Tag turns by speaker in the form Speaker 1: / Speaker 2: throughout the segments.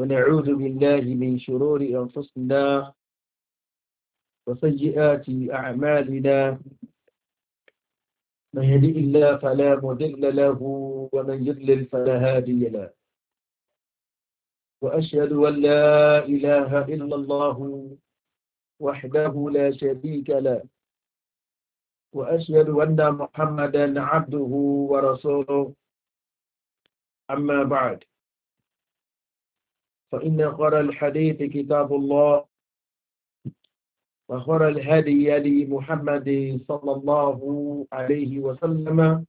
Speaker 1: ونعوذ بالله من شرور أنفسنا وسيئات أعمالنا من يهدئ الله فلا مضل له ومن يضلل فلا هادي له وأشهد أن لا إله إلا الله وحده لا شريك له وأشهد أن محمدا عبده ورسوله أما بعد فإن خر الحديث كتاب الله وخر الهدي هدي محمد صلى الله عليه وسلم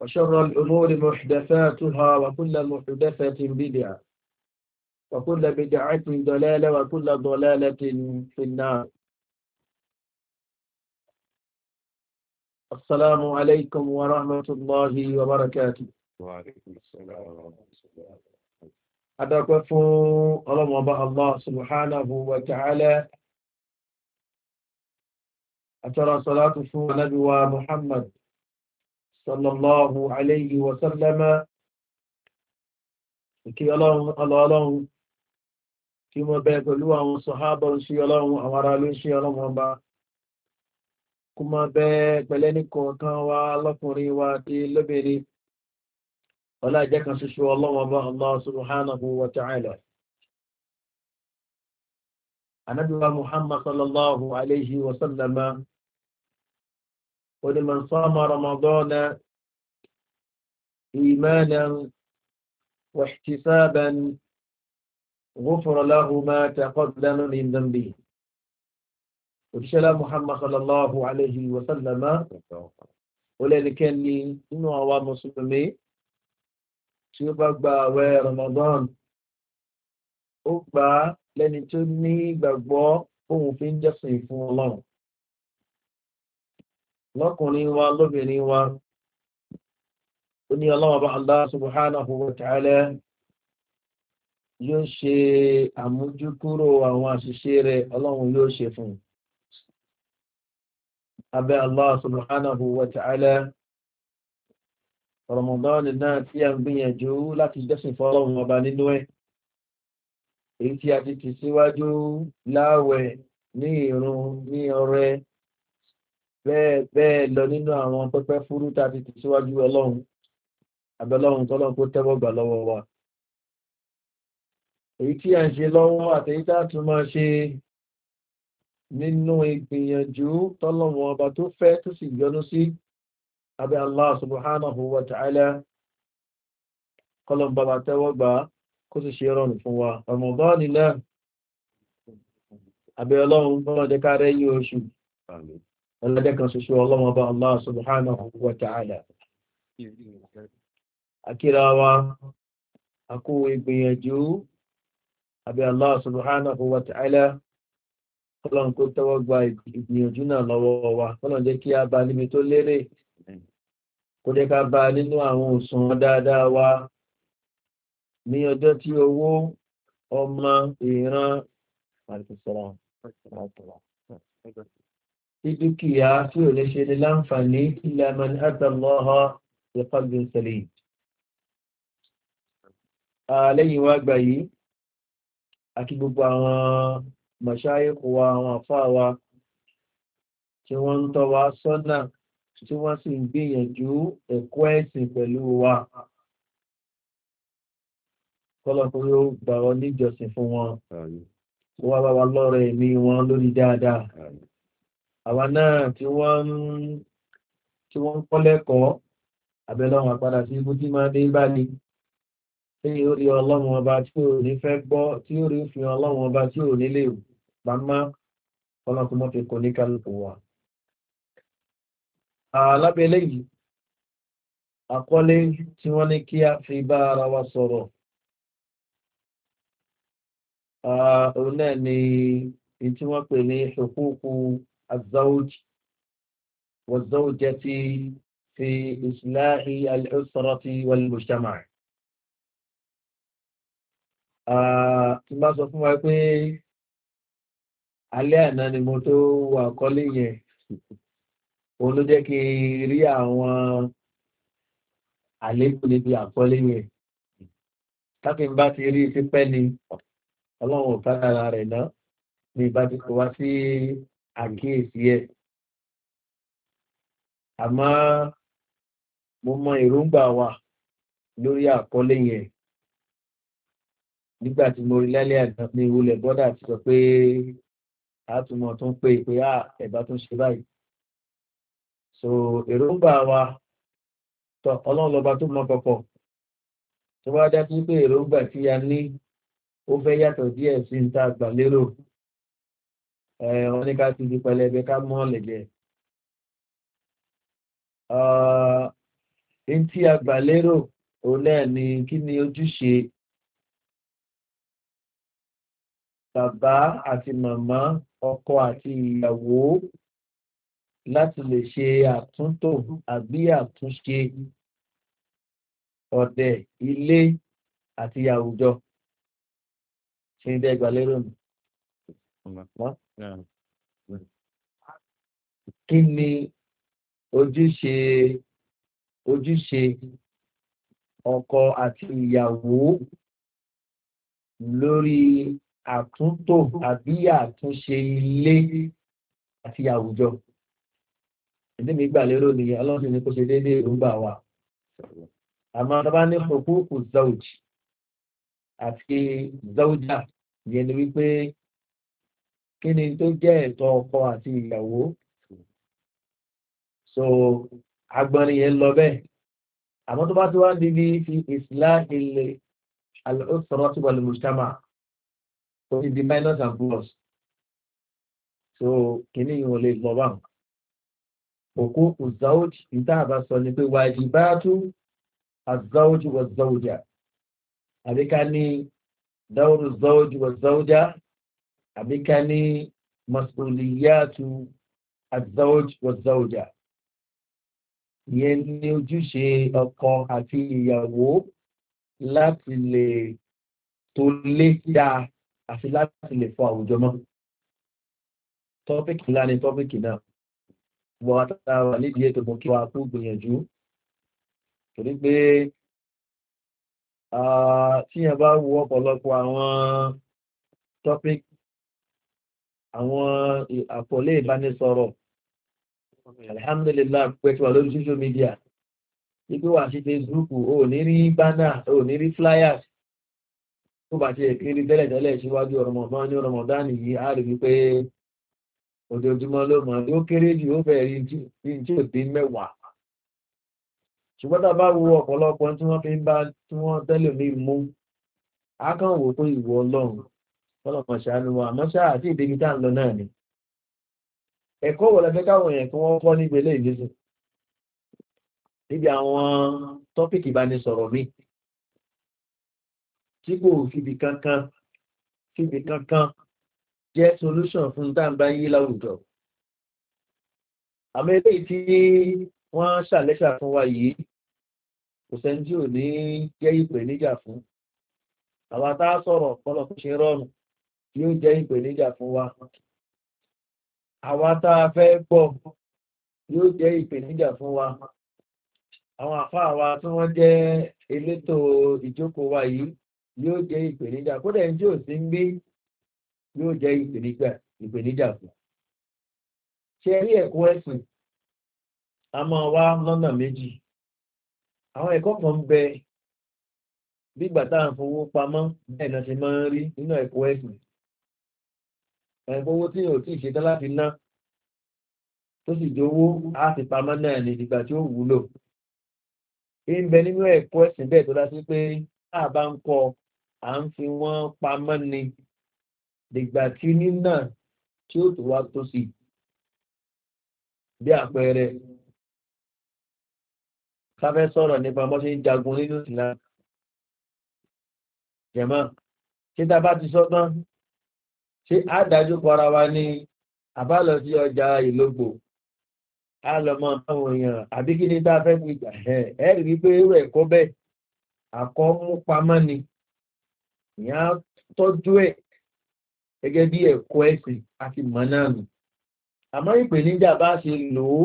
Speaker 1: وشر الأمور محدثاتها وكل محدثة بدعة وكل بدعة ضلالة وكل ضلالة في النار السلام عليكم ورحمة الله وبركاته
Speaker 2: وعليكم السلام ورحمة الله وبركاته
Speaker 1: adápẹ́ fún ọlọ́mọba Allah subhanahu wa ta'ala àtọ́rọ sọ́látù fún anábíwa Muhammad sallallahu alayhi wa sallama ìkí ọlọ́run tí mo bẹ pẹ̀lú àwọn sọ̀hábọ̀ ń ṣe ọlọ́run àwọn ará ló ń ṣe ọlọ́run ọba kó bẹ pẹ̀lẹ́ ní kọ̀ọ̀kan wa lọ́kùnrin wa ti lóbìnrin ولا جاك نسشو الله وما الله سبحانه وتعالى أنبي محمد صلى الله عليه وسلم ولمن صام رمضان إيمانا واحتسابا غفر له ما تقدم من ذنبه وبشلام محمد صلى الله عليه وسلم ولذلك كان لي إنه أوام مسلمين tí ó bá gba àwẹ̀ ramadan ó gbà á lẹ́ni tó ní ìgbàgbọ́ òun fi ń jẹ́sìn fún ọlọ́run lọ́kùnrin wa lóbìnrin wa ó ní ọlọ́wọ́ bá aláṣubuhánahu wàtàálẹ́ yóò ṣe àmójúkúrò àwọn àṣìṣe rẹ̀ ọlọ́run yóò ṣe fún abẹ́ aláṣubuhánahu wàtàálẹ́ rọmọdọ́ọ̀nì náà tí a ń gbìyànjú láti jọ́sìn fọ́lọ́run ọba nínú ẹ̀ èyí tí a ti ti síwájú láàwẹ̀ ní ìrún ní ọrẹ bẹ́ẹ̀ bẹ́ẹ̀ lọ nínú àwọn pẹ́pẹ́ fúrú tá a ti ti síwájú ọlọ́run àbẹ̀lọ́run tọ́lọ́run kó tẹ́wọ́ gbà lọ́wọ́ wa èyí tí a ń ṣe lọ́wọ́ àtẹ̀yí tá tọ́lọ́run tó fẹ́ abẹ́ Allah subhanahu wa ta'ala kọlọm bàbá tẹ́wọ́ gbà kó sì ṣe rọrùn fún wa Ramadan nílẹ̀ abẹ́ ọlọ́run bọ́mọdé kárẹ́ yí oṣù ọlọ́dẹ́ kan ṣoṣo ọlọ́run ọba Allah subhanahu wa ta'ala akíra wa akó ìgbìyànjú abẹ́ Allah subhanahu wa ta'ala ọlọ́run kó tẹ́wọ́ gba ìgbìyànjú náà lọ́wọ́ wa ọlọ́run jẹ́ kí a bá níbi tó lérè kó jẹ́ ká bá nínú àwọn òsùn dáadáa wa ní ọjọ́ tí owó ọmọ ìran tí dúkìá tí ò lè ṣe ní láǹfààní ìlànà àtàlọ́họ́ ìpàgbé sẹ̀lẹ̀ lẹ́yìn wá gbà yìí àti gbogbo àwọn mọ̀ṣáyẹ̀kọ́ wa àwọn àfáà wa tí wọ́n ń tọ́ wa sọ́nà tí wọ́n sì ń gbìyànjú ẹ̀kọ́ ẹ̀sìn pẹ̀lú wa kọ́lọ̀kọ́lọ́ gbà ọ níjọsìn fún wọn kó wá bá wa lọ́rọ̀ ẹ̀mí wọn lórí dáadáa àwa náà tí wọ́n ń kọ́ lẹ́kọ̀ọ́ àbẹ́lọ́wọ̀n àpadà sí ibú tí máa dé bá ní tí ó rí ọlọ́run ọba tí ò ní fẹ́ gbọ́ tí ó rí òfin ọlọ́run ọba tí ò ní lè bá má kọ́lọ́kọ́ mọ́ fi kọ́ ní kálukú wa alábẹ́ eléyìí àkọlé tí wọ́n ní kí a fi bá ara wa sọ̀rọ̀ òun náà ni tí wọ́n pè ní ṣòkúkú azáwójì wàzáwójẹ́ tí fi ìsìláhì alẹ́sọ̀rọ̀tì wàlúùsàmà tí bá sọ fún wa pé alẹ́ àná ni mo tó wà kọ́lé yẹn òun ló jẹ́ kí rí àwọn àlékún níbi àpọ́lé rẹ̀ tábí bá ti rí sí pẹ́ ni ọlọ́run ò kára rẹ̀ náà ní ìbá ti kò wá sí àkíyèsí ẹ̀ àmọ́ mo mọ èròǹgbà wa lórí àkọlé yẹn nígbà tí mo rí lálẹ́ àná ní ìwúlẹ̀ bọ́dà ti sọ pé a tún tún pé pé ah, ẹ̀bá tún ṣe báyìí so èròǹgbà wa tọ ọlọ́run lọba tó mọ kọ̀kọ̀ tó wá dájú pé èròǹgbà tí a ní ó fẹ́ yàtọ̀ díẹ̀ sí ń ta àgbà lérò wọ́n ní ká ti di pẹlẹbẹ ká mọ́ ọ̀lẹ̀jẹ̀ ní tí àgbà lérò òun náà ni kí ni ojúṣe bàbá àti màmá ọkọ àti ìyàwó láti lè ṣe àtúntò àbí àtúnṣe ọ̀dẹ̀ ilé àti àwùjọ ṣe ń dẹ́gbà lérò nù. Kí ni ojúṣe ojúṣe ọkọ àti ìyàwó lórí àtúntò àbí àtúnṣe ilé àti àwùjọ? ìdími gbà lérò ni ọlọ́sìn ni kò ṣe dédé ìrúgbà wa àmọ́ ọba ní hukuku zauj àti zauja yẹn ni wípé kí ni tó jẹ́ ẹ̀tọ́ ọkọ àti ìyàwó so agbọ́nrin yẹn lọ bẹ́ẹ̀ àmọ́ tó bá ti wá ń dìbí fi ìsìlá ilẹ̀ alóòsọ̀rọ̀ tí wọ́n lè mùsùlùmá tó ti di minus and plus so kìíní yìí wọ́n lè lọ òkú ọ̀záòjì ìtàbà sọ ni pé wàjì bá tú àzáòjì wà záòjà àbíká ní dáwọ́rù záòjì wà záòjà àbíká ní masoliyatu àzáòjì wà záòjà ìyẹn ní ojúṣe ọkọ àti ìyàwó láti lè tó lé dáa àti láti lè fọ àwùjọ mọ́ tọ́pìkì ńlá ni tọ́pìkì náà gbọ́ àtàwà nídìí ètò mọ́ kí wà kú gbìyànjú torí pé tí yẹn bá wo ọ̀pọ̀lọpọ̀ àwọn topic àwọn àkọlé ìbánisọ̀rọ̀ alhamdulillah pẹ̀tùwà lórí social media ipé wà sí facebook o ní rí banner o ní rí flyers tó bá ti ẹ̀kiri tẹ́lẹ̀tẹ́lẹ̀ síwájú ọ̀rọ̀mọ̀dánì yìí a rí wípé ojoojúmọ́ ló mọ̀ ní ó kéré jù ó bẹ̀rẹ̀ yìí tí ó dé mẹ́wàá ṣùgbọ́n tá a bá wo ọ̀pọ̀lọpọ̀ tí wọ́n fi ń bá tí wọ́n tẹ́lẹ̀ mí mú a kàn wò pé ìwọ ọlọ́run ọlọ́pàá ṣàánú wa àmọ́ ṣáà àti ìdíbi tá à ni ẹ̀kọ́ wọ̀ lẹ́fẹ́ káwọn èèyàn kí wọ́n kankan fìbì kankan jẹ́ solution fún dáńbá yí láwùjọ. àmọ́ eléyìí tí wọ́n ṣàlẹ́ṣà fún wa yìí kò sẹ́ni tí ò ní jẹ́ ìpèníjà fún. Àwọn tá a sọ̀rọ̀ kọ́lọ̀ ṣe rọrùn yóò jẹ́ ìpèníjà fún wa. Àwọn tá a fẹ́ gbọ́ yóò jẹ́ ìpèníjà fún wa. àwọn àfáà wa tí wọ́n jẹ́ elétò ìjókòó wa yìí yóò jẹ́ ìpèníjà kódà ẹni tí ò sí ń gbé yóò jẹ́ ìpèníjà ìpèníjà fún. ṣe rí ẹ̀kọ́ ẹ̀sìn a máa wá lọ́nà méjì àwọn ẹ̀kọ́ kan bẹ gbígbà tá à ń fowó pamọ́ bẹ́ẹ̀ náà ṣe máa ń rí nínú ẹ̀kọ́ ẹ̀sìn ẹ̀fọwó tí ò tí ì ṣetán láti ná tó sì jówó á ti pamọ́ náà ní ìgbà tí ó wúlò ń bẹ nínú ẹ̀kọ́ ẹ̀sìn bẹ́ẹ̀ tó dá sí pé tá a bá ń kọ à ń fi wọ́n pamọ́ ni dìgbà tí nínà tí ó tó wá tó sí bí àpẹẹrẹ káfẹ́ sọ̀rọ̀ nípa bọ́ ṣe ń jagun nínú ìlà jẹ̀mọ́ ṣé tá bá ti sọ tán ṣé á dájú para wa ní àbálọ sí ọjà ìlógbò á lọ mọ àwọn èèyàn àbí kí ni fẹ́ fi gbà rí pé irú ẹ̀kọ́ bẹ́ẹ̀ àkọ́mú pamọ́ ni ìyá tọ́jú ẹ̀ gẹ́gẹ́ bí ẹ̀kọ́ ẹ̀sìn àti mọ̀nàmù àmọ́ ìpèníjà bá ṣe lò ó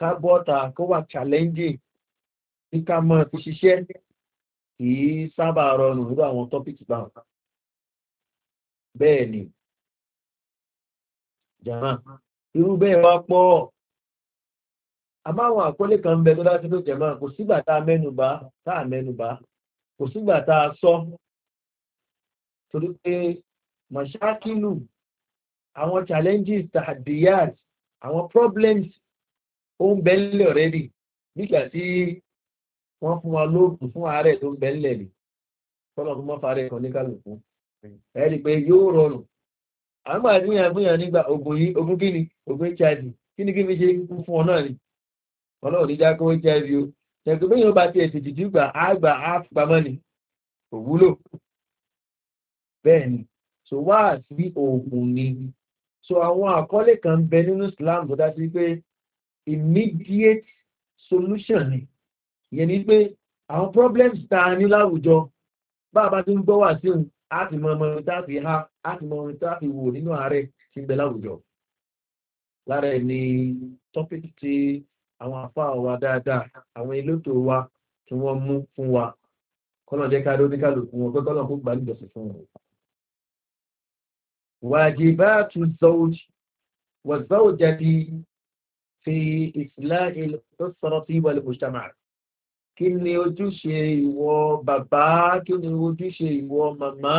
Speaker 1: ká bọ́ta kó wà challenging ní ká mọ́ fi ṣiṣẹ́ kì í sábà rọrùn nínú àwọn tọ́pìkì bá wọn. bẹ́ẹ̀ ni jama irú bẹ́ẹ̀ wá pọ̀ àmọ́ àwọn àkọlé kan ń bẹ tó dájú pé jama kò sígbà tá a mẹ́nuba tá a mẹ́nuba kò sígbà tá a sọ torí pé mọ̀ṣákìlù àwọn challenges tahadiyat àwọn problems ó ń bẹ ńlẹ̀ already nígbà tí wọ́n fún wa lóògùn fún ààrẹ tó ń bẹ ńlẹ̀ ni tọ́lọ̀ fún mọ́fà rẹ̀ kan ní kálukú ẹ̀rí pé yóò rọrùn a ń máa gbìyàn gbìyàn nígbà ogun yìí ogun kíni ogun hiv kíni kí fi ṣe kú fún ọ náà ni ọlọ́run ní jákó hiv o ṣẹ̀kú bí yóò bá ti ètò ìdìdì gbà á gbà á fipamọ́ ni kò wúlò bẹ́ẹ̀ ni so wá sí oògùn ni so àwọn àkọlé kan ń bẹ nínú islam tó dá pé immediate solution ni ìyẹn ni pé àwọn problems tá a ní láwùjọ bá a bá ti ń gbọ́ wà sí òun á ti mọ ọmọ orin tá a fi ha á ti mọ orin tá a fi wò nínú ààrẹ ti ń bẹ láwùjọ lára ẹ̀ ni tọ́pìkì tí àwọn àfá wa dáadáa àwọn elétò wa tí wọ́n mú fún wa kọ́nà jẹ́ ká lóníkàlùkù wọn gbọ́gbọ́n kó gbà níjọsìn fún wọn واجبات الزوج والزوجة في إصلاح الأسرة والمجتمع kí ni ojúṣe ìwọ bàbá kí ni ojúṣe ìwọ màmá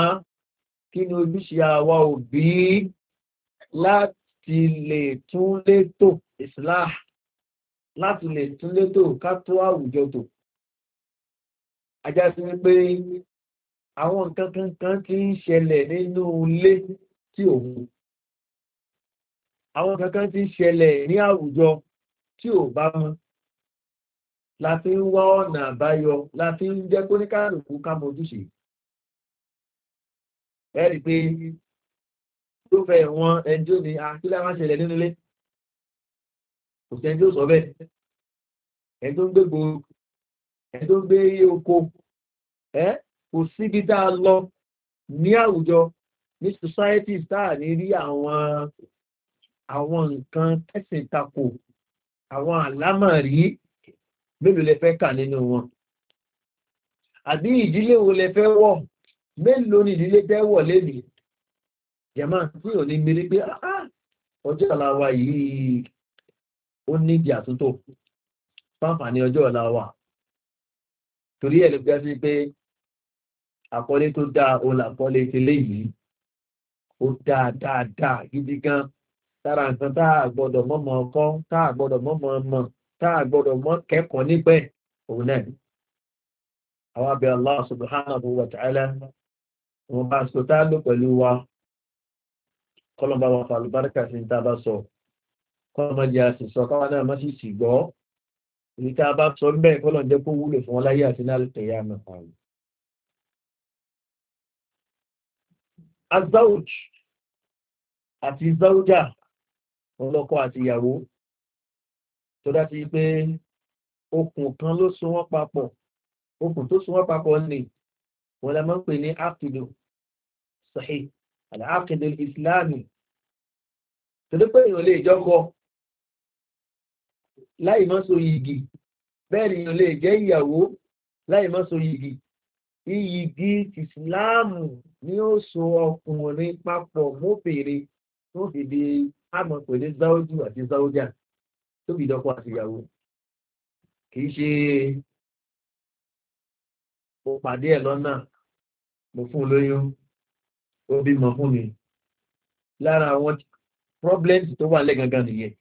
Speaker 1: kí ni ojúṣe àwa òbí láti lè tún létò islah láti lè tún létò ká tó àwùjọ tò ajá sí wípé àwọn nǹkan kan kan ti ń ṣẹlẹ̀ nínú ilé tí ò wù. Àwọn kankan ti ṣẹlẹ̀ ní àwùjọ tí ò bá mọ́. La fi ń wá ọ̀nà àbáyọ, la fi ń jẹ́ kó ní kárùkù ká mojúṣe. Ẹ rí pé tó fẹ́ wọn ẹjọ́ ni àkílẹ̀ máa ṣẹlẹ̀ nínú ilé. Kò sẹ́jọ́ sọ bẹ́ẹ̀. Ẹ tó ń gbé gbòòrò, ẹ tó ń gbé oko, ẹ kò síbi tá a lọ ní àwùjọ ní societies táà ní rí àwọn àwọn nǹkan tẹ́sìn tako àwọn àlámà rí mélòó lẹ fẹ́ kà nínú wọn àbí ìdílé wo lẹ fẹ́ wọ̀ mélòó ni ìdílé fẹ́ wọ̀ lénìí jẹ̀mọ́ tí ò ní mérí pé ọjọ́ ọ̀la wa yìí ó ní ìdí àtúntò fáfàní ọjọ́ ọ̀la wa torí ẹ̀ pé àkọlé tó dáa òun làkọlé ti léyìí ó dáa dáadáa gidi gan tára nǹkan tá a gbọ́dọ̀ mọ́mọ́ ọkọ́ tá a gbọ́dọ̀ mọ́mọ́ ọmọ tá a gbọ́dọ̀ mọ́ kẹ́kọ̀ọ́ nípẹ́ òun náà ni. àwọn abẹ́ allah subhanahu wa ta'ala wọn bá sọ tá a lò pẹ̀lú wa kọlọmba wa fa alùbáríkà sí ta bá sọ kọlọmọ jẹ àṣìṣọ káwa náà má sì sì gbọ́ èyí tá a bá sọ ń bẹ́ẹ̀ kọlọ̀ ń jẹ́ kó wúlò fún wọn láyé àti náà lè tẹ̀yà mẹ́fà rẹ̀. azawuj àti zawuja ọlọ́kọ àti ìyàwó tó dá sí pé okùn kan ló so wọ́n papọ̀ okùn tó so wọ́n papọ̀ ní wọ́n la máa ń pè ní akidu sahi àti akidu islami tó dé pé èèyàn lè jọ́kọ láì mọ́ so yìgì bẹ́ẹ̀ ni èèyàn lè jẹ́ ìyàwó láì mọ́ so yìgì ni ó so ọkùnrin papọ̀ mọ́bìnrin tó fi di àmọ̀pẹ̀ ní záójú àti záójà tó fi dọ́kọ̀ àti ìyàwó kì í ṣe mo pàdé ẹ̀ lọ́nà mo fún un lóyún ó bímọ fún mi lára àwọn problems tó wà lẹ́gangan nìyẹn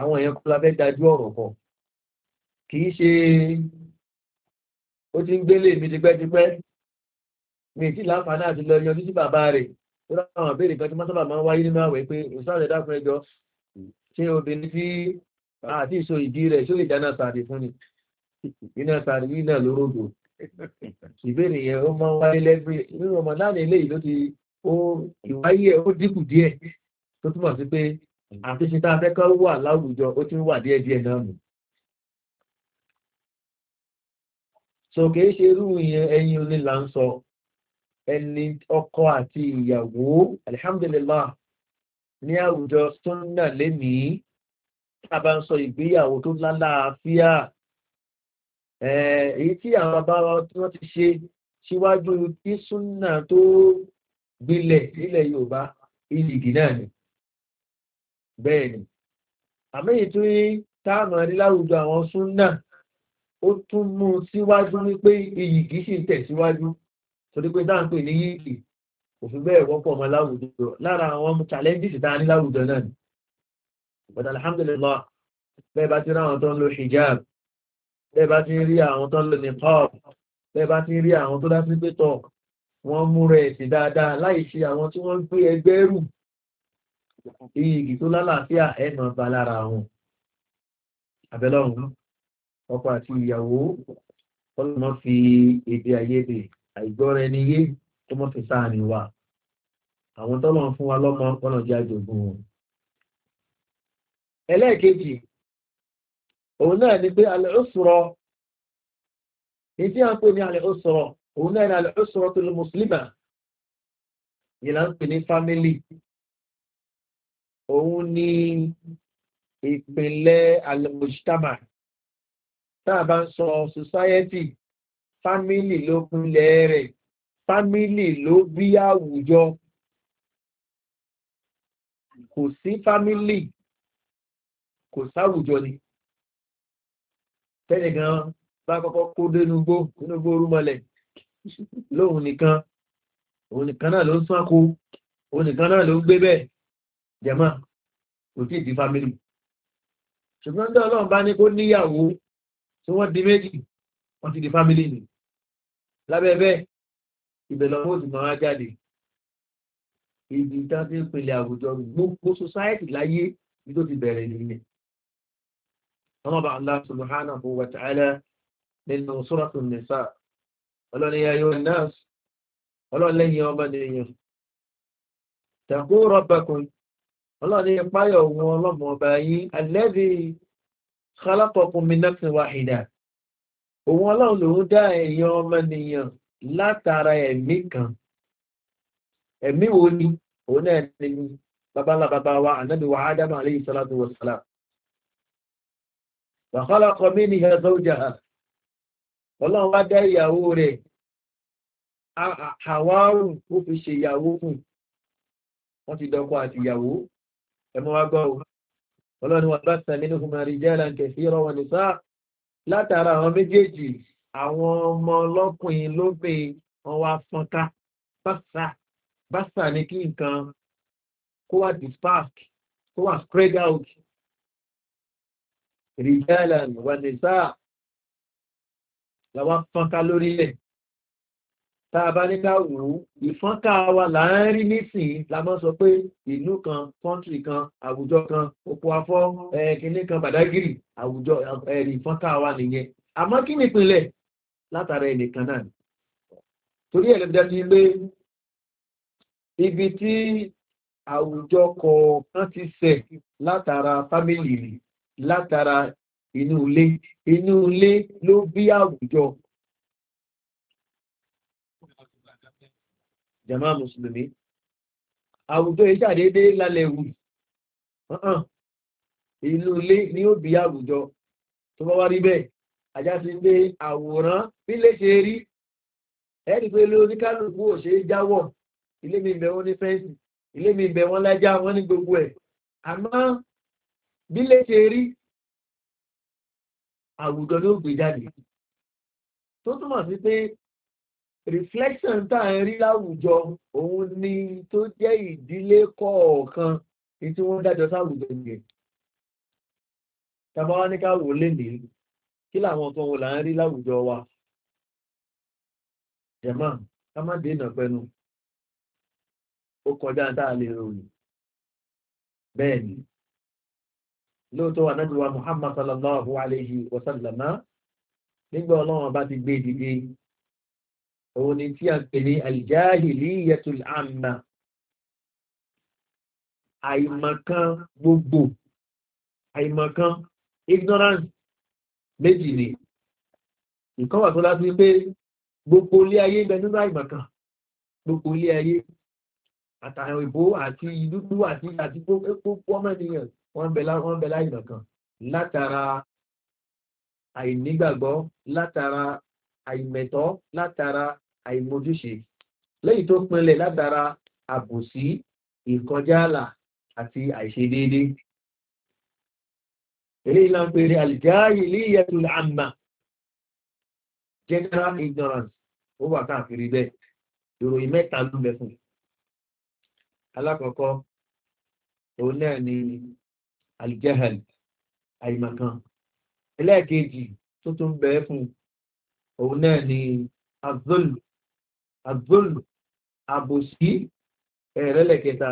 Speaker 1: àwọn èèyàn kúlá fẹ́ dájú ọ̀rọ̀ pọ̀ kì í ṣe ó ti ń gbélé mi tipẹ́tipẹ́ mi tí láǹfààní àti lọ yọjú sí bàbá rẹ̀ tó dáwọn àbẹ́rẹ̀ kan tí mọ́sábà máa ń wáyé nínú àwẹ̀ pé òṣàlẹ̀ dákùnrin jọ ṣé obìnrin tí àti ìṣó ìdí rẹ̀ ṣó lè dáná sàdì fún ni iná sàdì yìí náà lórógbò ìbéèrè yẹn ó máa ń wáyé lẹ́gbẹ̀ẹ́ nínú ọmọ láàrin eléyìí ló ti ó ìwáyé ó dínkù díẹ̀ tó túmọ̀ sí pé àtúnṣe tá a fẹ́ kọ́ wà láwùjọ ó ti ń wà díẹ̀ so kìí ṣe irú yẹn ẹyin olè là ń sọ ẹni ọkọ àti ìyàwó alihamdulilah ní àwùjọ sunna lénìí a bá ń sọ ìgbéyàwó tó lálàáfíà èyí tí àwọn abáwá tí wọ́n ti ṣe síwájú kí sunna tó gbilẹ̀ nílẹ̀ yorùbá ìlìdì náà ni bẹ́ẹ̀ ni àmẹ́yìn tó yí táàmù rí láwùjọ àwọn sunna ó tún mú síwájú wípé iyì sì ń tẹ̀síwájú. Si torí pé dáńpé ní yíkì òfin bẹ́ẹ̀ wọ́pọ̀ ọmọ láwùjọ lára àwọn challenges tá a ní láwùjọ náà ni but alhamdulillah bẹ́ẹ̀ bá ti rí àwọn tó ń lo hijab bẹ́ẹ̀ bá ti rí àwọn tó ń lo niqab bẹ́ẹ̀ bá ti rí àwọn tó dá sí pé tọ̀ wọ́n múra ẹ̀sìn dáadáa láì ṣe àwọn tí wọ́n ń ẹgbẹ́ rù iyìgì tó lálàáfíà ẹ̀nà bá lára wọn abẹ́lọ́run ọkọ̀ àti ìyàwó ọlọ́mọ fi èdè àyébè àìgbọ́ra ẹni yé tó mọ́ fi sáàrin wa àwọn tọ́lọ̀ fún wa lọ́mọ ọ̀nà jẹ́ àjògùn wọn ẹlẹ́ẹ̀kejì òun náà ni pé alẹ́ ó sọ̀rọ̀ ní tí a ń pè ní alẹ́ ó sọ̀rọ̀ òun náà ni alẹ́ tó lè mùsùlùmá yìí ń pè ní fámílì òun ni ìpínlẹ̀ alẹ́ tá a bá ń sọ society fámílì ló pinlẹ̀ rẹ̀ fámílì ló bí àwùjọ kò sí fámílì kò sáwùjọ ni tẹ́lẹ̀ gan bá kọ́kọ́ kó dénúgbó dénúgbó orúmọlẹ̀ lóhun nìkan òun nìkan náà ló ń sánko òun nìkan náà ló ń gbé bẹ́ẹ̀ jẹ̀mọ́ kò tí ì di fámílì ṣùgbọ́n tí ọlọ́run bá ní kó níyàwó tí wọ́n di méjì wọ́n ti di fámílì nìyí lábẹ́bẹ́ ìbẹ̀lọ́mọ́ òtù máa jáde ibi tán ti ń pinlẹ̀ àwùjọ gbogbo society láyé ní tó ti bẹ̀rẹ̀ nìyẹn ọmọ bá ńlá sùlùhánà fún wàtàálà nínú sọ́rọ̀tù nìsà ọlọ́niyà yóò nọ́ọ̀sì ọlọ́lẹ́yìn ọmọ nìyẹn tẹ̀kú rọ́bẹ̀kùn ọlọ́ni páyọ̀ wọn ọlọ́mọ ọba yín alẹ́bí kálápọ̀kùn òun ọlọ́run lòun dá èèyàn ọmọnìyàn látara ẹ̀mí kan ẹ̀mí wo ni òun náà ní babalá bàbá wa ànábi wa ádámà àlẹ́ ìsọ́látò wọ̀sálà wàhálà kan mí ní ẹ̀zọ́ ọjà ọlọ́run wá dá ìyàwó rẹ̀ àwárùn ó fi ṣe ìyàwó fún wọ́n ti dọ́kọ́ àti ìyàwó ẹ̀mọ́ wa gbọ́ ọlọ́run wà bá sàmínú fún màrí látara àwọn méjèèjì àwọn ọmọ ọlọ́kùnrin lóbìn e, wọn wá fọ́nká bàṣà bàṣà ni kí nǹkan kó wà di spark kó wà spread out rìjẹ́lẹ̀ wà làwọn fọ́nká lórílẹ̀ tá a bá ní ìfọ́nká wa là ń rí nísìnyí la mọ́ sọ pé ìlú kan kọ́ńtì kan àwùjọ kan oko afọ́ kínní kan bàdágìrì àwùjọ ìfọ́nká wa nìyẹn àmọ́ kí ni ìpínlẹ̀ látara ẹnìkan náà torí ẹ̀ lọ́dọ̀ ti lé ibi tí àwùjọ kọ̀ọ̀kan ti sẹ̀ látara fámìlì látara inú ilé inú ilé ló bí àwùjọ jama mùsùlùmí àwùjọ ìṣàdédé lálẹ́ wù ìlú ilé ni ó bí àwùjọ tó bá wá rí bẹ́ẹ̀ ajá ti ń gbé àwòrán nílé ṣe rí ẹ̀rí pé ilé oníkálùkù ò ṣe é jáwọ̀ ilé mi bẹ̀ wọ́n ní fẹ́ǹsì ilé mi bẹ̀ wọ́n lájá wọ́n ní gbogbo ẹ̀ àmọ́ bílé ṣe rí àwùjọ ló gbé jáde tó túmọ̀ sí pé reflection tá à ń rí láwùjọ òun ni tó jẹ́ ìdílé kọ̀ọ̀kan ní tí wọ́n dájọ́ sáwùjọ yẹn tàbá wá ní ká wò lénìí kí làwọn kan wò là ń rí láwùjọ wa jẹ̀mọ́ ká má dènà pẹnu ó kọjá tá a lè ròyìn bẹ́ẹ̀ ni lóòótọ́ anájúwa muhammad sallallahu alayhi wa sallam nígbà ọlọ́run bá ti gbé e ìdíje òun ni tí a pè ní àìjáhìlì yẹtul àmà àìmọ̀kan gbogbo àìmọ̀kan ignorance méjì ni ìkan wà tó láti pé gbogbo ilé ayé ń bẹ nínú àìmọ̀kan gbogbo ilé ayé àtàwọn ìbò àti ìdúdú àti àti gbogbo ọmọ ènìyàn wọn bẹ láìmọ̀kan látara àìnígbàgbọ́ látara àìmẹ̀tọ́ látara àìmojúṣe lẹ́yìn tó pinlẹ̀ látara àbòsí ìkọjáàlà àti àìṣedéédé eléyìí là ń pè ní àlìjáàyè ilé ìyẹ̀tù àmà general ignorance ó wà káàkiri bẹ́ẹ̀ ìròyìn mẹ́ta ló bẹ fún alákọ̀ọ́kọ́ òun náà ni aljahal àìmọ̀kan ẹlẹ́ẹ̀kejì tó tún bẹ fún òun náà ni azul àgbòlù àbòsí ẹ̀rẹ́lẹ̀kẹta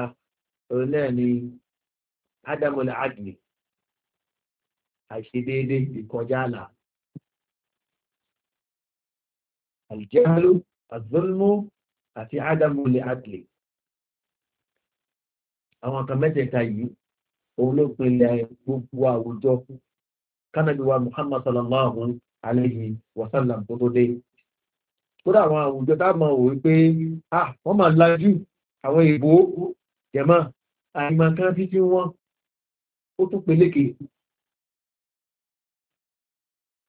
Speaker 1: òun náà ni ádámọ̀lá àgbè àìṣedéédé ìkọjá àlà àìjẹ́hálú àzọ́lmú àti ádámọ̀lá àgbè àwọn kan mẹ́tẹ̀ẹ̀ta yìí òun ló pinlẹ̀ gbogbo àwùjọ kánàbíwá muhammad sallallahu alayhi wa sallam tó tó dé kódà àwọn àwùjọ tá mọ̀ wò pé ah wọ́n máa lajú àwọn ìbò jẹ̀mọ́ àìmọ̀ kan títí wọn ó tún peléke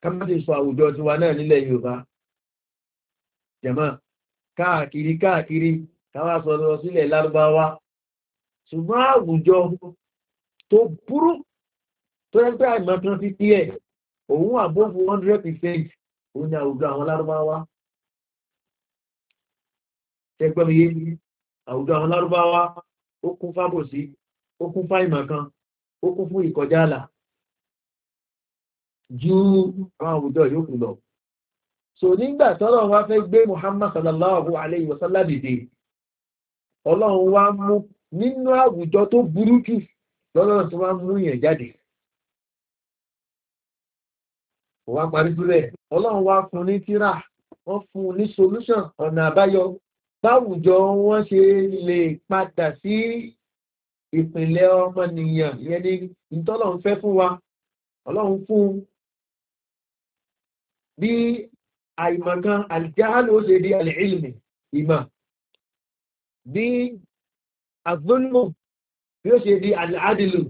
Speaker 1: ká má ti sọ àwùjọ tiwa náà nílẹ̀ yorùbá jẹ̀mọ́ káàkiri káàkiri káwá sọ lọ sílẹ̀ lárúbáwá ṣùgbọ́n àwùjọ tó burú tó yẹ pé àìmọ̀ kan títí ẹ̀ òun àbófù 100 percent òun ni àwùjọ àwọn lárúbáwá tẹgbẹ́ mi yé àwùjọ àwọn lárúbáwá ó kún fábòsí ó kún fáìmọ̀ kan ó kún fún ìkọjá àlà ju àwọn yóò yòókù lọ so nígbà tọ́lọ̀ wá fẹ́ gbé mohamed parí ọlọ́run wá fún ní tíra wọ́n fún ní ọ̀nà báwùjọ wọn ṣe lè padà sí ìpìlẹ̀ ọmọnìyàn yẹn ni ìtọ́lọ̀ ń fẹ́ fún wa ọlọ́run fún bí àìmọ̀kan àjáhálò ó ṣe di àlẹ́ìlmì ìmọ̀ bí àgbónmọ̀ yóò ṣe di àdìlù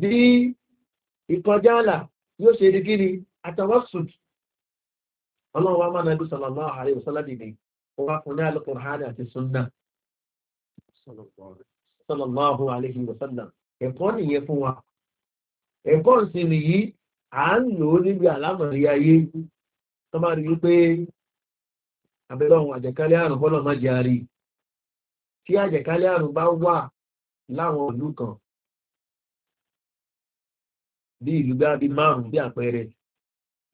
Speaker 1: bí ìkọjáàlà yóò ṣe di gíní àtàwọ́sùn ọlọ́run wa máa nàbí sọ̀lọ́mọ́ àárẹ̀ òsọ́lá dìde وقنا القرآن في السنة صلى الله عليه وسلم ẹ̀kọ́ nìyẹn fún wa ẹ̀kọ́ sí ni yìí à ń lò ó níbi àlámọ̀rí ayé tó máa rí wípé abẹ́lẹ́ ohun àjẹkálẹ̀ àrùn bọ́lọ̀ máa jẹ́ àrí tí àjẹkálẹ̀ àrùn bá wà láwọn ìlú kan bí ìlú gbá bí márùn-ún bí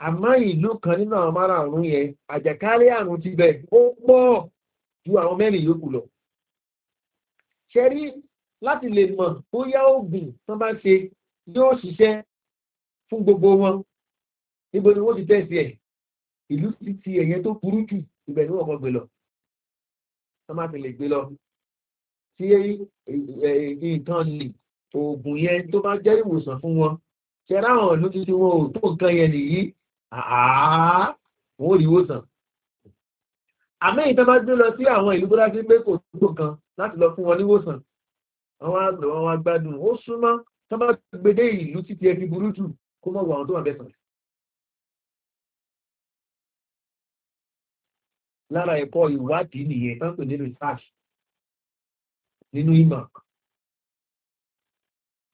Speaker 1: àmọ́ ìlú kan nínú àwọn márààrún yẹn àjàkálẹ̀ àrùn ti bẹ̀ ó pọ̀ ju àwọn mẹ́rin yòókù lọ ṣẹ́rí láti lè mọ̀ bóyá ògùn tán bá ṣe yóò ṣiṣẹ́ fún gbogbo wọn níbo ni wọ́n ti tẹ̀sí ẹ̀ ìlú ti ti ẹ̀yẹ tó burú jù ibẹ̀ ni wọ́n kọ́ gbé lọ tán bá ti lè gbé lọ tí nǹkan lè oògùn yẹn tó bá jẹ́ ìwòsàn fún wọn ṣẹ́ráhàn ló ti ti wọn ò tó nǹkan yẹn nìyí àá wọ́n rí ìwòsàn àmẹ́ ìtàn bá gbé lọ sí àwọn ìlú bódá sí pé kò tó kan láti lọ fún wọn níwòsàn àwọn àgbẹ̀ wọn wá gbádùn ó súnmọ́ tán bá gbé dé ìlú títí ẹni burú jù kó mọ̀ wọ àwọn tó wà bẹ́sàn lára ẹ̀kọ́ ìwádìí nìyẹn tán pè ní research nínú ìmọ̀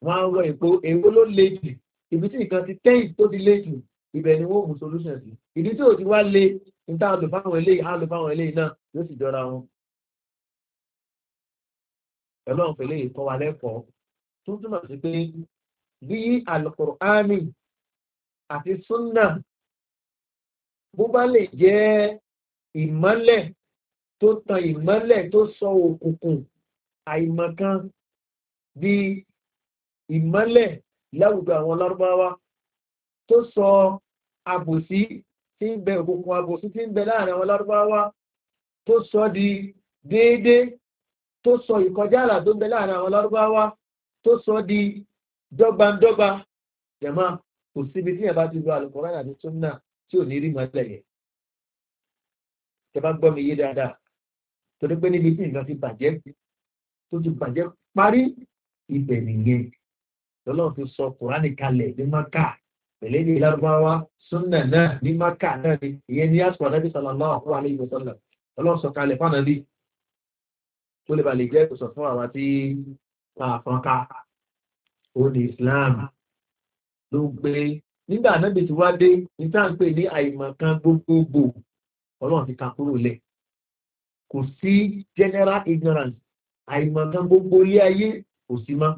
Speaker 1: wọ́n á rọ èpo èwo ló le jù ibi tí nǹkan ti tẹ́yìn tó ti le jù ibẹ̀ ni wọ́n mú solution sí ìdí tí ò ti wá lé níta àlò fáwọn eléyìí àlò fáwọn eléyìí náà yóò sì jọra wọn. ọlọ́run pẹ̀lú èyí kọ́ wa lẹ́kọ̀ọ́ tó túmọ̀ sí pé bí alukùránì àti súnà bó bá lè jẹ́ ìmọ́lẹ̀ tó tan ìmọ́lẹ̀ tó sọ òkùnkùn àìmọ̀kan bí ìmọ́lẹ̀ láwùjọ àwọn lárúbáwá tó sọ àbòsí tí ń bẹ òkùnkùn àbòsí tí ń bẹ láàrin àwọn lárúbáwá tó sọ di déédé tó sọ ìkọjá àlà tó ń bẹ láàrin àwọn lárúbáwá tó sọ di dọ́gbandọ́gba jẹ̀mọ́ kò síbi tí yàrá ti lo àlùkòrán àti súnà tí ò ní rí mọ́lẹ̀ yẹn tẹ́bá gbọ́ mi yé dáadáa torí pé níbi tí nǹkan ti bàjẹ́ tó ti bàjẹ́ parí ibẹ̀ nìyẹn lọ́lọ́run ti sọ kùránì kalẹ̀ ní mọ́kà pẹ̀lẹ́ ní ìlàgbáwá súnà náà ní maka náà ni ìyẹn ní àsùpọ̀ anábì sàlámà ọ̀hún alẹ́ ìwòsànlá ọlọ́sọ̀ kalẹ̀ fánà bí tó lè balẹ̀ jẹ́ ìkòsàn fún àwa tí àfọ̀nká òní islam ló gbé nígbà anábì tí wá dé ní táǹpé ní àìmọ̀kan gbogbogbò ọlọ́run ti ka kúrò lẹ̀ kò sí general ignorance àìmọ̀kan gbogbo ilé ayé kò sí mọ́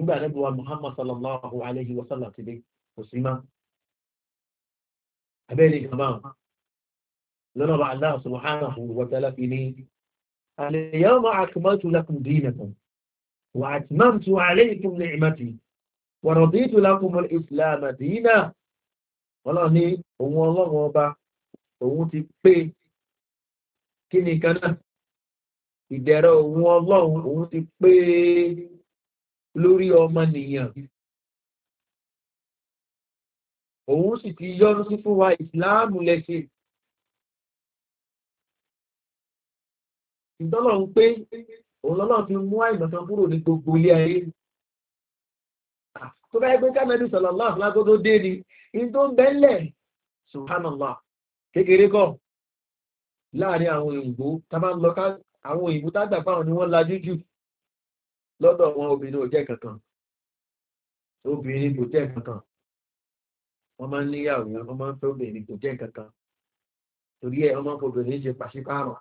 Speaker 1: nígbà nẹ́bùwà muhammad sallallahu alayhi wa sallam ti dé kò sí má abẹ́rẹ́ ìgbàmọ́ lọ́nà bá allah subhanahu wa ta'ala fi ní اليوم أكملت لكم دينكم وأتممت عليكم نعمتي ورضيت لكم الإسلام دينا ọlọ́run ní òun ọlọ́run ọba òun ti pé kí ni lórí ọmọnìyàn òun sì ti yọ́nú sí fún wa ìsìláàmù lẹ́sẹ̀ ìdọ́lọ̀ ń pé òun lọ́lọ́ fi mú àìmọ̀tán kúrò ní gbogbo ilé ayé tó bá ẹgbẹ́ kánẹ́lì sọ̀lọ́lá àfúlágó tó dé ni in tó ń bẹ́lẹ̀ sùhánàlá kékeré kọ́ láàrin àwọn òyìnbó tá bá ń lọ ká àwọn òyìnbó tá gbà fáwọn ni wọ́n lajú jù lọ́dọ̀ wọn obìnrin ò jẹ́ kankan obìnrin kò jẹ́ kankan wọ́n máa ń níyàwó wọ́n máa ń fẹ́ obìnrin kò jẹ́ kankan torí ẹ̀ wọ́n máa ń fọ obìnrin ṣe pàṣípààrọ̀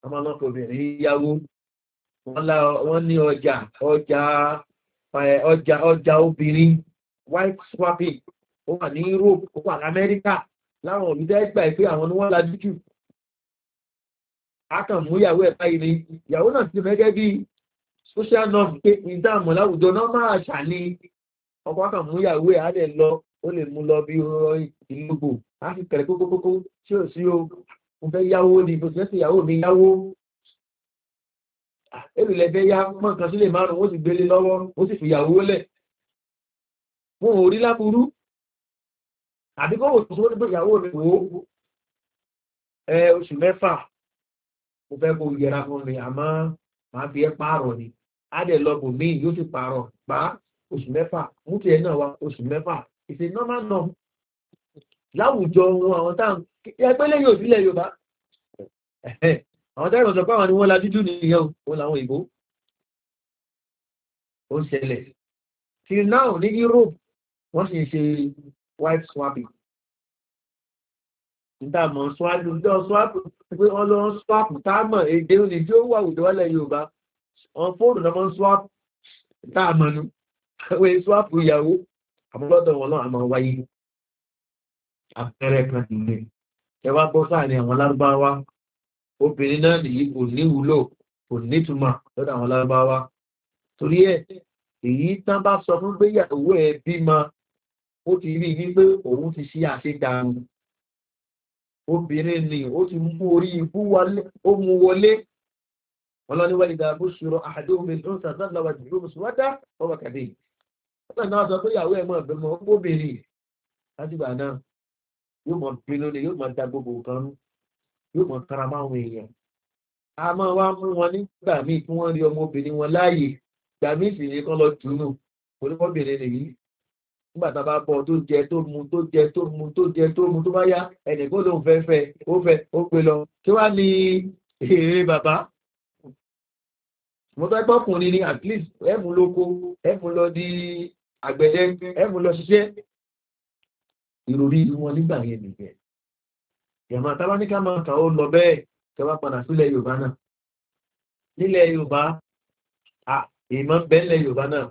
Speaker 1: wọ́n máa ń fọ obìnrin yáwó wọ́n ní ọjà ọjà ọjà ọjà obìnrin white swapping ó wà ní europe ó wà ní amẹ́ríkà láwọn òbídẹ́ gbà pé àwọn ni wọ́n lajú jù. a kàn mú ìyàwó ẹ̀ báyìí ni ìyàwó náà ti mẹ́gẹ́ bíi social norm pé ìdáàmú láwùjọ náà máa ṣàní ọkọ̀ kan mú ìyàwó ẹ̀ á dẹ̀ lọ ó lè mú lọ bí ìlúgbò á fi kẹ̀rẹ̀ kókókókó tí ò sí o mo fẹ́ yáwó ni mo fẹ́ sì yàwó mi yáwó èrò lẹ́fẹ́ yá mọ́ nǹkan sílẹ̀ márùn-ún ó sì gbélé lọ́wọ́ ó sì fìyàwó lẹ̀ wọn ò rí láburú àbí kọ́ òtún tó nígbà ìyàwó mi wò ó ẹ oṣù mẹ́fà mo fẹ́ kó yẹra fún mi àmọ́ màá fi ẹ́ pààrọ̀ ni adẹ̀lọ́bù míì yóò sì pààrọ̀ pa oṣù mẹ́fà mútu ẹ̀ náà wa oṣù mẹ́fà ìṣe normal norm láwùjọ ohun àwọn táwọn ẹgbẹ́lẹ́ yóò sílẹ̀ yorùbá àwọn táwọn ìrọ̀sọ̀ pàwọn ni wọ́n la dúdú nìyẹn òun làwọn ìbò ó ṣẹlẹ̀ till now ní europe wọ́n sì ń ṣe white swapping níta mọ̀ swapping pé wọ́n lọ swapping táàmù èdè oníjó wà òdòwálẹ̀ yorùbá wọn fóònù náà wọ́n swap táà mọ́nu àwọn èso àpò ìyàwó àbúlọ́dọ̀ wọn náà àmọ́ wáyé àpẹẹrẹ kan nìyẹn ẹ wá gbọ́ sáàrin àwọn lárúbáwá obìnrin náà nìyí kò ní wúlò kò nítumọ̀ lọ́dọ̀ àwọn lárúbáwá torí ẹ̀ èyí tán bá sọ fún pé ìyàwó ẹ bímọ ó ti rí i pé òun ti ṣe àṣegbàrún obìnrin ni ó ti mú orí ikú wọlé wọ́n lọ ní wọ́n ìdá búṣùrọ̀ àdéhùn mi lóun sàtàn lọ́wọ́ ìdúró mùsùlùmọ́dá ọwọ́ kàdé wọ́n náà sọ pé ìyàwó ẹ̀ mọ̀ ọ̀bẹ mọ̀ ọgbọ́bìnrin látìgbà náà yóò mọ̀ pinnu ni yóò mọ̀ da gbogbo nǹkan nù yóò mọ̀ tara máwọn èèyàn a máa wá mú wọn nígbà míì kí wọ́n rí ọmọbìnrin wọn láàyè gbà míì sì ní kán lọ tùnú oníkọ́bìnrin nìyí nígbà tá a bá bọ̀ tó jẹ tó mu tó jẹ tó mu tó jẹ tó mu tó bá yá ẹnì kó lóun fẹ́ fẹ́ ó fẹ́ ó pe lọ kí wàá ní èrè bàbá mo tọ́ ẹgbọ́kùnrin ni at least ẹ̀fún lóko ẹ̀fún lọ di àgbẹ̀dẹ ẹ̀fún lọ ṣiṣẹ́ ìròrí wọn nígbà yẹn nìyẹn ìyàmọ̀ àtàwọn ní ká máa kà ó lọ bẹ́ẹ̀ kẹwàá padà sílẹ̀ yorùbá náà nílẹ̀ yorùbá èèmọ̀ bẹ́ẹ̀ nílẹ̀ yorùbá náà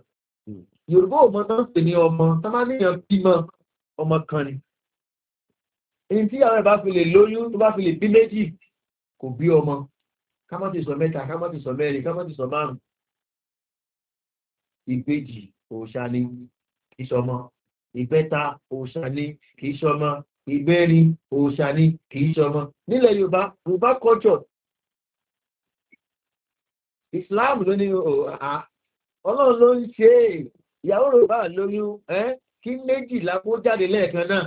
Speaker 1: yorùbá ò mọ náà pè ní ọmọ támáníyàn bímọ ọmọ kan ni èyí tí àwọn ìbá fi lè lóyún tó bá fi lè bí méjì kò bí ọmọ ká má ti sọ mẹ́ta ká má ti sọ mẹ́rin ká má ti sọ márùn ìgbèjì òòṣà ni kìí sọmọ ìgbẹ́ta òòṣà ni kìí sọmọ ìgbẹ́rin òòṣà ni nílẹ̀ yorùbá yorùbá culture islam ló ní ọ̀há ọlọ́run ló ń ṣe ìyàwó yorùbá lóyún kí méjìlá kó jáde lẹ́ẹ̀kan náà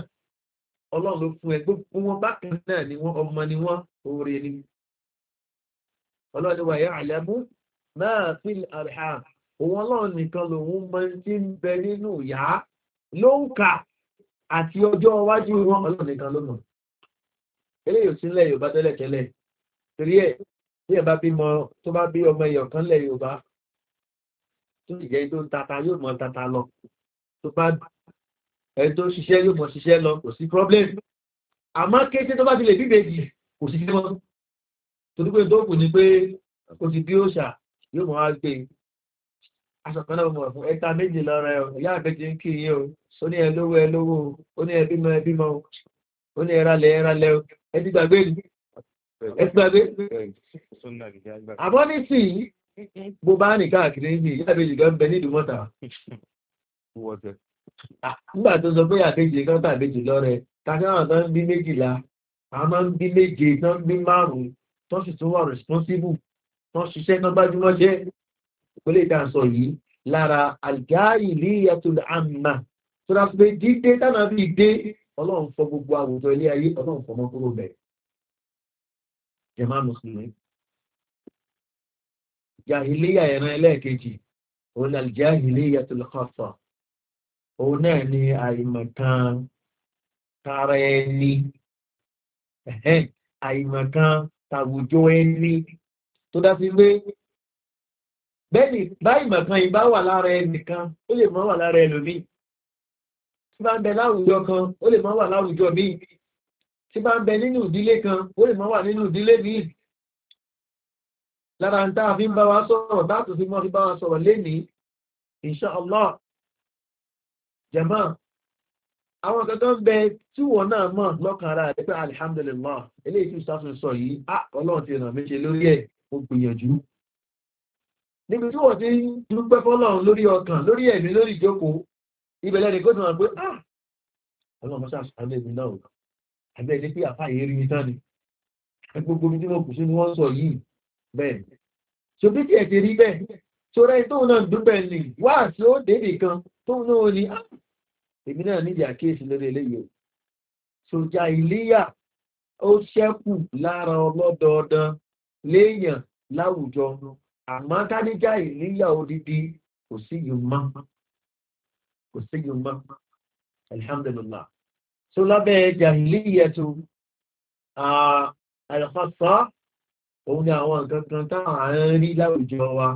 Speaker 1: ọlọ́run ló fún ẹ gbogbo wọn bákan náà ni wọ́n ọmọ ni wọ́n oore ni ọlọ́niwà yà àlẹ́mú máa fi àrẹ́hà òun ọlọ́run nìkan lòun mọ tí ń bẹ nínú ìyá ló ń kà àti ọjọ́ iwájú wọn ọlọ́run nìkan ló mọ̀ eléyìí sílẹ̀ yorùbá tẹ́lẹ̀ tẹ́lẹ̀ torí ẹ̀ bí ẹ̀ bá bímọ tó bá bí ọmọ ẹ̀yọ̀ kan lẹ̀ yorùbá tó sì jẹ́ tó ń tata yóò mọ tata lọ tó bá ẹ̀ ṣiṣẹ́ yóò mọ ṣiṣẹ́ lọ kò sí problem àmọ́ kété tó bá ti lè bí bèjì kò sí kí torí pé tó kù ni pé kò sí bí ó ṣà yóò mọ̀ wá gbé aṣọ kan náà fún ẹ̀ka méjì lọ́rọ̀ ẹ̀ ìyá àbẹ́jì ń kí iye ó ní ẹ lówó ó ní ẹ bímọ ó ní ẹ ralẹ̀ ẹ ralẹ̀ ẹ ti gbàgbé ẹ ti gbàgbé. àbọ̀ bó bá rìn káàkiri yìí ìyá àbẹ́jì kan bẹ ní ìdúmọ̀ta. nígbà tó sọ pé àbẹ́jì kan tàbẹ́jì lọ́rẹ̀ tàbí àwọn kan bí méjìlá àwọn máa ń bí méje tán bí márùn-ún tó sì tó wà responsible tó ṣiṣẹ́ tó gbájúmọ́ jẹ́ ìpínlẹ̀ ìdáǹsọ yìí lára àgá ìlú ìyàtọ̀ àmà tó dá pé dídé tánà bí dé ọlọ́run fọ gbogbo àwùjọ ilé ayé ọlọ́run fọmọ kúrò bẹ̀ jẹ́má mùsùlùmí jàhìlíyà ẹ̀ràn ẹlẹ́ẹ̀kejì òun náà jàhìlíyà tó òun náà ni àìmọ̀kan tara ẹni àìmọ̀kan tàwùjọ ẹni tó dá sí pé bẹ́ẹ̀ni báyìí mọ̀kan ìbá wà lára ẹnìkan ó lè mọ́ wà lára ẹlòmíì tí bá ń bẹ láwùjọ kan ó lè mọ́ wà láwùjọ míì tí bá ń bẹ nínú ìdílé kan ó lè mọ́ wà nínú ìdílé míì lára ń tá fi ń bá wa sọ̀rọ̀ bá tó fi mọ́ fi bá wa sọ̀rọ̀ lénìí insha allah jama àwọn kankan bẹ tí wọ́n náà mọ̀ lọ́kàn ara rẹ̀ pé alihamdulilah eléyìí tí sáfún sọ yìí á ọlọ́run ti ràn mí ṣe lórí ẹ̀ mo gbìyànjú níbi tí wọ́n ti ń dúpẹ́ fọ́lọ́run lórí ọkàn lórí ẹ̀mí lórí ìjókòó ibẹ̀lẹ́ ni kó ti mọ̀ pé á ah! ọlọ́run mọ́ṣá sàbẹ̀ mi náà àbẹ́ ẹni pé àfáà yẹn rí mi tán ni gbogbo mi tí mo kù sí ni wọ́n sọ yìí bẹ́ẹ̀ so bí tí ẹ̀ ti rí bẹ́ẹ̀ sọ̀rọ̀ ẹ̀ tóun náà dúpẹ́ ni wáàsí ó débì kan tóun náà ni á ah! èmi náà níbi àkíyèsí lórí eléyìí o sòjà ìlíyà ó ṣẹ́kù lára ọlọ́dọọdán léèyàn láwùjọ àmọ́ káníjà ìlíyà odidi kò sí yìí mọ́ kò sí yìí mọ́ alhamdulillah so lábẹ́ ẹja ìlíyà tó àlùfáàsá òun ni àwọn nǹkan táwọn rí láwùjọ wa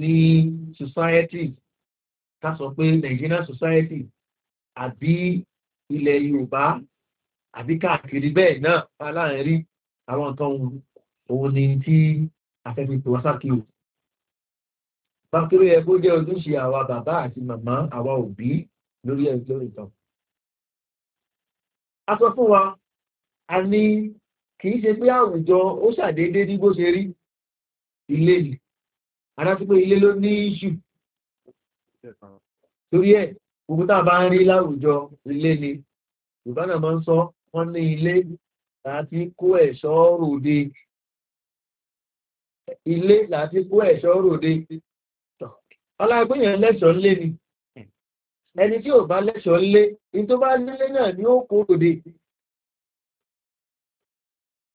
Speaker 1: ní society ká sọ pé nigerian society àbí ilẹ̀ yorùbá àbí káàkiri bẹ́ẹ̀ náà aláàrin rí àwọn nǹkan òun ni tí afẹ́fipò wásákì ò bákírí ẹ kó jẹ́ ojúṣe àwa bàbá àti màmá àwa òbí lórí ẹjọ́ ìtàn a sọ fún wa a ní kì í ṣe pé àwùjọ ó ṣàdédé ní bó ṣe rí ilé ni adájú pé ilé ló ní ìṣù torí ẹ̀ gbogbo tá a bá ń rí láwùjọ ilé ni yorùbá náà máa ń sọ wọn ní ilé láti kó ẹ̀ṣọ́ ròde ilé láti kó ẹ̀ṣọ́ ròde ọlágbéyàn lẹ́ṣọ́ ńlé ni ẹni tí ò bá lẹ́ṣọ́ ńlé ní tó bá nílé náà ni ó kó ròde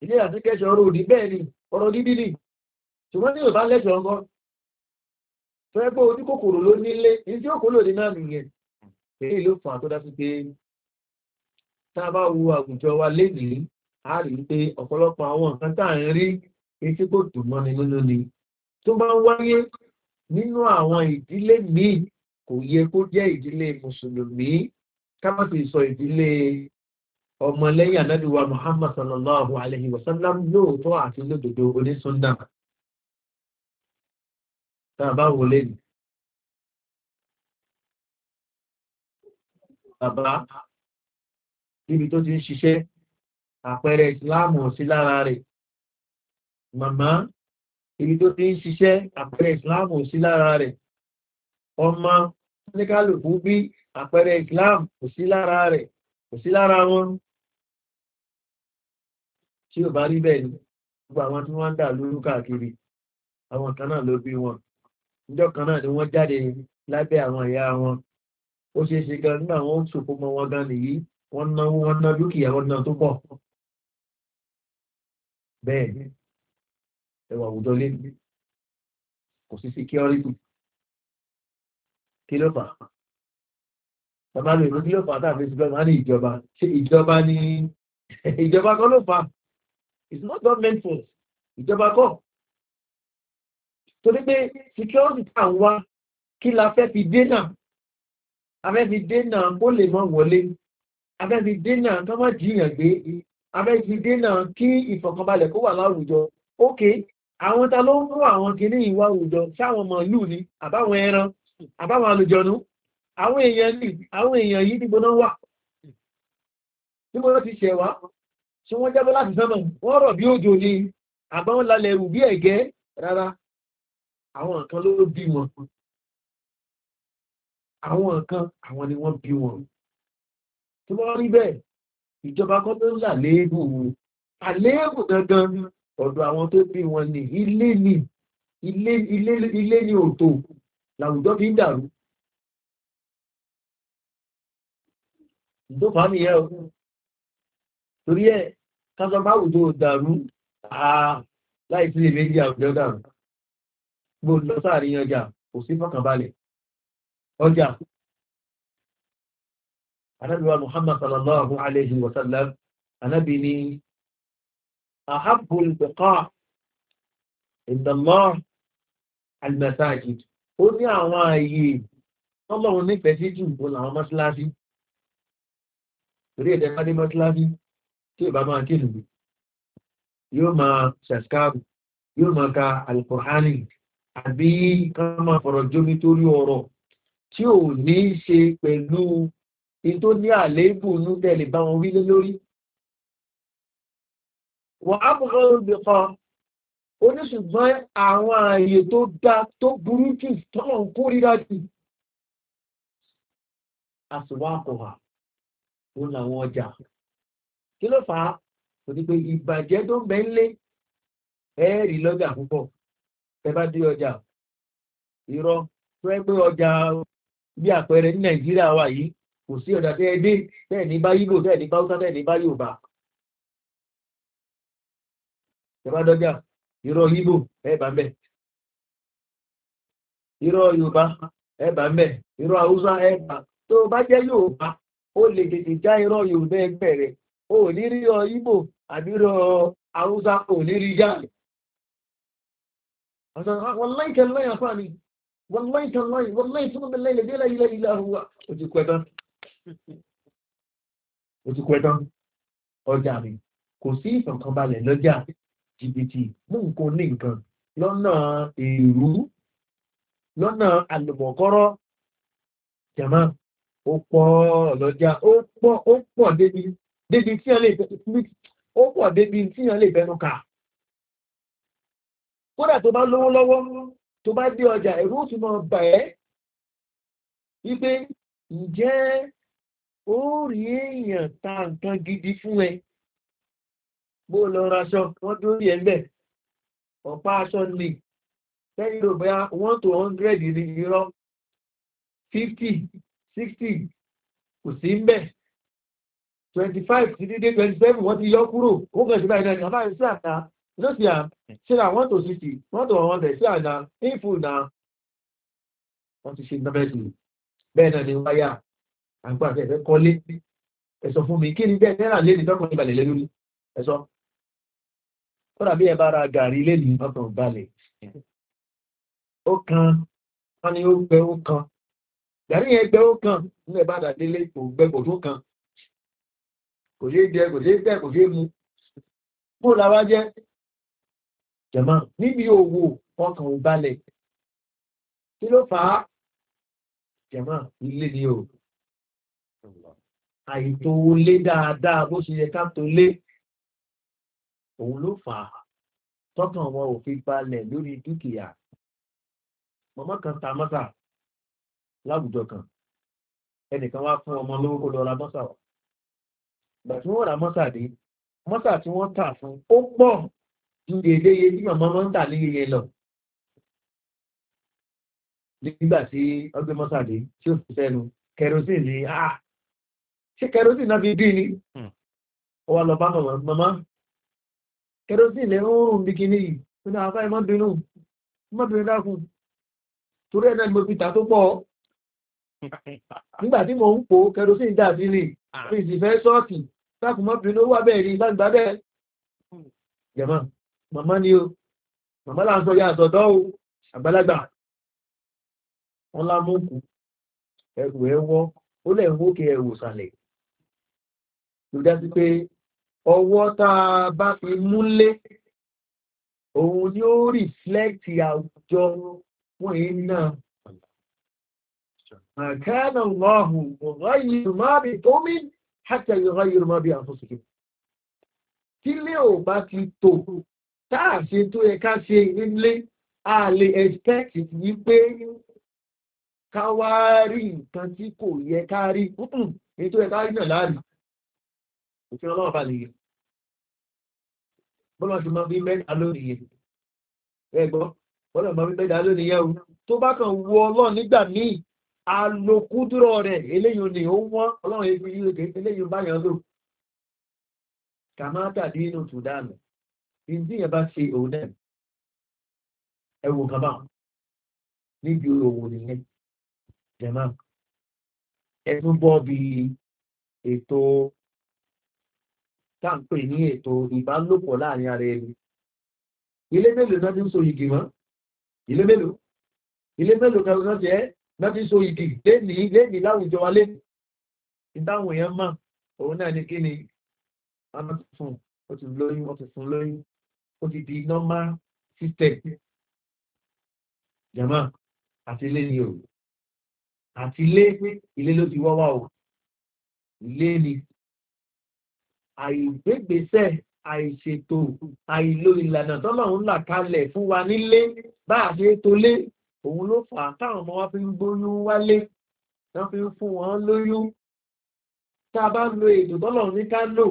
Speaker 1: ilé àti kẹ́ṣọ́ ròde bẹ́ẹ̀ ni ọ̀rọ̀ dídí ni ṣùgbọ́n tí ò bá lẹ́ṣọ́ ńkọ́ fẹ́ pé oníkòkòrò ló nílé ní tí ó kó lòdì náà nìyẹn èyí ló fà tó dásí pé tá a bá wo àwùjọ wa lénìí a rí pé ọ̀pọ̀lọpọ̀ àwọn nǹkan tá à ń rí etí kò dùn mọ́ni nínú ni tó bá ń wáyé nínú àwọn ìdílé míì kò yẹ kó jẹ́ ìdílé mùsùlùmí ká má sì sọ ìdílé ọmọlẹ́yìn anábìwá muhammad sallallahu alayhi wa sallam lóòótọ́ àti lódodo onísúndà tá a bá wọlé nìí bàbá níbi tó ti ń ṣiṣẹ́ àpẹẹrẹ ìsìláàmù sí lára rẹ̀ màmá ibi tó ti ń ṣiṣẹ́ àpẹẹrẹ ìsìláàmù sí lára rẹ̀ ọmọ oníkálùkù bí àpẹẹrẹ ìsìláàmù kò sí lára rẹ̀ kò sí lára wọn tí ò bá rí bẹ́ẹ̀ ni gbogbo àwọn tí wọ́n ń dà lóru káàkiri àwọn kan náà ló bí wọn níjọ́ kan náà ni wọ́n jáde lábẹ́ àwọn ìyá wọn ó ṣe é ṣe gan nígbà wọn ń sòkó mọ wọn gan nìyí wọn náwó wọn ná dúkìá wọn ná tó pọ̀ bẹ́ẹ̀ ni ẹwà àwùjọ lé ní kò sí security kí ló fà á bàbá mi ìrún kí ló fà á tàbí ṣùgbọ́n máa ní ìjọba ṣe ìjọba ní ìjọba kọ́ ló fà á it's not government fault ìjọba kọ́ torí pé security tá à ń wá kí la fẹ́ fi dé náà abẹ́fi dènà kó lè mọ́ wọlé abẹ́fi dènà tó mọ́ jiyàn gbé abẹ́fi dènà kí ìfọ̀kànbalẹ̀ kó wà láwùjọ ókè àwọn ta ló ń mú àwọn kìíní ìwà àwùjọ sáwọn mọ̀lú ni àbáwọn ẹran àbáwọn alùjọnu àwọn èèyàn ní àwọn èèyàn yìí nígbóná wà nígbóná ti ṣẹ̀wá tí wọ́n jábọ́ láti sánmà wọ́n rọ̀ bí òjò ni àbáwọn lalẹ̀ rù bí ẹ̀gẹ́ rárá àwọn nǹkan ló bí àwọn kan àwọn ni wọ́n bí wọn tí wọ́n rí bẹ́ẹ̀ ìjọba kan tó ń là léèbù àléèbù gangan ọ̀dọ̀ àwọn tó bí wọn ni ilé ni ilé ilé ilé ni òtò làwùjọ fi ń dàrú ìdófà nìyẹn o torí ẹ kásọ bá àwùjọ dàrú láìsí èméjì àwùjọ dàrú gbòòlù lọ sáàrin ọjà kò sí fọkànbalẹ̀ ọjà anábíwá muhammad sallallahu alayhi wa sallam anábí ni ahabul biqa indallah almasajid ó ní àwọn ààyè ọlọ́run nífẹ̀ẹ́ sí jù bó làwọn mọ́síláṣí torí ẹ̀dẹ̀ bá dé mọ́síláṣí tí ìbá máa kí lùgbì yóò máa ṣàṣkáàbù yóò máa ka alkùnránì àbí ká máa fọ̀rọ̀ jómi torí ọ̀rọ̀ tí ò ní í ṣe pẹ̀lú in tó ní àléébù inú tẹ̀lé bá wọn wílé lórí. wọ́n á bọ̀ ọ́ lóde kan ó ní ṣùgbọ́n àwọn ààyè tó dá tó burú jù tọ́lọ̀ ń kó ríra jù àṣùwọ́ àkọ́wà ó làwọn ọjà kí ló fà á kò ní pé ìbàjẹ́ tó ń bẹ ń lọ́jà púpọ̀ tẹ bá dé ọjà irọ́ tó ẹ pé ọjà bí àpẹẹrẹ ní nàìjíríà wà yìí kò sí ọ̀dà tẹ́ dé tẹ́ẹ̀ ní bá yíbò tẹ́ẹ̀ ní bá húsá tẹ́ẹ̀ ní bá yorùbá ìbádọ́jà ìrọ̀ yíbò ẹ̀bà ń ìrọ̀ yorùbá ẹ̀bà ń haúsá ẹ̀bà tó bá jẹ́ yorùbá ó lè tètè já ìrọ̀ yorùbá ẹgbẹ́ ó ní rí ọ haúsá ó ní rí já wọ́nláì tọ́láì wọ́nláì tó bẹ̀ láìlẹ̀ dé láìlẹ̀ ilẹ̀ àrùwà ó ti kọ́ ẹ̀tán ó ti kọ́ ẹ̀tán ọjà mi kò sí ìfọ̀kànbalẹ̀ lọ́jà jìbìtì mú nǹkan ní nǹkan lọ́nà èrú lọ́nà àlùmọ̀kọ́rọ́ jẹ̀mọ́ ó pọ̀ lọ́jà ó pọ̀ ó pọ̀ débi débi tí wọ́n lè ó pọ̀ débi tí wọ́n lè bẹnu kà kódà tó bá lówó lọ́wọ́ tó bá dé ọjà ẹ̀rú ó tún mọ́ bà ẹ́ wípé ǹjẹ́ ó rí èèyàn ta nǹkan gidi fún ẹ bó lọ raṣọ wọ́n tó rí ẹ ń bẹ̀ ọ̀pá aṣọ ni lẹ́yìn ló bẹ́yà one to hundred ní irọ́ fifty sixty kò sí ń bẹ̀ twenty five títí dé twenty seven wọ́n ti yọ kúrò ó kàn sí báyìí náà ní àbáyé sí àtà You know, see, um, say that 1 to 60, 1 to 100, see that now, in full now. Wọ́n ti ṣe nọ́bẹ̀sì bẹ́ẹ̀ náà ni wáyà àgbà àti ẹ̀fẹ́ kọ́lé ẹ̀sọ̀ fún mi me, kill it. Then lé ní tọ́kùnrin balẹ̀ about it. ẹ̀sọ́. Kọ́dà bí ẹ bá ra gàrí lé ní ọkàn balẹ̀. Ó kan, wọ́n ni ó gbẹ ó kan. Gàrí yẹn gbẹ ó kan, ní bá dà délé kò gbẹ kò tó kan. Kò ṣeé jẹ, kò ṣeé gbẹ, kò ṣeé mu. Bó la wá jẹ̀mọ́ níbi owó ọkàn balẹ̀ kí ló fà á jẹ̀mọ́ ilé ni o àìtò lé dáadáa bó ṣe yẹ ká tó lé òun ló fà á tọkàn wọn ò fi balẹ̀ lórí dúkìá mọ̀mọ́ kan ta mọ́tà láwùjọ kan ẹnìkan wá fún ọmọ lówó kó lọ ra mọ́tà wà ìgbà tí wọ́n ra mọ́tà dé mọ́tà tí wọ́n tà fún ó pọ̀ ju dédé iye tí màmá máa ń tà ní iye lọ. nígbà tí ọgbẹ́ mọ́sàdé tí ó fi sẹ́nu kerosene ni a ah, ṣé náà fi hmm. lọ bá màmá ń rùn bí kinní yìí ó ní ah, bínú má bínú dákun torí ni mo fi tà tó pọ̀ nígbà tí mo po dà sí ni ah. mi sì fẹ́ sọ́ọ̀tì bínú wà bẹ́ẹ̀ bá ń hmm. màmá ni o màmá là ń sọ ya àtọ̀dọ́ o àgbàlagbà wọn lá mú kú ẹrù ẹ wọ ó lẹ̀ ń wókè ẹrù sàlẹ̀ ló dá sí pé ọwọ́ tá a bá fi múlé òun ni ó rìflẹ́kì àwùjọ fún iná Àkẹ́nà lọ́hùn ọ̀gáyìí máa bí tó mí hàtẹ̀ ìrọ̀ máa bí àfọ́sùkì. Tí lé ò bá ti tò táàṣe tó yẹ ká ṣe nílé a lè expect wípé ká wá rí nǹkan tí kò yẹ ká rí èyí tó yẹ ká rí náà láàrí òfin ọlọ́wọ́ bá lè yẹ bọ́lá ti máa bí mẹ́ta lónìí yẹ ẹ gbọ́ bọ́lá máa bí mẹ́ta lónìí yẹ o tó bá kàn wọ ọlọ́run nígbà míì alokúdúrọ̀ rẹ̀ eléyìí ni ó wọ́n ọlọ́run ebi yìí eléyìí báyọ̀ lò kàmáta dínú tùdánù ìdí yẹn bá ṣe òun náà ẹwù kan báwọn níbi òwò nìyẹn jẹ̀mọ́ ẹtún bọ́ bí ètò táǹpé ní ètò ìbálòpọ̀ láàrin ara ẹni ilé mélòó náà ti ń so igi mọ́ ilé mélòó ilé mélòó kan náà jẹ́ náà ti ń so igi lénìí lénìí láwùjọ wa lénìí ìdáhùn èèyàn mọ̀ òun náà ni kí ni ọmọ tuntun ó ti lóyún ó ti fún lóyún ó ti di normal system jama àti ilé ni o àti ilé pé ilé ló ti wá o ilé ni àìgbégbèsè àìṣètò àìlò ìlànà tọ́lọ́run là kalẹ̀ fún wa nílé bá a ṣe tó lé òun ló fà á táwọn ọmọ wa fi ń gbóyún wálé wọ́n fi ń fún wọn lóyún tá a bá lo ètò tọ́lọ́run ní ká lò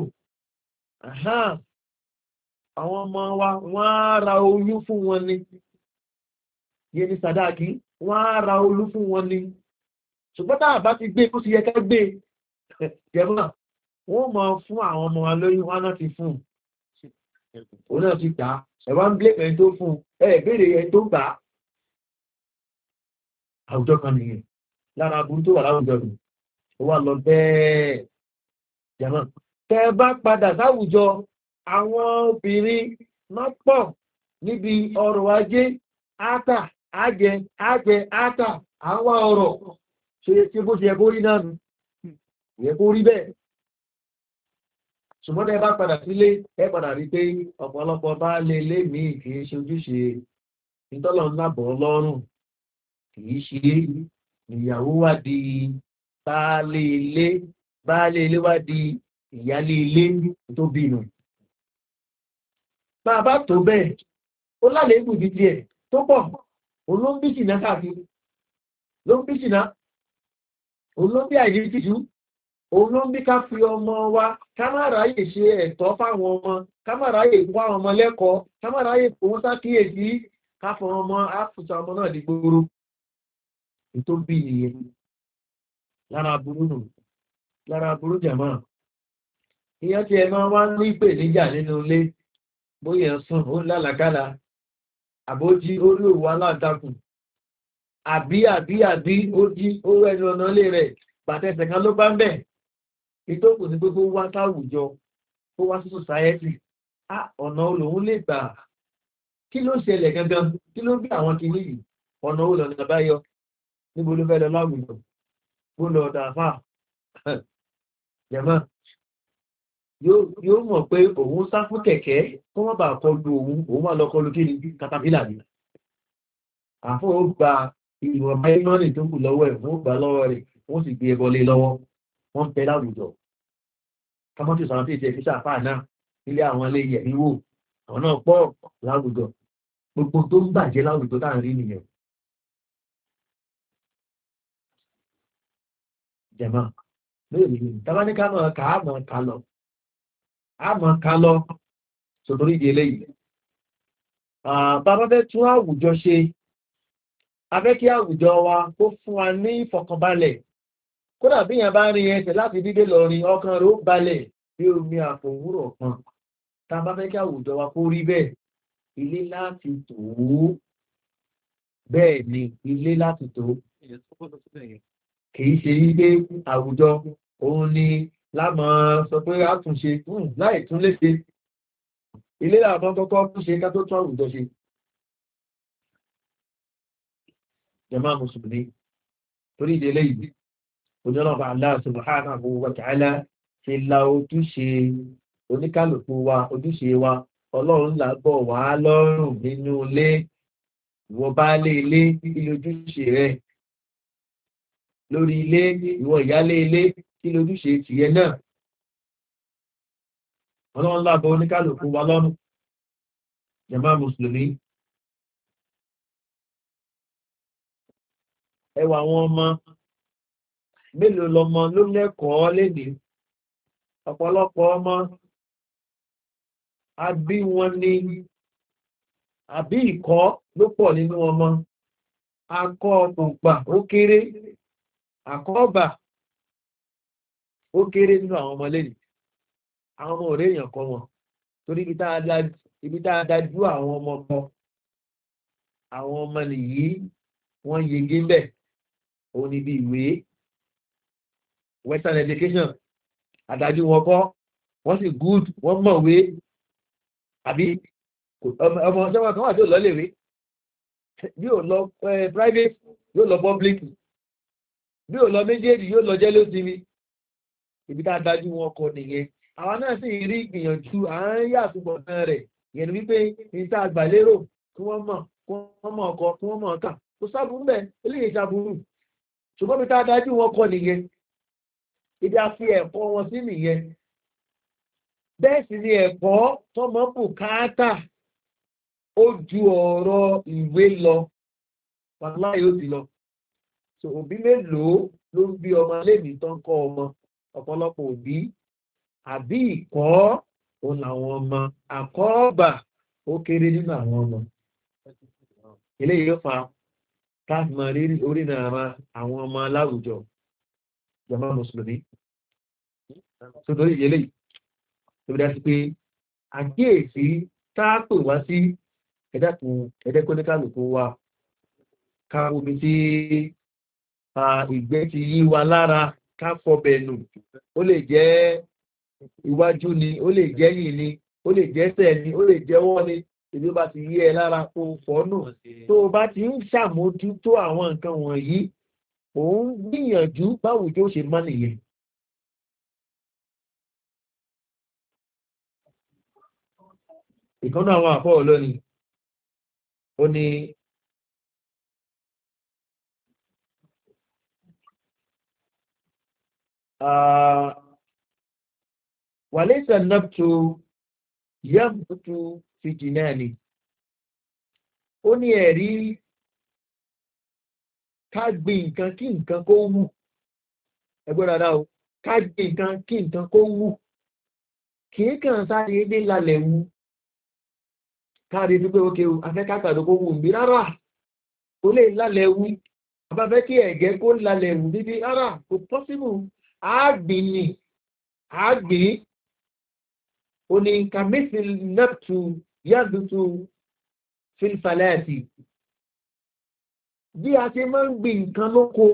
Speaker 1: àwọn ọmọ wa wọ́n á ra oyún fún wọn ni yé ní sàdáàkì wọ́n á ra olú fún wọn ni ṣùgbọ́n tá àbá ti gbé kó ti yẹ ká gbé jẹ́mọ́ wọ́n mọ̀ fún àwọn ọmọ wa lóyún wọn náà ti fún O náà ti gbà ẹ̀ wá ń blé ẹni tó fún ẹ̀ tó gbà àwùjọ kan nìyẹn lára aburú tó wà láwùjọ nù ó wà lọ bẹ́ẹ̀ jẹ́mọ́ tẹ́ bá padà sáwùjọ àwọn obìnrin wọ́n pọ̀ níbi ọrọ̀ ajé átà ájẹ ájẹ átà àwọn ọrọ̀ ṣe tí bó ṣe ẹ̀kọ́ rí náà nù ẹ̀kọ́ rí bẹ́ẹ̀ ṣùgbọ́n ẹ bá padà sílé ẹ padà rí pé ọ̀pọ̀lọpọ̀ bá lè lé mi kì í ṣe ojúṣe ìtọ́lọ̀ ńlá bọ̀ lọ́rùn kì í ṣe ìyàwó wá di baálé ilé baálé ilé wá di ìyálé ilé tó bínú bá bá tó bẹ́ẹ̀ ó lálẹ́gbù bí díẹ̀ tó pọ̀ olóńbísìnà káàkiri olóńbísìnà olóńbí àìrí tìjú olóńbí ká fi ọmọ wa kámàráyè ṣe ẹ̀tọ́ fáwọn ọmọ wá ọmọ lẹ́kọ̀ọ́ kámàráyè fòun sákíyèsí káfọ ọmọ ọmọ náà di gbòòrò ètò bí nìyẹn lára burú nù lára burú jàmá ìyẹn ti ẹ̀ máa wá ní ìpèníjà nínú ilé bóyá ń sùn ó lálàkàlà àbójí orí òwú aláǹtakùn àbí àbí àbí ó jí ó rẹ́nu ọ̀nà ilé rẹ̀ pàtẹ́sẹ̀ kan ló bá ń bẹ̀ ìtòkù ní pé kó wá sáwùjọ kó wá sí sòsáyẹ́tì ọ̀nà olóhùn lè gbà kí ló ṣẹlẹ̀ gangan kí ló bí àwọn kìíní yìí ọ̀nà ó lọ́nà báyọ níbo ló fẹ́ lọ láwùjọ bó lọ ọ̀dà jẹ̀mọ́ yóò mọ̀ pé òun sá fún kẹ̀kẹ́ kó mọ́ bà kọlu òun òun wà lọ́kọlu kí ni katapila ni àfọ́ ó gba ìwọ̀nba imọ́nì tó kù lọ́wọ́ ẹ̀ wọ́n gbà lọ́wọ́ rẹ̀ wọ́n sì gbé ẹbọ lé lọ́wọ́ wọ́n bẹ láwùjọ kámọ́tì sọ̀rọ̀ sí ìṣẹ́ fíṣà fáà náà ilé àwọn ilé yẹ̀mí wò àwọn náà pọ̀ láwùjọ gbogbo tó ń bàjẹ́ láwùjọ tá à ń rí nìyẹn jẹ̀mọ́ lóòrè tábánikà náà kà á mọ̀ ká lọ àmọ́ ká lọ sòtórí ìdí eléyìí bàbá fẹ́ tún àwùjọ ṣe afẹ́ kí àwùjọ wa kó fún wa ní ìfọ̀kànbalẹ̀ kódà bí yẹn bá rin ẹsẹ̀ láti dídé lọ rin ọkàn rẹ̀ balẹ̀ bí omi àfòwúrọ̀ kan tá bá fẹ́ kí àwùjọ wa kó rí bẹ́ẹ̀ ilé láti tò ó bẹ́ẹ̀ ni ilé láti tò ó kì í ṣe ilé àwùjọ òun ni lámọ̀ sọ pé a tún ṣe hmm, láì tún lè ṣe ilé àwọn tọ́tọ́ tún ṣe ká tó tún àwùjọ ṣe jẹmọ́ mùsùlùmí torí ìdílé yìí ojúlọ́pàá aláàsùnmọ̀hánà gbogbo wàtàálá ti la ojúṣe oníkàlùkù wa ojúṣe wa ọlọ́run làgbọ̀ wá lọ́rùn nínú ilé ìwọ bá lé ilé ilé ojúṣe rẹ lórí ilé ìwọ ìyálé ilé kí lójúṣe tìyẹ náà ọlọ́run lábọ̀ oníkàlùkù wa lọ́rùn jama mùsùlùmí ẹwà àwọn ọmọ mélòó lọmọ ló lẹ́kọ̀ọ́ léde ọ̀pọ̀lọpọ̀ ọmọ a bí wọn ní àbí ìkọ́ ló pọ̀ nínú ọmọ akọ́ ọ̀pọ̀ gbà ó kéré àkọ́ọ̀bà ó kéré nínú àwọn ọmọ lẹ́nu àwọn ọmọ òré èèyàn kọ wọn torí ibi tá a dájú àwọn ọmọ kọ àwọn ọmọ nìyí wọ́n yege ń bẹ̀ òun ni bí ìwé western education àdájú wọn kọ́ wọ́n sì good wọ́n mọ̀wé àbí ọmọ ọjọ́ wọn kan wà tí ò lọ́lẹ̀wé yóò lọ eh, private yóò lọ public bí ò lọ méjèèjì yóò lọ jẹ́ lóṣìí ibi tá a dájú wọn kọ nìyẹn àwa náà sì rí ìgbìyànjú à ń yà túbọ̀ náà rẹ̀ ìyẹn ni wípé ní tá a gbà lérò kí wọ́n mọ̀ kí wọ́n mọ̀ ọkọ kí wọ́n mọ̀ ọkà kò sábùú mbẹ́ eléyìí sábùú ṣùgbọ́n bí tá a dájú wọn kọ nìyẹn ibi a fi ẹ̀kọ́ wọn sí nìyẹn bẹ́ẹ̀ sì ni ẹ̀kọ́ tọmọ bùkátà ó ju ọ̀rọ̀ ìwé lọ wàhálà yóò ti lọ so òbí mélòó ló ń bí ọmọ lẹ́mìí tán kọ́ ọmọ ọ̀pọ̀lọpọ̀ òbí àbí ìkọ́ òun làwọn ọmọ àkọ́ọ̀bà ó kéré nínú àwọn ọmọ eléyìí yóò fa káàmọ̀ orí náà àwọn ọmọ aláwùjọ jọmọ́ mùsùlùmí tó torí ìyẹlẹ́ yìí tó bí dá sí pé àkíyèsí táàpù wá sí ẹ̀dẹ́kùn ẹ̀dẹ́kóníkàlùkù wa káwọn omi tí ìgbẹ́ ti yí wa lára ká fọbẹ̀ nù ó lè jẹ́ iwájú ni ó lè jẹ́ yìn ni ó lè jẹ́ sẹ̀ ni ó lè jẹ́wọ́ ni èdè bá ti yí ẹ lára kó fọ́nù tó o bá ti ń ṣàmójútó àwọn nǹkan wọ̀nyí ò ń gbìyànjú báwùjọ ṣe má nìyẹn.
Speaker 3: ìkànnì àwọn àfọwọ́ lónìí ó ní
Speaker 1: wàlẹ́sà nàbtò yàmùtò fìjìnà ni ó ní ẹ̀rí ká gbin nǹkan kí nǹkan kó wù ẹgbẹ́ rárá o ká gbin nǹkan kí nǹkan kó wù kìí kàn sáré dé lálẹ̀ wù káàdé dúpẹ́ òkè o afẹ́kàtàdó kó wù mí rárá ó lè lálẹ̀ wù abáfẹ́ kí ẹ̀gẹ́ kó lálẹ̀ wù bíbí rárá kò pọ́síbù àgbìn ni àgbìn òní kàmísì nẹ́pùtù yàdùtù fílfàlẹ́ẹ̀tì bí a ti máa ń gbìn nǹkan lóko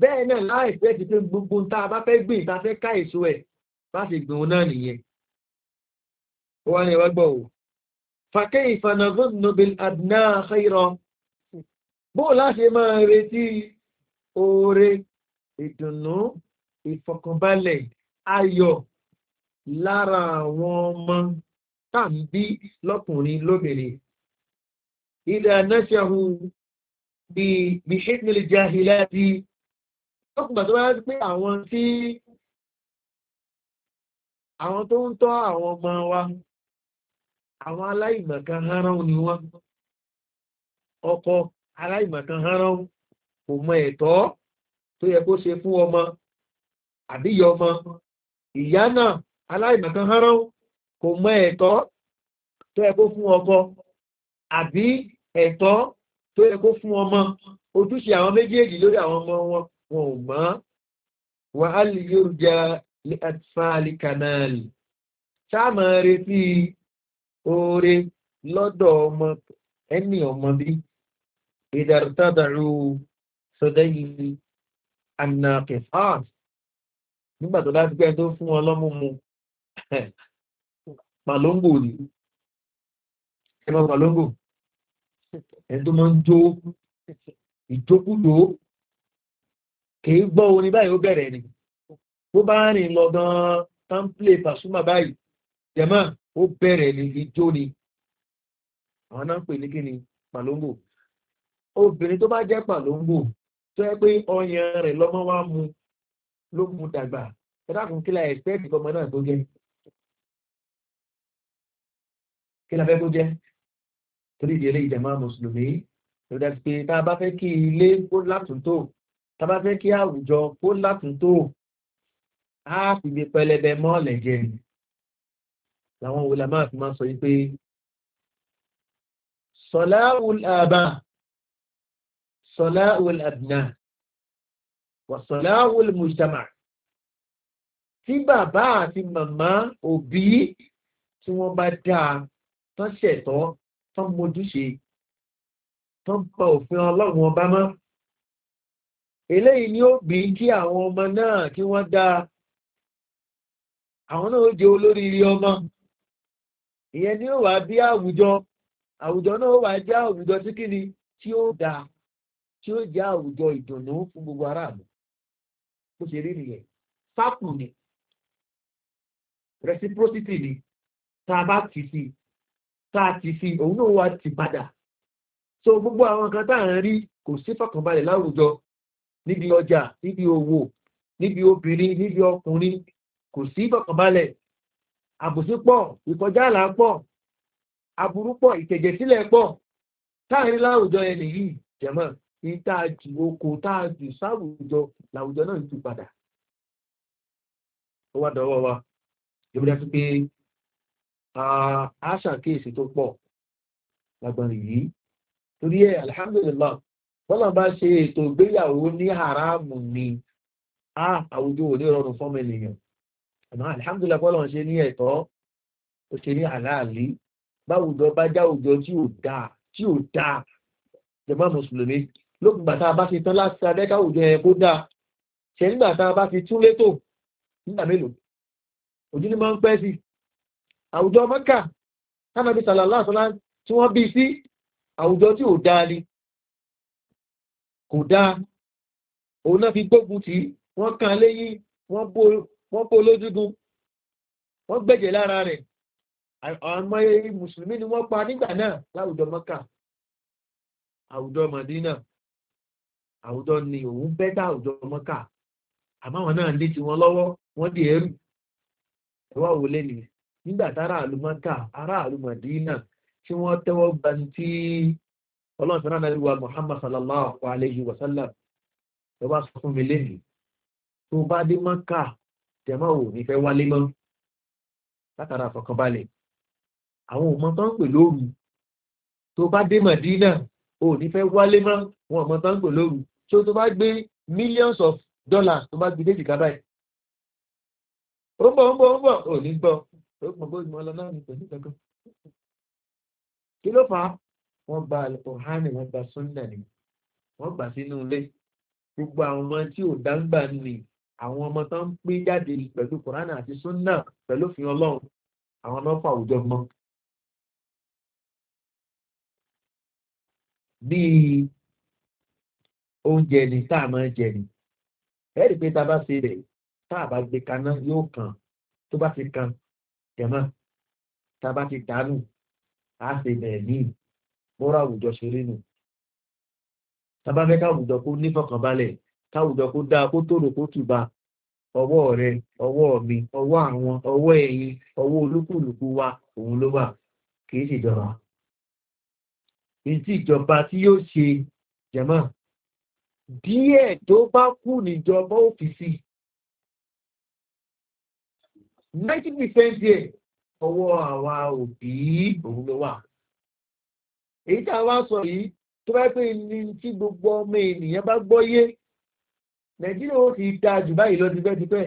Speaker 1: bẹ́ẹ̀ náà láìpẹ́ ti pé gbogbo ta bá fẹ́ gbìn ta fẹ́ ká èso ẹ̀ bá ti gbìn òun náà nìyẹn ó wá ní ìwọ́gbọ̀ o fàkẹ́ ìfànàgún nobel adná xeyrọ bó láti máa retí oore ìdùnnú ìfọkànbalẹ̀ ayọ̀ lára àwọn ọmọ tá à ń bí lọ́kùnrin lóbìnrin. Ilẹ̀ anáṣẹ́hu bí Bíṣẹ́tìlì Jahilá di lọ́kùnrin tó bá yẹ pé àwọn tí àwọn tó ń tọ́ àwọn ọmọ wa àwọn aláìmọ̀kan hánrán ni wọ́n. Ọkọ̀ aláìmọ̀kan hánrán kò mọ ẹ̀tọ́. tó yẹ kó ṣe fún ọmọ àbíyọ ọmọ ìyá náà aláìmọ̀kan hánrán kò mọ ẹ̀tọ́ tó yẹ kó fún ọkọ àbí ẹ̀tọ́ tó yẹ kó fún ọmọ ojúṣe àwọn méjèèjì lórí àwọn ọmọ wọn wọn ò mọ́ wàhálì yóò jẹ àtìfáàlì kanáàlì sáàmà retí oore lọ́dọ̀ ọmọ ẹni anakifat nígbà tó dájú pé tó fún ọlọ́mú mu malongo ni ẹmọ malongo ẹni tó máa ń jó ìjókúlò kìí gbọ́ orin báyìí ó bẹ̀rẹ̀ ni bó bá rìn lọ gan-an tánplé pàṣúmà báyìí jẹ̀mọ́ ó bẹ̀rẹ̀ ni ìjó ni àwọn náà pè ní kí ni malongo obìnrin tó bá jẹ́ malongo tó yẹ pé ọyàn rẹ̀ lọ́mọ wá mu ló mu dàgbà ẹ̀dàkùn kí la ẹ̀sẹ̀tì ọmọ náà tó jẹ́ kí la fẹ́ kó jẹ́ torí ìdílé ìjàmá mùsùlùmí ló dá sí pé tá a bá fẹ́ kí ilé kó látúntò tá a bá fẹ́ kí àwùjọ kó látúntò á sì gbé pẹlẹbẹ mọ́ọ̀lẹ̀ jẹ làwọn wòlá fi máa sọ yí pé sọ̀lá àbá صلاة الأبناء وصلاة المجتمع tí bàbá àti màmá òbí tí wọ́n bá dáa tán ṣẹ̀tọ́ tán mojúṣe tán pa òfin ọlọ́run ọba mọ́ eléyìí ni ó bí kí àwọn ọmọ náà kí wọ́n dáa àwọn náà ó jẹ olóríire ọmọ ìyẹn ni ó wà bí àwùjọ àwùjọ náà ó wà jẹ́ àwùjọ tí kí ni tí ó dáa tí ó jẹ́ àwùjọ ìdùnnú fún gbogbo aráàlú bó ṣe rí nìyẹn fápù ni reciprocity ni tá a bá ti sí tá ti sí òun náà wá ti padà so gbogbo àwọn nǹkan tá à ń rí kò sí fọkànbalẹ̀ láwùjọ níbi ọjà níbi owó níbi obìnrin níbi ọkùnrin kò sí fọkànbalẹ̀ àbòsí pọ̀ ìkọjá àlà pọ̀ aburú pọ̀ ìtẹ̀jẹ̀sílẹ̀ pọ̀ táàrin láwùjọ ẹni yìí jẹ̀mọ́ ìtaàjì oko táàjì sáwùjọ làwùjọ náà ti padà ó wá dọ́wọ́ wa ìjọba sí pé àṣà kéèsì tó pọ̀ lágbàrí yìí torí ẹ̀ alhamdulillah bọ́lá bá ṣe ètò ìgbéyàwó ní haramu ni àwùjọ ò ní rọrùn fọ́mọ ènìyàn àmọ́ alhamdulillah bọ́lá ṣe ní ẹ̀tọ́ ó ṣe ní àláàlí báwùjọ bá jáwùjọ tí ò dáa tí ò dáa jẹmọ́ mùsùlùmí lókùngbà tá a bá ṣe tán láti sadẹ́ká òjò ẹ̀ kó dáa ṣe nígbà bá fi tún létò nígbà mélòó òjú ni máa ń pẹ́ sí àwùjọ mọ́kà tánàbí sàlàlá àsọlá tí wọ́n bí sí àwùjọ tí ò dáa ni kò dáa òun náà fi gbógun tí wọ́n kan léyìn wọ́n bó lójúgun wọ́n gbẹ̀jẹ̀ lára rẹ̀ àwọn mùsùlùmí ni wọ́n pa nígbà náà láwùjọ mọ́kà àwùjọ mọ̀dínà àwùjọ ni òun bẹ́tà àwùjọ mọ́kà àmọ́ àwọn náà lé tiwọn lọ́wọ́ wọ́n di ẹrù ẹ̀wá wo lé nìyẹn nígbà tára àlùmọ́kà ará àlùmọ̀dínà tí wọ́n tẹ́wọ́ gba tí ọlọ́run sọ́nà náà wà muhammad sallallahu alayhi wa sallam ẹ wá sọ fún mi lẹ́nu tó bá dé mọ́kà tẹ̀mọ́ ò ní fẹ́ wálé mọ́ látara àfọkànbalẹ̀ àwọn òmọ́ tó ń pè lóru tó bá dé mọ̀dínà o ní fẹ́ wálé mọ́ wọn mọ́ tán gbò lóru tí o tó bá gbé millions of dollars tó bá gbé déjì ká báyìí ó ń bọ̀ ó ń bọ̀ ó ń bọ̀ ò ní gbọ́
Speaker 2: ó gbọ́n bó ìmọ̀ ọlọ́lá ní pẹ̀lú kankan
Speaker 1: kí ló fà á wọ́n gba alukóhánì wọ́n gba sunday ni wọ́n gbà sínú ilé gbogbo àwọn ọmọ tí ò dáńgbà ni àwọn ọmọ tó ń pín jáde pẹ̀lú kòránà àti sunday pẹ̀lú òfin ọlọ́run àwọn ọmọ fà àwùjọ mọ́ bíi oúnjẹ ni tá a máa ń jẹ ni ẹ̀rí pé tá a bá ṣe rẹ̀ tá a bá gbé kaná yóò kàn tó bá ti kan jẹ̀mọ́ tá a bá ti dànù á ṣe bẹ̀rẹ̀ ní bọ́rọ̀ àwùjọ ṣeré nù tá a bá fẹ́ káwùjọ kó nífọ̀kànbalẹ̀ káwùjọ kó dáa kó tòrò kó tùbà ọwọ́ rẹ ọwọ́ mi ọwọ́ àwọn ọwọ́ ẹ̀yin ọwọ́ olúkúlùkù wa òun ló wà kì í ṣèjọba ìtí ìjọba tí yóò ṣe jẹ̀mọ́ díẹ̀ tó bá kù níjọba òfìsì ninety percent díẹ̀ ọwọ́ àwa òbí òun ló wà èyí tá a wá sọ yìí tó bá pé ní tí gbogbo ọmọ ènìyàn bá gbọ́ nàìjíríà ó ti dáa jù báyìí lọ tipẹ́tipẹ́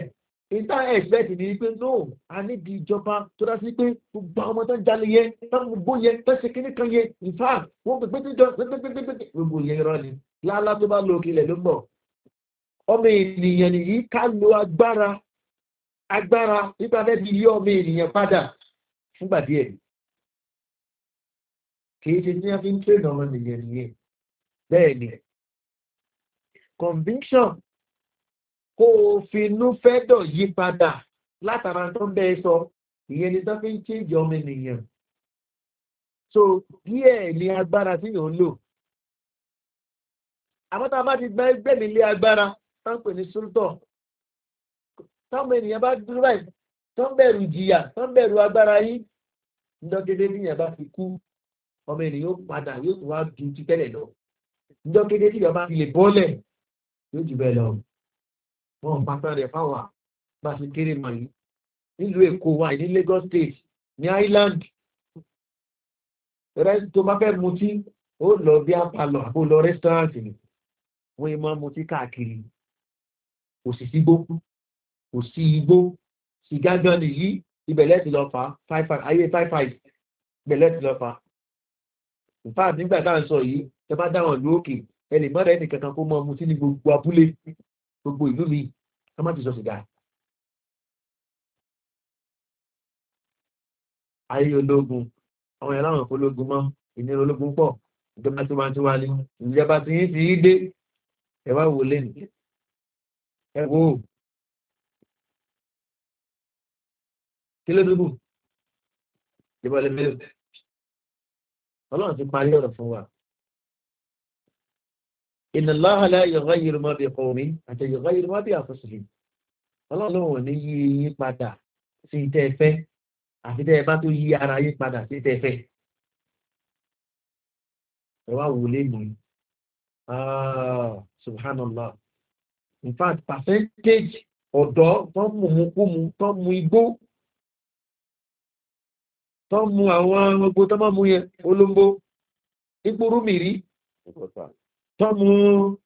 Speaker 1: ìta ẹ̀gbẹ́tì ní pé no a níbi ìjọba tó dá sí pé gbogbo ọmọ tó ń jalè yẹ tó ń gbó yẹ tó ṣe kíní kan yẹ ìfà wọn pè pétéjọ pépépépépé gbogbo yẹ irọ́ ni lálá tó bá lo òkèlè ló mọ̀ ọmọ ènìyàn nìyí ká lo agbára agbára nípa fẹ́ fi yí ọmọ ènìyàn padà fúngbà díẹ̀ kìí ṣe tí wọ́n fi ń tẹ̀lé ọmọ ènìyàn nìyẹn bẹ́ẹ̀ ni conviction kó o finú fẹ́dọ̀ yí padà látara tó ń bẹ́ ẹ sọ ìyẹn ni tó fi ń chéjì ọmọ ènìyàn so díẹ̀ ni agbára tí yóò lò àmọ́ tá a bá ti gbẹ́ gbẹ́mí lé agbára tó ń pè ní sultan táwọn ènìyàn bá dúró báyìí tó ń bẹ̀rù jìyà tó ń bẹ̀rù agbára yìí ńdọ́kédé níyàn bá fi kú ọmọ ènìyàn yóò padà yóò tún wá ju ti tẹ́lẹ̀ lọ ńdọ́kédé níyàn bá fi lè bọ́lẹ̀ yóò jù bẹ́ẹ̀ lọ wọn bá fẹ́ rẹ̀ fáwà bá ṣe kéré mọ̀ yìí nílùú èkó wa ní lagos state ní island rẹ́sì tó bá fẹ́ mutí ó lọ bí apalọ̀ àbó lọ rẹ́sítọ́rántì ni wọ́n yìí máa mutí káàkiri kò sì sígbó kò sí igbó sìgá gan nìyí ibẹ̀lẹ́ ti lọ fà á ayé five five ibẹ̀lẹ́ ti lọ fà á ìfáà nígbà tá à ń sọ yìí ẹ bá dáwọn ìlú òkè ẹ lè mọ́ra ẹnì kankan kó mọ mutí ní gbogbo abúlé gbogbo ìlú mi wọ́n má ti sọ sìgá ayé ológun àwọn ẹ̀rọ àwọn ológun mọ́ ìnira ológun pọ̀ ìjọba tí wọ́n ti wá ní ìjọba tí yín ti yí dé ẹ wá wò lẹ́nu ẹ wò ó kí ló dúdú ìjọba lè bẹ̀rẹ̀ ọlọ́run ti parí ọ̀rọ̀ fún wa ìnà الله لا يغير ما bí حتى يغير ما yọ̀gá yìí má bí àfọ́sùlì ọlọ́run ní yí yín padà sí tẹ́ ẹ fẹ́ àfi tẹ́ ẹ bá tó yí ara yín padà sí tẹ́ ẹ fẹ́ ẹ wá wò lé mọ́ ah, subhanallah in fact percentage ọ̀dọ́ tó mú mu kú mu tó mú igbó tó mú àwọn gbogbo tó má mú yẹn olóńgbò ipò rúmìrí tán mú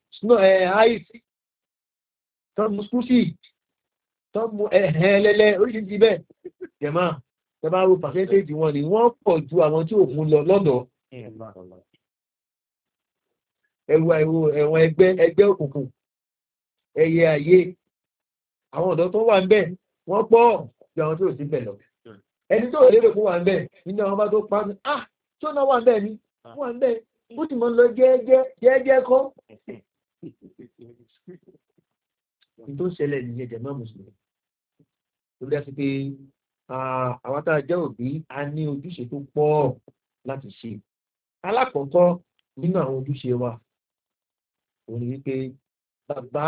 Speaker 1: áìsì tán mú skúsì tán mú ẹ̀hẹ́ ẹlẹ́lẹ́ oríṣiríṣi bẹ́ẹ̀ jẹ̀má tẹ́bá ro pàṣẹ́ntéèjì wọn ni wọ́n pọ̀ ju àwọn tí òun lọ lọ́dọ̀ ẹwà ẹ̀wọ̀n ẹgbẹ́ ẹgbẹ́ òkùnkùn ẹyẹ ayé àwọn ọ̀dọ́ tó wà ń bẹ̀ wọ́n pọ̀ ju àwọn tí ò sí bẹ̀ lọ ẹni tó lérò fún wà ń bẹ̀ nínú àwọn bá tó pa á tó ah, náà wà ń bẹ̀ ni wà ń bẹ̀ bó ti mọ̀ lọ jẹ́ẹ́jẹ́ jẹ́ẹ́jẹ́ kọ́ tó ṣẹlẹ̀ nìyẹn jẹ̀mọ́ mùsùlùmí tó dá sí pé àwọn tá a jẹ́ òbí a ní ojúṣe tó pọ̀ láti ṣe alákọ̀ọ́kọ́ nínú àwọn ojúṣe wa òun ni wípé bàbá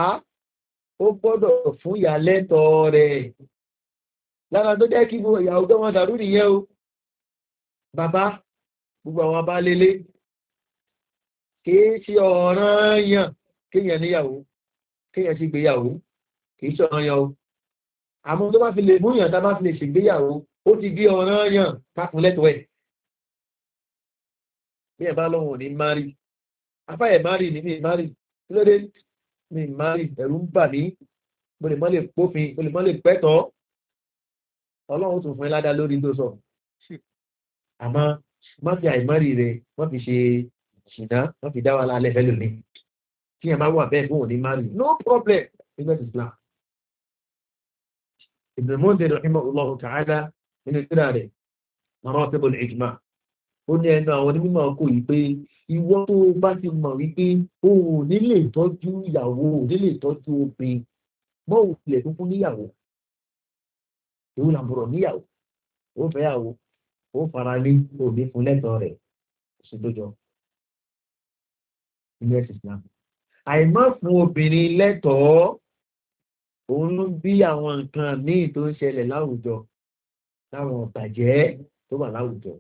Speaker 1: ó gbọ́dọ̀ fún ìyálẹ́tọ̀ rẹ̀ lára tó jẹ́ kí ìyàwó gbọ́n wọn dàrú nìyẹn o bàbá gbogbo àwọn abá lélẹ́ kìí ṣe ọ̀ràn yàn kéèyàn níyàwó kéèyàn sì gbéyàwó kìí ṣe ọ̀ràn yàn o àmọ́ tó bá fi lè mú yàn tá bá fi lè ṣègbéyàwó ó ti di ọ̀ràn yàn káfún lẹ́tọ̀ọ́ ẹ̀ bí ẹ̀ bá lọ́wọ́ ní mari afá ẹ̀ mari ní mi mari lóde mi mari ẹ̀rù ń bà mí mo lè mọ́ lè pófin mo lè mọ́ lè pẹ́tọ́ ọlọ́run tún fún ẹ ládàá lórí tó sọ àmọ́ má fi àìmọ́rì rẹ̀ wọ́n fi ṣe ṣìnà wọ́n fi dá wa lálẹ́ fẹ́ lómi tí ẹ bá wà bẹ́ẹ̀ bóun ní má rí no problem nígbà tí islam ibn mundir rahimahu allah ta'ala nínú ìtura rẹ̀ mọ̀rán tẹ́bọ̀lù ìjùmọ̀ ó ní ẹnu àwọn onímọ̀ ọkọ̀ yìí pé ìwọ tó bá ti mọ̀ wípé o ò ní lè ìyàwó ò ní lè tọ́jú mọ́ ò tilẹ̀ tó fún níyàwó èwo là níyàwó ó fẹ́yàwó ó fara lé òní fún lẹ́tọ̀ọ́ rẹ̀ ó sì lójọ́ inú ẹ̀sìn islam àìmọ́ fún obìnrin lẹ́tọ̀ọ́ òun ló bí àwọn nǹkan míì tó ń ṣẹlẹ̀ láwùjọ láwọn ọ̀bàjẹ́ tó wà láwùjọ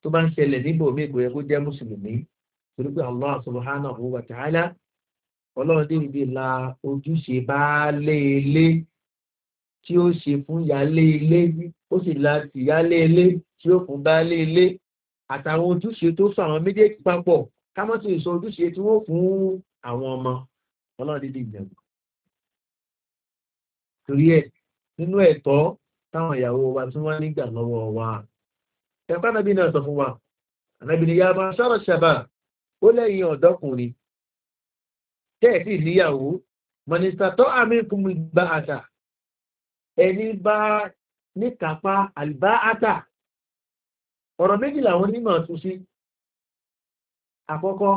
Speaker 1: tó bá ń ṣẹlẹ̀ níbò mí kò yẹ kó jẹ́ mùsùlùmí torí pé allah subhanahu wa ta'ala ọlọ́run dé ibi la ojúṣe bá lé ilé tí ó ṣe fún yálé ilé ó sì la tìyálé ilé tí ó fún bá lé àtàwọn ojúṣe tó sọ àwọn méjèèjì papọ̀ kámọ́tì ìṣọ ojúṣe tí wọ́n fún àwọn ọmọ ọlọ́dídì ìjẹ̀bù torí ẹ̀ nínú ẹ̀tọ́ táwọn ìyàwó wa tí wọ́n nígbà lọ́wọ́ wa ẹ̀pá nàbí náà sọ fún wa ànàbí ni yàrá sọ̀rọ̀ ṣàbà ó lẹ́yìn ọ̀dọ́kùnrin tẹ́ẹ̀tì níyàwó mọ̀nìsà tó àmì kùmù gba àṣà ẹni bá níkàpá àlìbá àtà ọ̀rọ̀ méjìlá wọn nímọ̀ tún sí àkọ́kọ́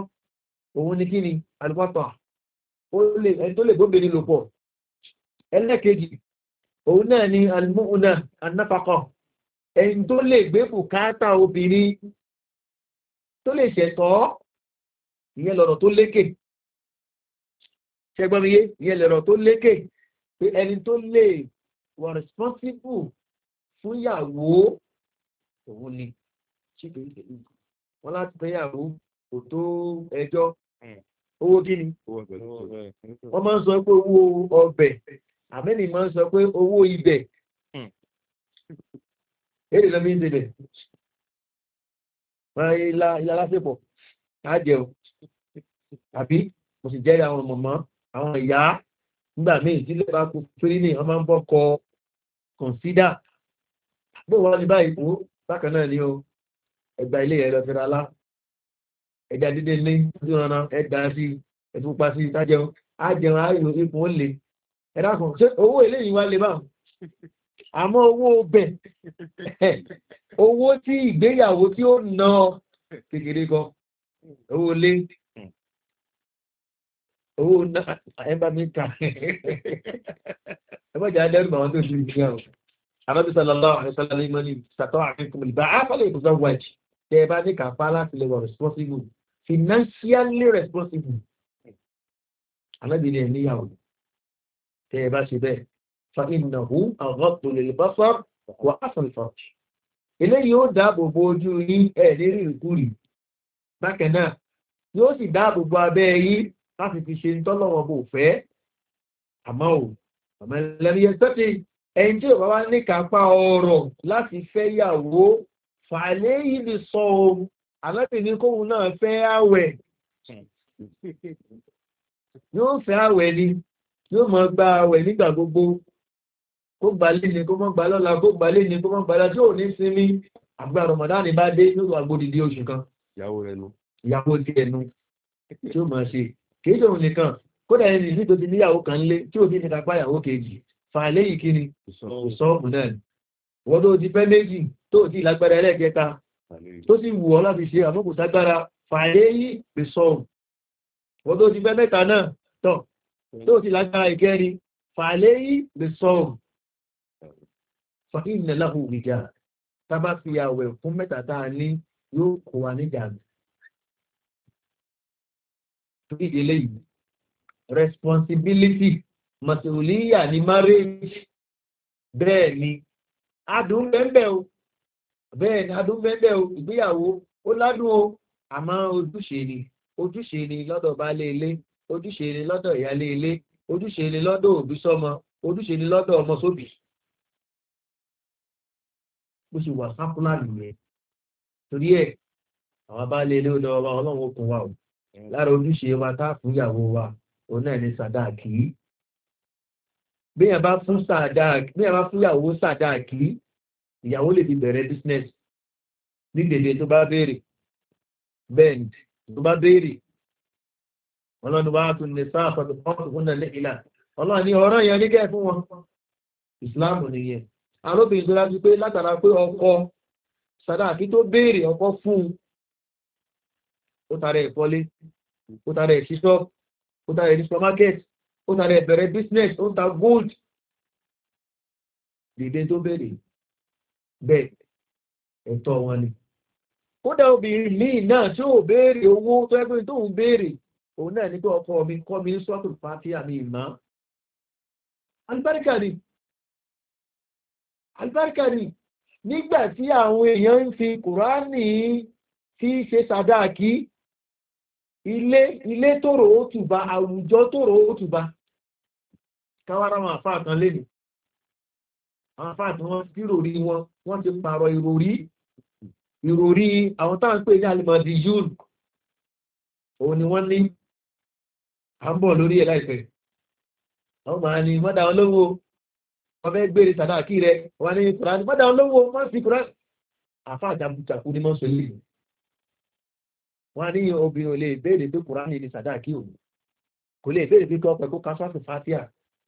Speaker 1: òun ni kí ni alùpàpà tó lè gbóbìnrin lò pọ̀ ẹlẹ́kejì òun náà ni alùmúhùnà anáfakọ̀ ẹni tó lè gbé bùkátà obìnrin tó lè ṣẹ̀tọ́ ìyẹn lọ̀rọ̀ tó lékè ṣẹgbọ́miyé ìyẹn lọ̀rọ̀ tó lékè pé ẹni tó lè wà responsible fún ìyàwó òun ni ṣíkèékèé wọn láti pẹ́yàwó kò tó ẹjọ́ hmm. owó kí ni wọ́n máa ń sọ pé owó ọbẹ̀ àmẹ́ni máa ń sọ pé owó ibẹ̀ hmm. èdè lọ́mí ń débẹ̀ máa ilá lásìpọ̀ káàjẹun àbí mo sì jẹ́rìí àwọn mọ̀mọ́ àwọn ìyá nígbà míì tí lè bá kú torí ní ọmọ ń bọ́ kọ consider bó wọ́n ní báyìí kú bákan náà ni o ẹgbà ilé ẹ̀rọ fẹ́ra lá ẹ̀dà dídé lé ojúranà ẹ̀dà sí ẹ̀fúnpa sí tájẹun ájẹun àárínú ipò ó lè ẹ̀dá kan ṣé owó eléyìí wá lè báwọn àmọ́ owó bẹ̀ owó tí ìgbéyàwó tí ó ná kékeré kan owó lé owó náà ẹ mi kà ẹ jẹ́ adẹ́rù àwọn tó ṣe ìgbéyàwó arábí sàlọ́lá àrẹ́sàlá ní mọ́ni sàtọ́ àfikún ìbá àfọlẹ̀ ìbùsọ̀ wájì tẹ́ ẹ bá ní kàfá láti lè wọ̀ responsible financially responsible alábìlẹ̀ níyàwó tẹ́ ẹ bá ṣe bẹ́ẹ̀ fa ìnáwó àgọ́tò lè bá sọ ọkọ̀ asànfàjì eléyìí ó dáàbò bo ojú yín ẹ̀ lérí ìkúrì bákan náà yóò sì dáàbò bo abẹ́ yín láti fi ṣe tọ́lọ́wọ́ bò fẹ́ àmọ́ ò àmọ́ ẹlẹ́rìí tọ́tí ẹni tí ò bá wá ní kápá ọ̀rọ̀ láti fẹ́ yàwó fàlẹ́ yìí ni sọ àlọ́bì ní kóhun náà fẹ́ àwẹ̀ yóò fẹ́ àwẹ̀ ni yóò mọ̀ gba àwẹ̀ nígbà gbogbo kó gbà léni kó mọ́ gbà lọ́la kó gbà léni kó mọ́ gbà lọ́la tí ò ní sinmi àgbà rọmọdá ni bá dé yóò wà gbódìdí oṣù kan ìyàwó rẹ̀ nu ìyàwó ti ẹnu tí ó mọ̀ ṣe kìí tóun nìkan kódà ẹni ní tóbi níyàwó kan lé tí òbí ti kápá ìyàwó kejì fàálẹ́ yìí kí ni kò sọ wọ́n tó ti fẹ́ méjì tó ti lágbára ẹlẹ́kẹta tó sì wù ọ́ láti ṣe àmọ́ kò ságbára fàyè yìí lè sọ̀rọ̀ wọ́n tó ti fẹ́ mẹ́ta náà tọ̀ tó ti lágbára ìkẹrin fàyè yìí lè sọ̀rọ̀ fàyè láhùn ìjà tábà fi àwẹ̀ fún mẹ́ta tá ní yóò kó wa níjà responsibility masuliya ni marriage bẹ́ẹ̀ ni adùn bẹ́ẹ̀ bẹ́ẹ̀ o bẹ́ẹ̀ ni adún bẹ́ẹ̀ o ìgbéyàwó ó ládùn o àmọ́ ojúṣe ni ojúṣe ni lọ́dọ̀ baálé ilé ojúṣe ni lọ́dọ̀ ìyálé ilé ojúṣe ni lọ́dọ̀ òbí sọ́mọ ojúṣe ni lọ́dọ̀ ọmọ sóbì bó ṣe wà sákúlà nìyẹn torí ẹ̀ àwọn baálé ilé ọdọ ọba ọlọ́run okùn wa o lára ojúṣe wa tá fún ìyàwó wa òun náà ní sàdáàkì bíyàn bá fún ìyàwó sàdáàkì ìyàwó lè fi bẹ̀rẹ̀ business ní dèdè tó bá béèrè bend tó bá béèrè ọlọ́run bá tún lè sá àpàtà fọ́ọ̀tù fún nàlẹ́ ìlà ọlọ́run ọ̀rọ̀ yẹn nígẹ̀ fún wọn islam nìyẹn arúbìn tó lájú pé látara pé ọkọ sàdáàkí tó béèrè ọkọ fún un ó tara ẹ̀ fọ́lé ó tara ẹ̀ business ó ta gold dèdè tó bẹ́ẹ̀ ẹ̀tọ́ wọn ni kódà obìnrin míì náà tí ó béèrè owó tó ẹgbẹ́ tó ń béèrè òun náà ní pé ọkọ mi kọ́ mi sọ́tò fàáfíà mi ìmọ̀ alibáríkà ni alibáríkà ni nígbà tí àwọn èèyàn ń fi kùránì tí ṣe sàdáàkì ilé ilé tòrò ó tùbà àwùjọ tòrò ó tùbà káwárà wọn àfáà kan lénìí àwọn afá tí wọ́n sí rò rí wọn wọ́n ti pààrọ̀ ìròrí ìròrí àwọn táwọn pè ní alimọ̀dì yún òun ni wọ́n ní à ń bọ̀ lórí ẹ̀ láìpẹ́ àwọn màá ní mọ́dà olówó wọ́n fẹ́ gbére sàdáàkì rẹ̀ wọ́n ní kùránì mọ́dà olówó wọ́n fi kùránì àfá àjàmùjàkú ni mọ́sọ̀ lè wọ́n ní obìnrin olè ìbéèrè pé kùránì ni sàdáàkì òun kò lè ìbéèrè pé kọ́pẹ́ kó kásásù fatia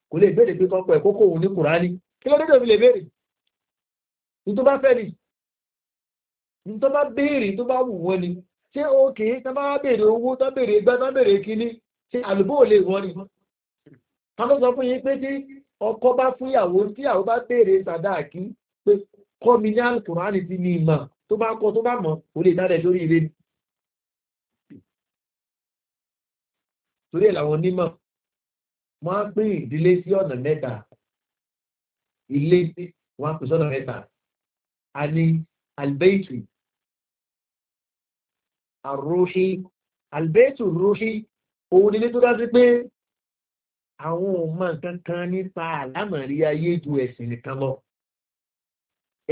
Speaker 1: kò lè ìbéèrè pé kọ́pẹ́ kókó òun ní kùránì kí ló dé tó fi lè béèrè ní tó bá fẹ́ ni ní tó bá béèrè tó bá wù wọ́n ni ṣé òkè tó bá béèrè owó tó béèrè ẹgbẹ́ tó béèrè kíní ṣe àlùbó ò lè wọ́n ni ká ló sọ fún yín pé tí ọkọ bá fún ìyàwó tí ìyàwó bá béèrè sàdáàkí pé kọ́ mi ní alukùránì ti ní ìmọ̀ tó bá kọ tó bá mọ̀ ò lè dálẹ̀ lórí ilé ni torí ẹ̀ làwọn onímọ̀ wọ́n á pín ìdílé sí ọ̀nà mẹ́ta ilé wọn kò sọ́nà mẹ́ta a ní albeitu arúhí albeitu rúhí òun nílé tó dájú pé àwọn ọmọ nǹkan kan nípa àlámọ̀rí ayé ju ẹ̀sìn nìkan lọ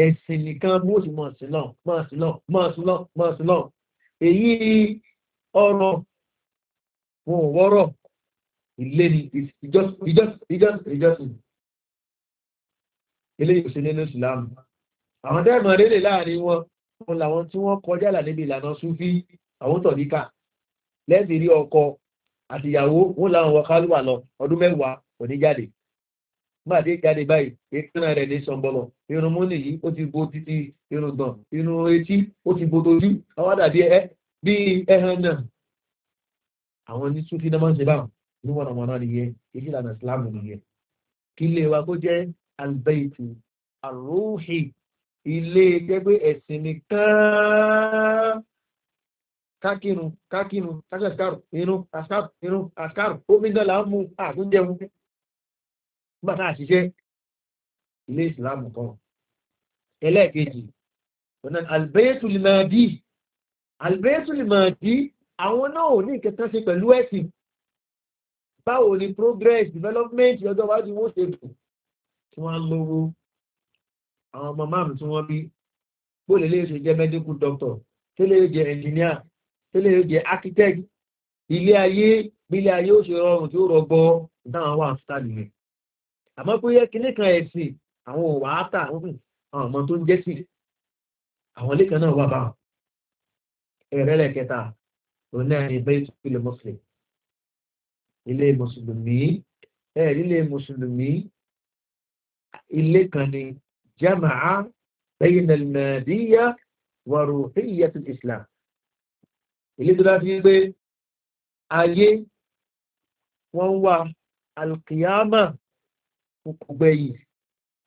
Speaker 1: ẹ̀sìn nìkan bó sì mọ̀ sí náà mọ̀ sí náà mọ̀ sí náà mọ̀ sí náà èyí ọ̀rọ̀ wọn ò wọ́rọ̀ ilé ni ìjọsìn ìjọsìn ìjọsìn eléyìí sí nínú islam àwọn tẹ́ẹ̀mọ̀ rélè láàrin wọn wọn làwọn tí wọ́n kọjá là níbi ìlànà súfí àwọn tọ̀díkà lẹ́ẹ̀sì rí ọkọ àtìyàwó wọn làwọn wọ kálùwà lọ ọdún mẹ́wàá kò ní jáde nígbà tí jáde báyìí ìpínlẹ̀ rẹ̀ ní sọ̀gbọ̀lọ̀ irun múnì yìí ó ti bo títí irun gbọ̀n irun etí ó ti bo tojú àwọn àdàbí ẹ bí ẹhàn náà àwọn ní súfí náà máa ń ṣe báwọn ní wọn àwọn náà nìyẹn kí ilé wa kó jẹ́ albeiti aruhi ilé gẹ́gbé ẹ̀sìn nìkan kákínú kákínú kákínú inú àṣàrù inú àṣàrù omi náà láà mú àtúnjẹun nígbà náà ṣiṣẹ́ ilé ìsìlámù kan ẹlẹ́ẹ̀kejì ọ̀nà albeitu lè máa dí albeitu lè máa dí àwọn náà ò ní ìkẹta ṣe pẹ̀lú ẹ̀sìn báwo ni progress development ọjọ́ wájú wọ́n ṣe dùn tí wọ́n lówó àwọn ọmọ máàmù tí wọ́n bí bóòlù lè ṣe jẹ́ medical doctor tó lè jẹ́ engineer tó lè jẹ́ architect ilé ayé bílé ayé ó ṣe rọrùn tí ó rọgbọ ìdáhùn wà fúta nìyẹn àmọ́ pé yẹ kíní kan ẹ̀sìn àwọn òwà áta àwọn ọmọ tó ń jẹ́ sí àwọn ilé náà wà báwọn ẹ̀rẹ́lẹ̀ kẹta òun náà bẹ́ẹ̀ tó fi lè mọ́sùlùmí ilé mùsùlùmí ẹ̀ẹ́dílé mùsùlùmí ilé kan ni jama'a lẹ́yìn almadiyya wa ruhiyya ti islam ilé tó láti gbé ayé wọ́n wà alkiyama kò gbẹ̀yìn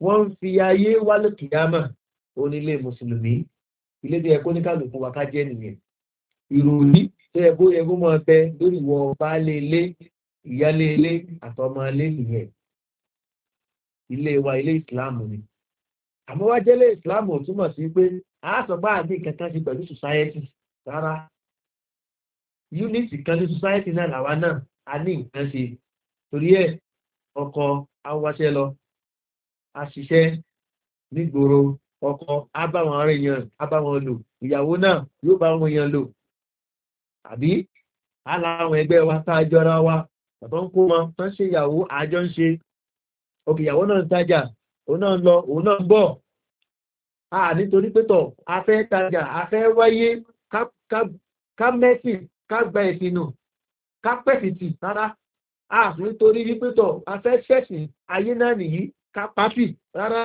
Speaker 1: wọ́n ń fi ayé wá lókìyama onílé mùsùlùmí ilé tó yẹ kó ní kálukú wa ká jẹ́ nìyẹn ìròyìn tó yẹ kó yẹ kó mọ̀ ọ́ bẹ lórí ìwọ̀n baálé ilé ìyálé ilé àtọmọ ilé nìyẹn ilé wa ilé ìsìláàmù ni àmọ́ wá jẹ́lé ìsìláàmù túmọ̀ sí pé àásọ̀gbà àbí nǹkan kan ṣe pẹ̀lú society rárá unity kan ní society náà làwa náà a ní nǹkan ṣe torí ẹ̀ ọkọ̀ awáṣẹ́ lọ a ṣiṣẹ́ nígboro ọkọ̀ á bá wọn rìn yàn á bá wọn lò ìyàwó náà yóò bá wọn yàn lò àbí á láwọn ẹgbẹ́ wa tá a jọra wa bàbá ń kó wọn tán ṣe ìyàwó àjọ ń ṣe ọkì ìyàwó náà ń tajà òun náà ń lọ òun náà ń bọ̀ a nítorí pétọ̀ a fẹ́ tajà a fẹ́ wáyé ká mẹ́sìn ká gba ẹ̀sìn nù ká pẹ̀sìtì rárá a nítorí wípétọ̀ a fẹ́ ṣẹ̀sìn ayé náà nìyí ká pàtì rárá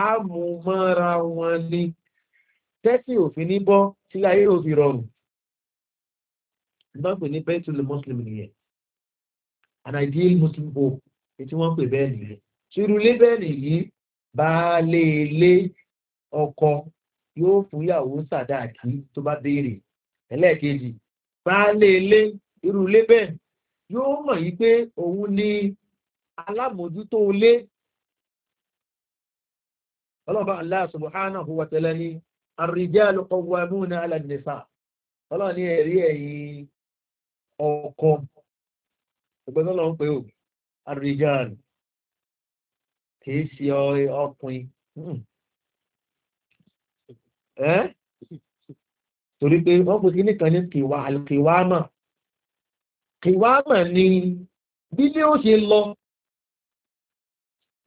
Speaker 1: a mú mọ́ra wọn ni tẹ́sì òfin ní bọ́ sílé ayé òfin rọrùn ìbápẹ̀ ní pẹ́sìlì muslim nìyẹn an ideal muslim hope tí wọ́n pè bẹ́ẹ̀ nìyẹn sírúlé bẹ́ẹ̀ nìyí baálé ilé ọkọ yóò fún ìyàwó sàdáàkì tó bá béèrè ẹlẹ́ẹ̀kejì baálé ilé irú ilé bẹ́ẹ̀ yóò mọ̀ yí pé òun ni alámòjútó ilé ọlọ́ba aláṣọ̀bọ̀ hánà hùwà ní àrìjẹ́ alùpọ̀wọ́ ẹmúna alàdìsá ọlọ́ni ẹ̀rí ẹ̀yìn ọkọ̀ ìgbẹ́sọ́lọ́ ń pè ó àrìjẹ́ kìí ṣe ọkùnrin hmm. torí pé wọ́n kò sí nìkan ní kìwámà kìwámà ni bílé ó ṣe lọ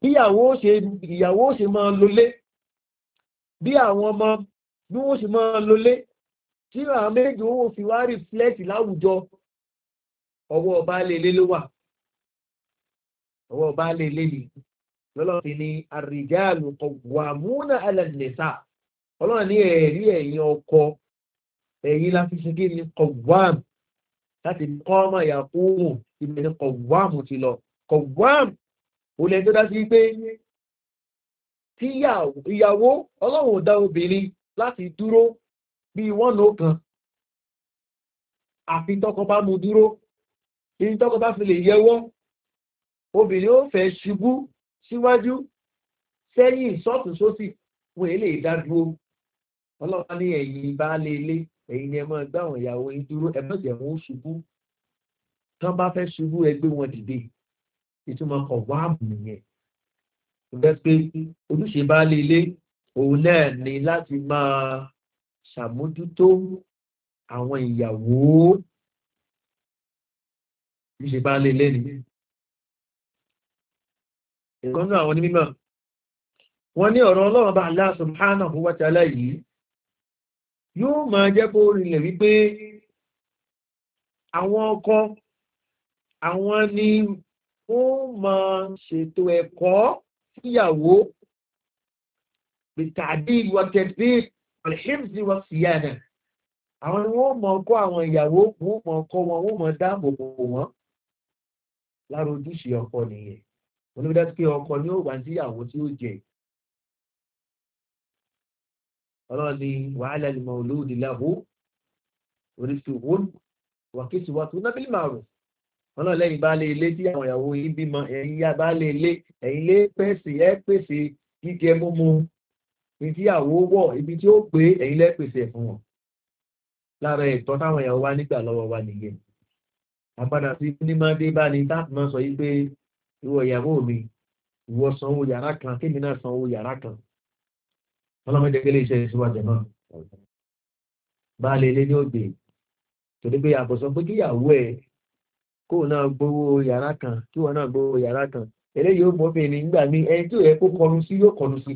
Speaker 1: bí ìyàwó ó ṣe máa lólé bí àwọn ọmọ bí wọ́n ṣe máa lólé tí àwọn méjì owó fi wá rí flẹ́ẹ̀tì láwùjọ ọwọ́ ọba lè lé ló wà ọwọ́ ọba lè lé lè lọ́lọ́run ti ní àrìjáàlù kọ̀wàmúnà alẹ́nìsà ọlọ́run ní ẹ̀rí ẹ̀yìn ọkọ ẹ̀yìn láti ṣe kí ni kọ̀wàm láti kọ́ ọmọ ìyàkóhùn ìbẹ̀ ni kọ̀wàm ti lọ kọ̀wàm ò lẹ́yìn tó dá sí pé tí ìyàwó ọlọ́run ò dá obìnrin láti dúró bí wọ́n ó kan àfi tọ́kọ bá mú dúró ní tọ́kọ bá fi lè yẹwọ́ obìnrin ó fẹ́ ṣubú síwájú sẹ́yìn sọ́tún sósì wọ́n èlé ìdádúró ọlọ́pàá ní ẹ̀yìn ìbálẹ̀ ilé ẹ̀yìn ni ẹ máa gbá àwọn ìyàwó yín dúró ẹ mọ̀jẹ̀ wọn ó ṣubú tán bá fẹ́ ṣubú ẹgbẹ́ wọn dìde ìtumọ̀ kan wá nìyẹn ìgbẹ́ pé ojúṣe ìbálẹ̀ ilé òun náà ni láti máa ṣàmójútó àwọn ìyàwó ojúṣe ìbálẹ̀ ilé nìyẹn ìkọ́nú àwọn onímọ̀ wọ́n ní ọ̀rọ̀ ọlọ́run bá aláàsùnmọ́nà wọ́n ti aláyìí yóò máa jẹ́ kó rinlẹ̀ wípé àwọn ọkọ àwọn ni ó máa ṣètò ẹ̀kọ́ síyàwó bìtàdí wọ́tẹ̀bí alhimsi wọ́n síyànà àwọn ni wọ́n mọ̀ ọkọ́ àwọn ìyàwó wọ́n mọ̀ ọkọ́ wọn wọ́n mọ̀ dáàbòbò oníbẹ̀dẹ́ pé ọkọ ní ó wà ní ìyàwó tí ó jẹ ọlọ́ni wàhálà ìmọ̀ olóòdì láhó oríṣi òun wàkísì wa tó nábìlì márùn ọlọ́lẹ́yìn bá lé ilé tí àwọn ìyàwó yìí bímọ ẹ̀yìn yá bá lé ilé ẹ̀yìn lé pèsè ẹ́ pèsè gígẹ múmu ibi tí àwọ wọ̀ ibi tí ó gbé ẹ̀yìn lẹ́ pèsè fún wọn lára ẹ̀tọ́ táwọn ìyàwó wa nígbà lọ́wọ́ wa nìyẹn àpadà sí nímọ̀dé bá ní táàpù náà sọ yí pé ìwọ ìyàwó mi ìwọ sanwó yàrá kan kémi náà sanwó yàrá kan ọlọ́mọdé kélé iṣẹ́ ìṣíwájú náà báàlẹ̀ ilé ní ògbè torí pé àbọ̀sọ pé kíyàwó ẹ̀ kó náà gbowó yàrá kan kí wọn náà gbowó yàrá kan eléyìí ó mọ́ bẹ́ẹ̀ nígbà ní ẹni tí ò yẹ kó kọrun sí yóò kọrun sí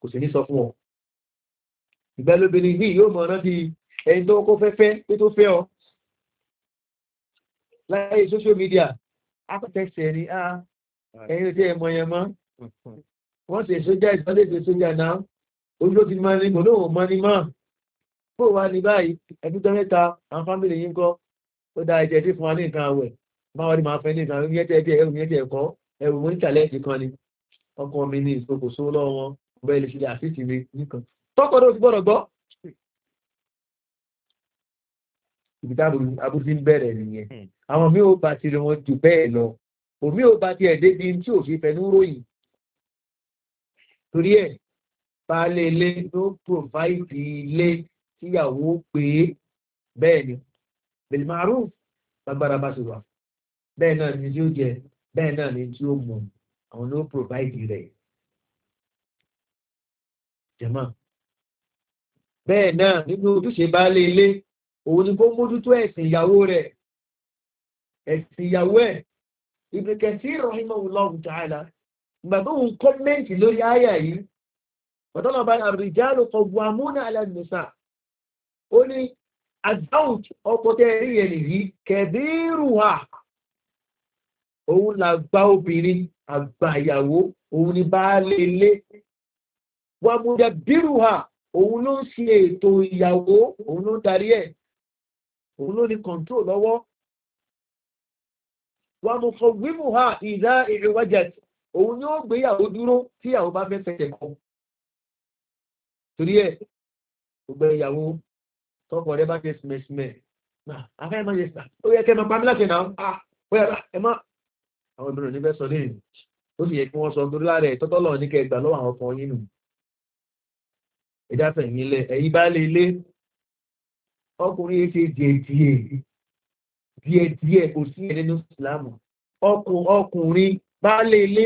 Speaker 1: kò sì ní sọ fún ọ ìgbàlóbìnrin yìí yóò mọ rántí ẹni tó kó fẹ́fẹ́ pé tó fẹ́ ọ láyé social media akọ̀tẹ̀sẹ̀ ni a ẹ̀yìn tí ẹ mọ yẹn mọ́ wọ́n ṣe sójà ìsọ́lẹ̀ ìṣe sójà náà ojú ló ti mọ ni kò lóun mọ ni mọ́ kó wá ní báyìí ẹbí tó mẹ́ta àwọn fámìlì yìí ń kọ́ ó da ẹ̀jẹ̀ tí fún wa ní nǹkan àwẹ̀ báwọn ni màá fẹ́ ní nǹkan yẹn tẹ́ ẹ̀rù yẹn tẹ́ ẹ̀kọ́ ẹ̀rù mo ní tàlẹ́ǹtì kan ni ọkọ mi ní ìsokòsó lọ́wọ́ bẹ́ẹ̀ lè ṣe àfíìsì mi nìkan tọkọ tó ti gbọ́dọ̀ gbọ́ ibi tá aburú ti ń bẹ̀rẹ̀ nìyẹn hmm. àwọn mi ò bá ti rí wọn jù bẹ́ẹ̀ lọ òmí ò bá tiẹ̀ débi tí ò fi fẹnu ròyìn torí ẹ̀ baálé ilé ló pòfáìtì ilé tíyàwó pé bẹ́ẹ̀ ni bèlìmàrú lágbára bá ti wà bẹ́ẹ̀ náà ni tí ó jẹ bẹ́ẹ̀ náà ni tí ó mọ̀ àwọn ló pòfáìtì rẹ̀ jẹ̀mọ́ bẹ́ẹ̀ náà nínú ojúṣe baálé ilé òun ni kó mójútó ẹ̀sìn ìyàwó rẹ̀ ẹ̀sìn ìyàwó ẹ̀ ìbìkẹ̀ sí ìrọ̀hìmọ̀ ọlọ́run tààlà ìgbà tó ń kọ́mẹ́ǹtì lórí àyà yìí ọ̀tọ́lọ́ba àrùjálù kọ̀ọ̀bù amúnà alẹ́nìsà ó ní adult ọpọtẹ́ rí ẹ̀ nìyí kẹ̀bírù wà òun là gba obìnrin àgbà ìyàwó òun ni bá lè lé wàmúdà bírù òun ló ń ṣe ètò ìyàwó òun ló ń darí ẹ̀ òun ló ní control lọ́wọ́ wà mú kọ wímù ha ìdá èrè wájẹt òun ni ó gbéyàwó dúró tí ìyàwó bá fẹ́ fẹsẹ̀ kọ torí ẹ gbogbo ìyàwó tọkọ rẹ bá fẹ́ smẹsmẹ afẹ́ máa yẹ sà ó yẹ kẹ́ máa pamí láti nà ó yẹ ẹ má àwọn obìnrin ní fẹ́ sọ lẹ́yìn ó sì yẹ kí wọ́n sọ torí lára ẹ̀ ní kẹgbà lọ́wọ́ àwọn ọkọ̀ yín nù ẹ̀dá fẹ̀yìn lẹ̀ ẹ̀yí bá lè lé ọkùnrin ṣe díẹ̀díẹ̀ díẹ̀díẹ̀ kò sí ẹ̀ nínú ìsìlámù ọkùnrin baálé ilé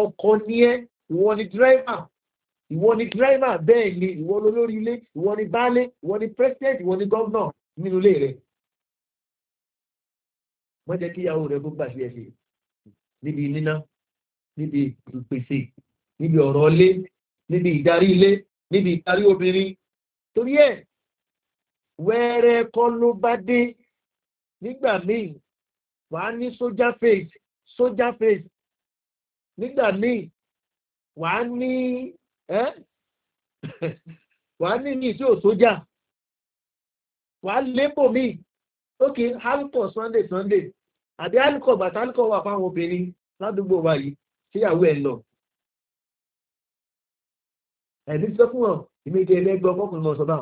Speaker 1: ọkọ ní ẹ ìwọ ni dírẹ́fà ìwọ ni dírẹ́fà bẹ́ẹ̀ ni ìwọ lólórí ilé ìwọ ni baálé ìwọ ni president ìwọ ni gọ́vnà nínú ilé rẹ̀ wọ́n jẹ́ kí ìyàwó rẹ̀ kó gbà sí ẹ̀sìn níbi níná níbi ìpèsè níbi ọ̀rọ̀ ilé níbi ìdarí ilé níbi ìdarí obìnrin torí ẹ̀ wẹ́rẹ́ kọ́ ló bá dé nígbà míì wàá ní soja face soldier face nígbà míì wàá ní ẹ́ wàá ní ní ìṣó sójà wàá lébò míì ókè alcohol sunday sunday àbí alcohol bàtà alcohol wà fáwọn obìnrin ládùúgbò wa yìí síyàwó ẹ̀ lọ ẹ̀mí sọ fún ọ ìmẹ̀jẹ̀ ẹlẹ́gbẹ́ ọkọ̀ ọkùnrin mọ̀ sọ́bà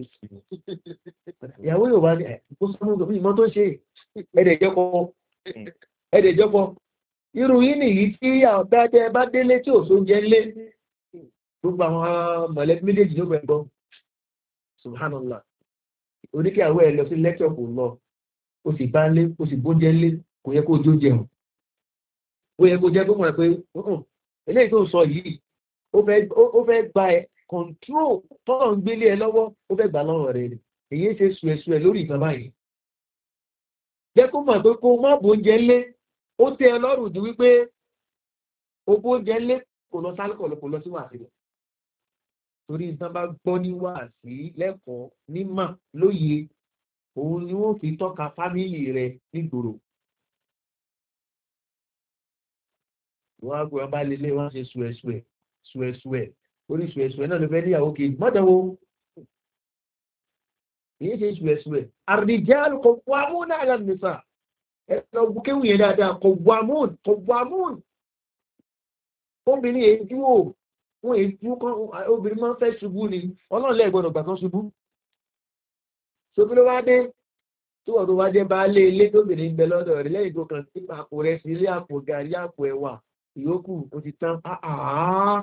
Speaker 1: ìyàwó yóò bá ní ẹ̀ kó sọ́mú ìgbà ìmọ̀ tó ṣe ẹ̀dẹ̀ jẹ́pọ̀ ẹ̀dẹ̀ jẹ́pọ̀ irú yìí nìyí tí àwọn bá délé tí ò sóúnjẹ ńlé gbogbo àwọn mọ̀lẹ́bí méjèèjì ló gbẹ̀gbọ́ subhanallah oníkẹ́yàwó ẹ̀ lọ sí lẹ́kṣọ̀ kò lọ o sì bá ńlé o sì bóúnjẹ ńlé kò yẹ kó jó jẹun ó yẹ kó jẹ́ gbọ́mọ̀ rẹ̀ pé eléyìí tó sọ yìí ó fẹ́ gba ẹ kọ̀ǹtró tọ́lọ̀ ń gbélé ẹ lọ́wọ́ ó fẹ́ gbà lọ́rọ̀ rẹ̀ èyí ṣe sù ẹ̀ sù ẹ̀ lórí ìkan báyìí jẹ́ kó mọ̀ pé kó má bo oúnjẹ ńlé ó tẹ ẹ lọ́rùn ju wípé ogbó oúnjẹ ńlé kò lọ sálùkọ̀ lọ́kọ̀ lọ sí wàásì rẹ̀ torí ìtàn bá gbọ́ ní wàásì lẹ́kọ̀ọ́ nímọ̀ lóye òun ni wọ́n fi tọ́ka fámìlì rẹ̀ nígboro wọ́n á gbé wọn bá lélẹ̀ wọ́n á ṣe sùẹ̀sùẹ̀ sùẹ̀sùẹ̀ oríṣu ẹ̀sùn ẹ̀ náà ló fẹ́ níyàwó kejì mọ́tẹ̀wó èyí ṣe ìṣù ẹ̀sùn ẹ̀ àrìjẹ́lù kọ̀wàmún àlàmìsà ẹ̀sọ̀ bukéwì yẹn dáadáa kọ̀wàmún kọ̀wàmún obìnrin èjú ò wọ́n èjú obìnrin máa ń fẹ́ ṣubú ni ọlọ́ọ̀lẹ́ ìgbọ́dọ̀ gbà kan ṣubú ṣubú ló wá dé tó ọ̀dọ̀ wá jẹ́ baálé ilé tóbìnrin ń bẹ lọ́dọ̀ rẹ̀ lẹ́yìn tó kàn sí àpò rẹ̀ sí ilé àpò gàrí àpò ẹ̀wà ìyókù ó ti tán áá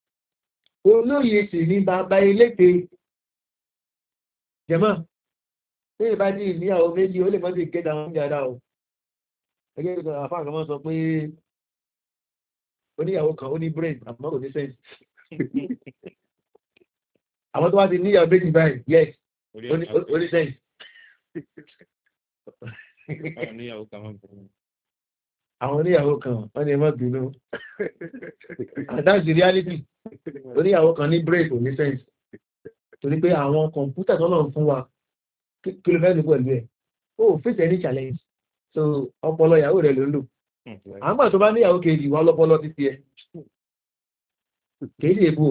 Speaker 1: olóyè sì ní bàbá eléte jẹmọ́ tí ìbá ní ìníyàwó méjì ó lè mọ́ sí kéda wọn jàdá o ẹgbẹ́ ìgbà àfáà kan mọ́ sọ pé oníyàwó kan ó ní brain àmọ́ kò ní sense àwọn tó wá ti níyàwó méjì báyìí yes ó ní
Speaker 2: sense
Speaker 1: àwọn oníyàwó kan wọ́n ni mọ́ bínú and that's the reality oníyàwó kan ní break ò ní sense torí pé àwọn kọ̀ǹpútà tó lọ́n fún wa kí ló fẹ́ lò pẹ̀lú ẹ̀ ó face any challenge so ọpọlọ ìyàwó rẹ̀ ló ń lò àmọ́ tó bá níyàwó kejì wá lọ́pọlọ títí ẹ kéde èbò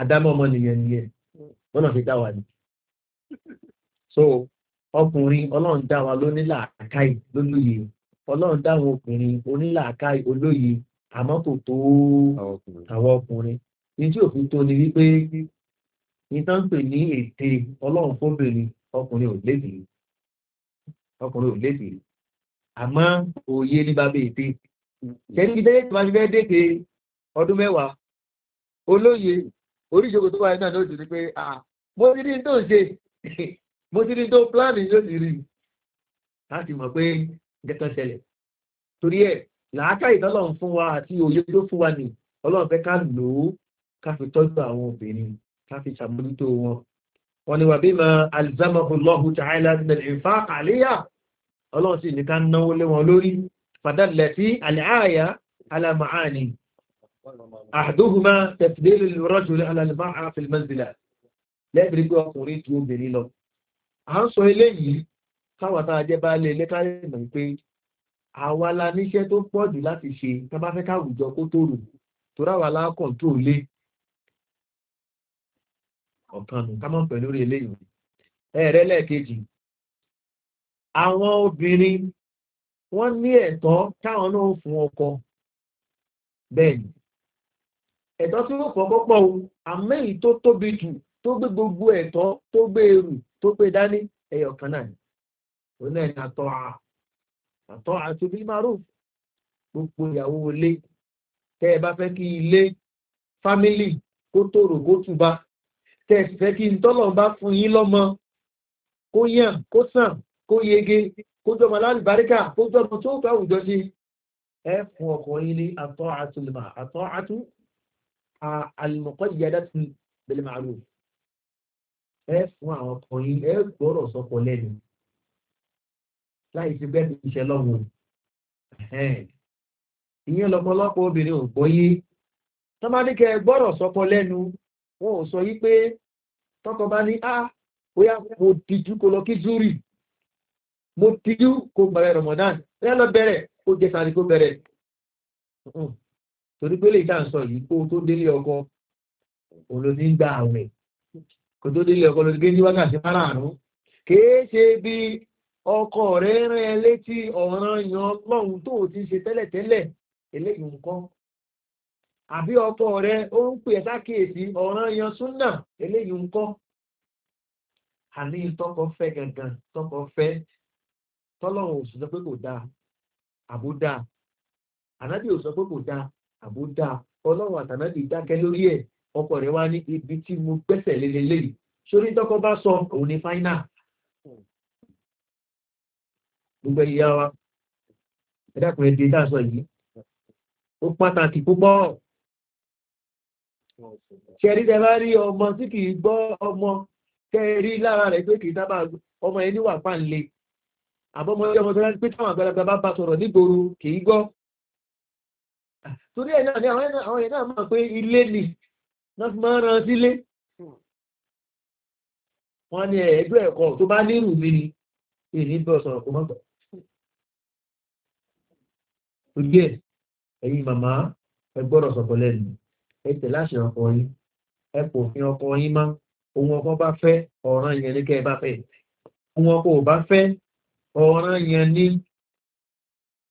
Speaker 1: àdámọ́ ọmọ nìyẹn nìyẹn wọ́n fi dá wa ni so ọkùnrin ọlọ́run dá wa ló ní làákàyè ló lóye ọlọ́run dáhùn obìnrin onílàáká olóyè àmọ́ kò tó àwọn ọkùnrin ní tí òfin tó ni wípé nǹkan pè ní ète ọlọ́run fóbìnrin ọkùnrin ò lédìí ọkùnrin ò lédìí àmọ́ òye ní bàbá ète kẹ́ni bíi tẹ́lẹ̀ tí wọ́n ti fẹ́ dèké ọdún mẹ́wàá olóye oríṣiríṣi tó wáyé náà ló ti rí pé mo ti rí tó ń ṣe mo ti rí tó pílánì yóò ti rí láti mọ̀ pé gẹ́tàn ṣẹlẹ̀ torí ẹ̀ làákà ìtọ́lọ́run fún wa àti òye tó fún wa nì ọlọ́run fẹ́ ká lò ó ká fi tọ́jú àwọn obìnrin ká fi ṣàmójútó wọn wọn ni wà bí ma alzamahullahu ta'ala min infaq aliya ọlọ́run sì ní ká náwó lé wọn lórí fàdálẹ̀ sí àlàáyà alamaani àdóhùnmá táwọn táwọn jẹ́ bá lé ilé káyọ̀ mọ̀ pé àwa la níṣẹ́ tó pọ̀ jù láti ṣe tá bá fẹ́ káwùjọ kó tó rò tó ráwa lákàn tó lé ọ̀kan nù ká mọ̀ pẹ̀lú rí eléyìí ẹ̀rẹ́ lẹ́ẹ̀kejì àwọn obìnrin wọ́n ní ẹ̀tọ́ táwọn náà fún ọkọ bẹ́ẹ̀ni ẹ̀tọ́ tí ó fọ́kọ́ pọ̀ o àmẹ́yìn tó tóbi jù tó gbé gbogbo ẹ̀tọ́ tó gbé èrù tó gbé dání ẹyọ kan náà ni òun náà ni àtọ́ à àtọ́ àti bí máa rò gbogbo ìyàwó ilé tẹ́ ẹ bá fẹ́ kí ilé fámílì kó tòrò kó túba tẹ́ ẹ sì fẹ́ kí ntọ́lọ̀ bá fún yín lọ́mọ kó yàn kó sàn kó yege kó jọmọ lálùbáríkà kó jọmọ tó fẹ́ àwùjọ sí ẹ fún ọkùnrin ní àtọ́ àtúlùmọ̀ àtọ́ àtú àlùmọ̀kọ́ ìyàdá sí bẹ̀lẹ̀ màálù ẹ fún àwọn ọkùnrin ẹ gbọ́rọ̀ sọ́kọ lẹ́nu láì sí bẹ́ẹ̀ tó ń ṣe lọ́wọ́ ìyẹn lọ́pọ̀lọpọ̀ obìnrin ò gbọ́yé tọ́mádìkẹ́ gbọ́rọ̀ sọpọ lẹ́nu wọn ò sọ yí pé tọkọ bá ní á bóyá mo tìjú kó lọ kí zúrì mo tìjú kó bẹ̀rẹ̀ ramadan bẹ́ẹ̀ lọ bẹ̀rẹ̀ kó jẹ sáré kó bẹ̀rẹ̀ torí pé lè dá ń sọ yìí kó tó délé ọkọ olóní gbà àwẹ̀ kó tó délé ọkọ olóní gbé ní wákàtí márààrún kèé ṣe bíi ọkọ rẹ̀ rán ẹ létí ọ̀ràn yan lọ́hùn tó ti ṣe tẹ́lẹ̀tẹ́lẹ̀ eléyìí nǹkan àbí ọkọ rẹ̀ ó ń pè sákèésí ọ̀ràn yan súnà eléyìí nǹkan àní tọkọ fẹ́ gangan tọkọ fẹ́ tọ́lọ́run ò sọ pé kò dáa àbó dáa ànábì ò sọ pé kò dáa àbó dáa ọlọ́run àtànábì dákẹ́ lórí ẹ̀ ọkọ rẹ̀ wá ní ibi tí mo gbẹ́sẹ̀ lélẹ́lẹ́yìí sórí tọkọ bá sọ òun ni fáínà gbogbo ìyá wa ẹ̀dàkùn èdè dáṣọ yìí ó pàtàkì púpọ̀ ṣẹ̀rí tẹ bá rí ọmọ tí kìí gbọ́ ọmọ tẹ rí lára rẹ̀ pé kìí sábà ọmọ ẹni wà pàǹlẹ̀ àbọ́mọ ọmọ tó rántí pé táwọn àgbàlagbà bá bá sọ̀rọ̀ nígboro kìí gbọ́ torí ẹ̀ náà ni àwọn ẹ̀ náà mọ̀ pé ilé ni wọ́n fi máa ń ran sílé wọ́n ní ẹ̀ẹ́dọ́ ẹ̀kọ́ tó bá nírù mi ni èyí bọ̀ sọ̀rọ̀ kó mọ́tọ̀ ojú ẹ̀ ẹ̀yin màmá ẹ gbọ́dọ̀ sọ̀tọ̀ lẹ́nu ẹ tẹ̀ láṣẹ ọkọ yín ẹ kò fi ọkọ yín má ohun ọkọ bá fẹ́ ọ̀ràn yẹn ní kẹ́ ẹ bá fẹ́ ohun ọkọ ò bá fẹ́ ọ̀ràn yẹn ní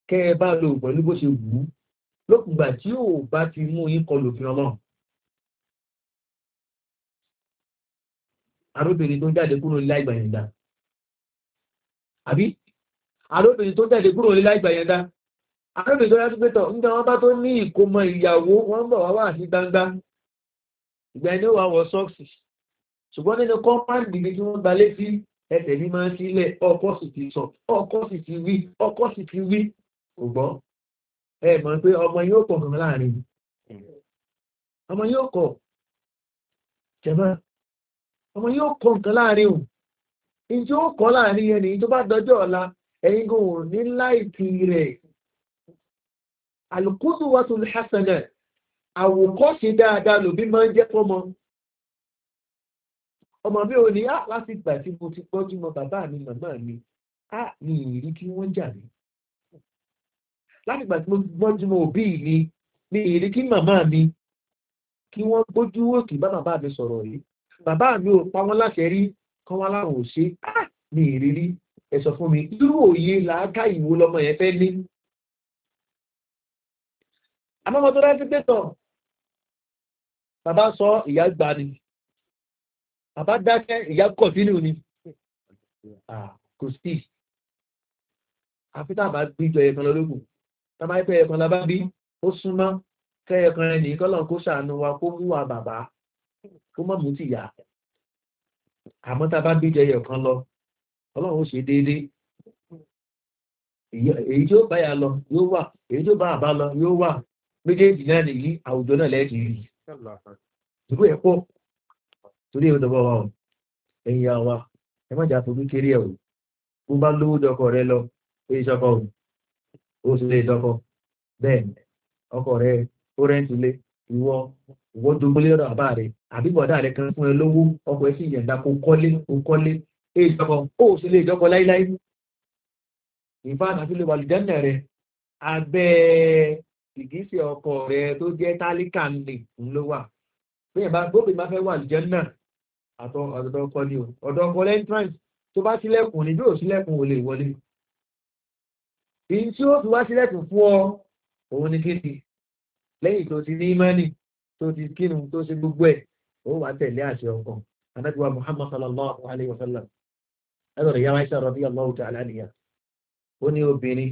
Speaker 1: kẹ́ ẹ bá lò pẹ̀lú bó ṣe wù ú lókùngbà tí ò bá ti mú yín kọlù fi ọmọ. arábìnrin tó jáde kúrò nílá ìgbà yẹn dá àbí arábìnrin tó jáde kúrò nílá ìgbà yẹn dá àrẹ́bìsọ yá dúpẹ́ tọ̀ nígbà wọn bá tó ní ìkómọ ìyàwó wọn ń bọ̀ wá wà ní gbangba ìgbà ẹni wà wọ sọ́ọ̀sì ṣùgbọ́n nínú kọ́ńpáǹdì ni kí wọ́n gba létí ẹsẹ̀ ní máa ń sílẹ̀ ọkọ̀ sì ti sọ ọkọ̀ sì ti wí ọkọ̀ sì ti wí ẹ mọ̀ pé ọmọ yóò láàrin ọmọ yóò kọ̀ jẹ̀mọ́ ọmọ yóò kọ̀ nǹkan láàrin ìjọ láàrin ẹni tó bá dọjọ́ alùkúdù wà tó lásánà àwòkọ́ṣe dáadáa lòbí máa ń jẹ́ fọ́mọ ọmọ bí o ní á ah, láti gbà tí mo ti pọ́jú mọ bàbá mi màmá mi á ní ìrírí kí wọ́n jà mí láti gbà tí mo pọ́jú mọ òbí mi ní ìrírí kí màmá mi kí wọ́n gbójú òkè bá bàbá mi sọ̀rọ̀ yìí bàbá mi ò pa wọ́n láṣẹ rí kán wá láwọn ò ṣe á ah, ní ìrírí ẹ̀sọ̀ fún mi irú òye làákà ìwo lọmọ yẹn fẹ́ ní àmọ́mọ́ tó rántí pẹ́tọ̀ bàbá sọ ìyá gbà ni bàbá dákẹ́ ìyá kọ̀ sínú ni kò sí àfítà bá gbíjọ ẹ̀kan lọ́lọ́gùn tàbá ipẹ́ ẹ̀kan lábá bí ó súnmọ́ kẹ́ẹ̀kan ẹni kọ́lọ̀n kó sàánú wa kó wúwa bàbá kó mọ̀ mú ti yà àmọ́ tàbá gbíjọ ẹ̀kan lọ ọlọ́run ó ṣe déédéé èyí tí ó bá yà lọ yóò wà èyí tí ó bá àbá lọ yóò wà méjèèjì náà nìyí àwùjọ náà lẹ́ẹ̀kì rí ìlú ẹ̀kọ́ torí ẹ̀rọ dọ̀bọ̀ wa ẹ̀yìn àwa ẹ má jà fojú kéré ẹ̀ o bó bá lówó dọkọ rẹ lọ ó yẹ sọkọ o ó sì lè dọkọ bẹ́ẹ̀ ọkọ rẹ ó rẹ́ǹtì lé ìwọ ìwọ dogbólé ọ̀dọ̀ àbá rẹ àbí bọ̀dá rẹ kan fún ẹ lówó ọkọ̀ ẹ sì yẹ̀ǹda kó kọ́lé kó kọ́lé ó yẹ sọkọ ó sì lè dọkọ láíláí ìfáàná fi lè wà lùdánná rẹ abẹ́ ìgísẹ̀ ọkọ rẹ̀ tó jẹ́ tálíkà nì ń ló wà bẹ́ẹ̀ bá gbóbìn bá fẹ́ wà lìjẹ́ náà àtọ ọ̀dọ̀ ọkọ ni o ọ̀dọ̀ ọkọ lẹ́ńtrance tó bá sílẹ̀kùn ní bí ò sílẹ̀kùn ò lè wọlé ìyí tí ó fi wá sílẹ̀kùn fún ọ òun ni kéde lẹ́yìn tó ti ní mẹ́ni tó ti kínu tó ṣe gbogbo ẹ̀ ó wà tẹ̀lé àṣẹ ọkàn anábíwá muhammad sallallahu alayhi wa sallam ẹ̀rọ ìyá wa ṣe àròbí allah ta'ala ó ní obìnrin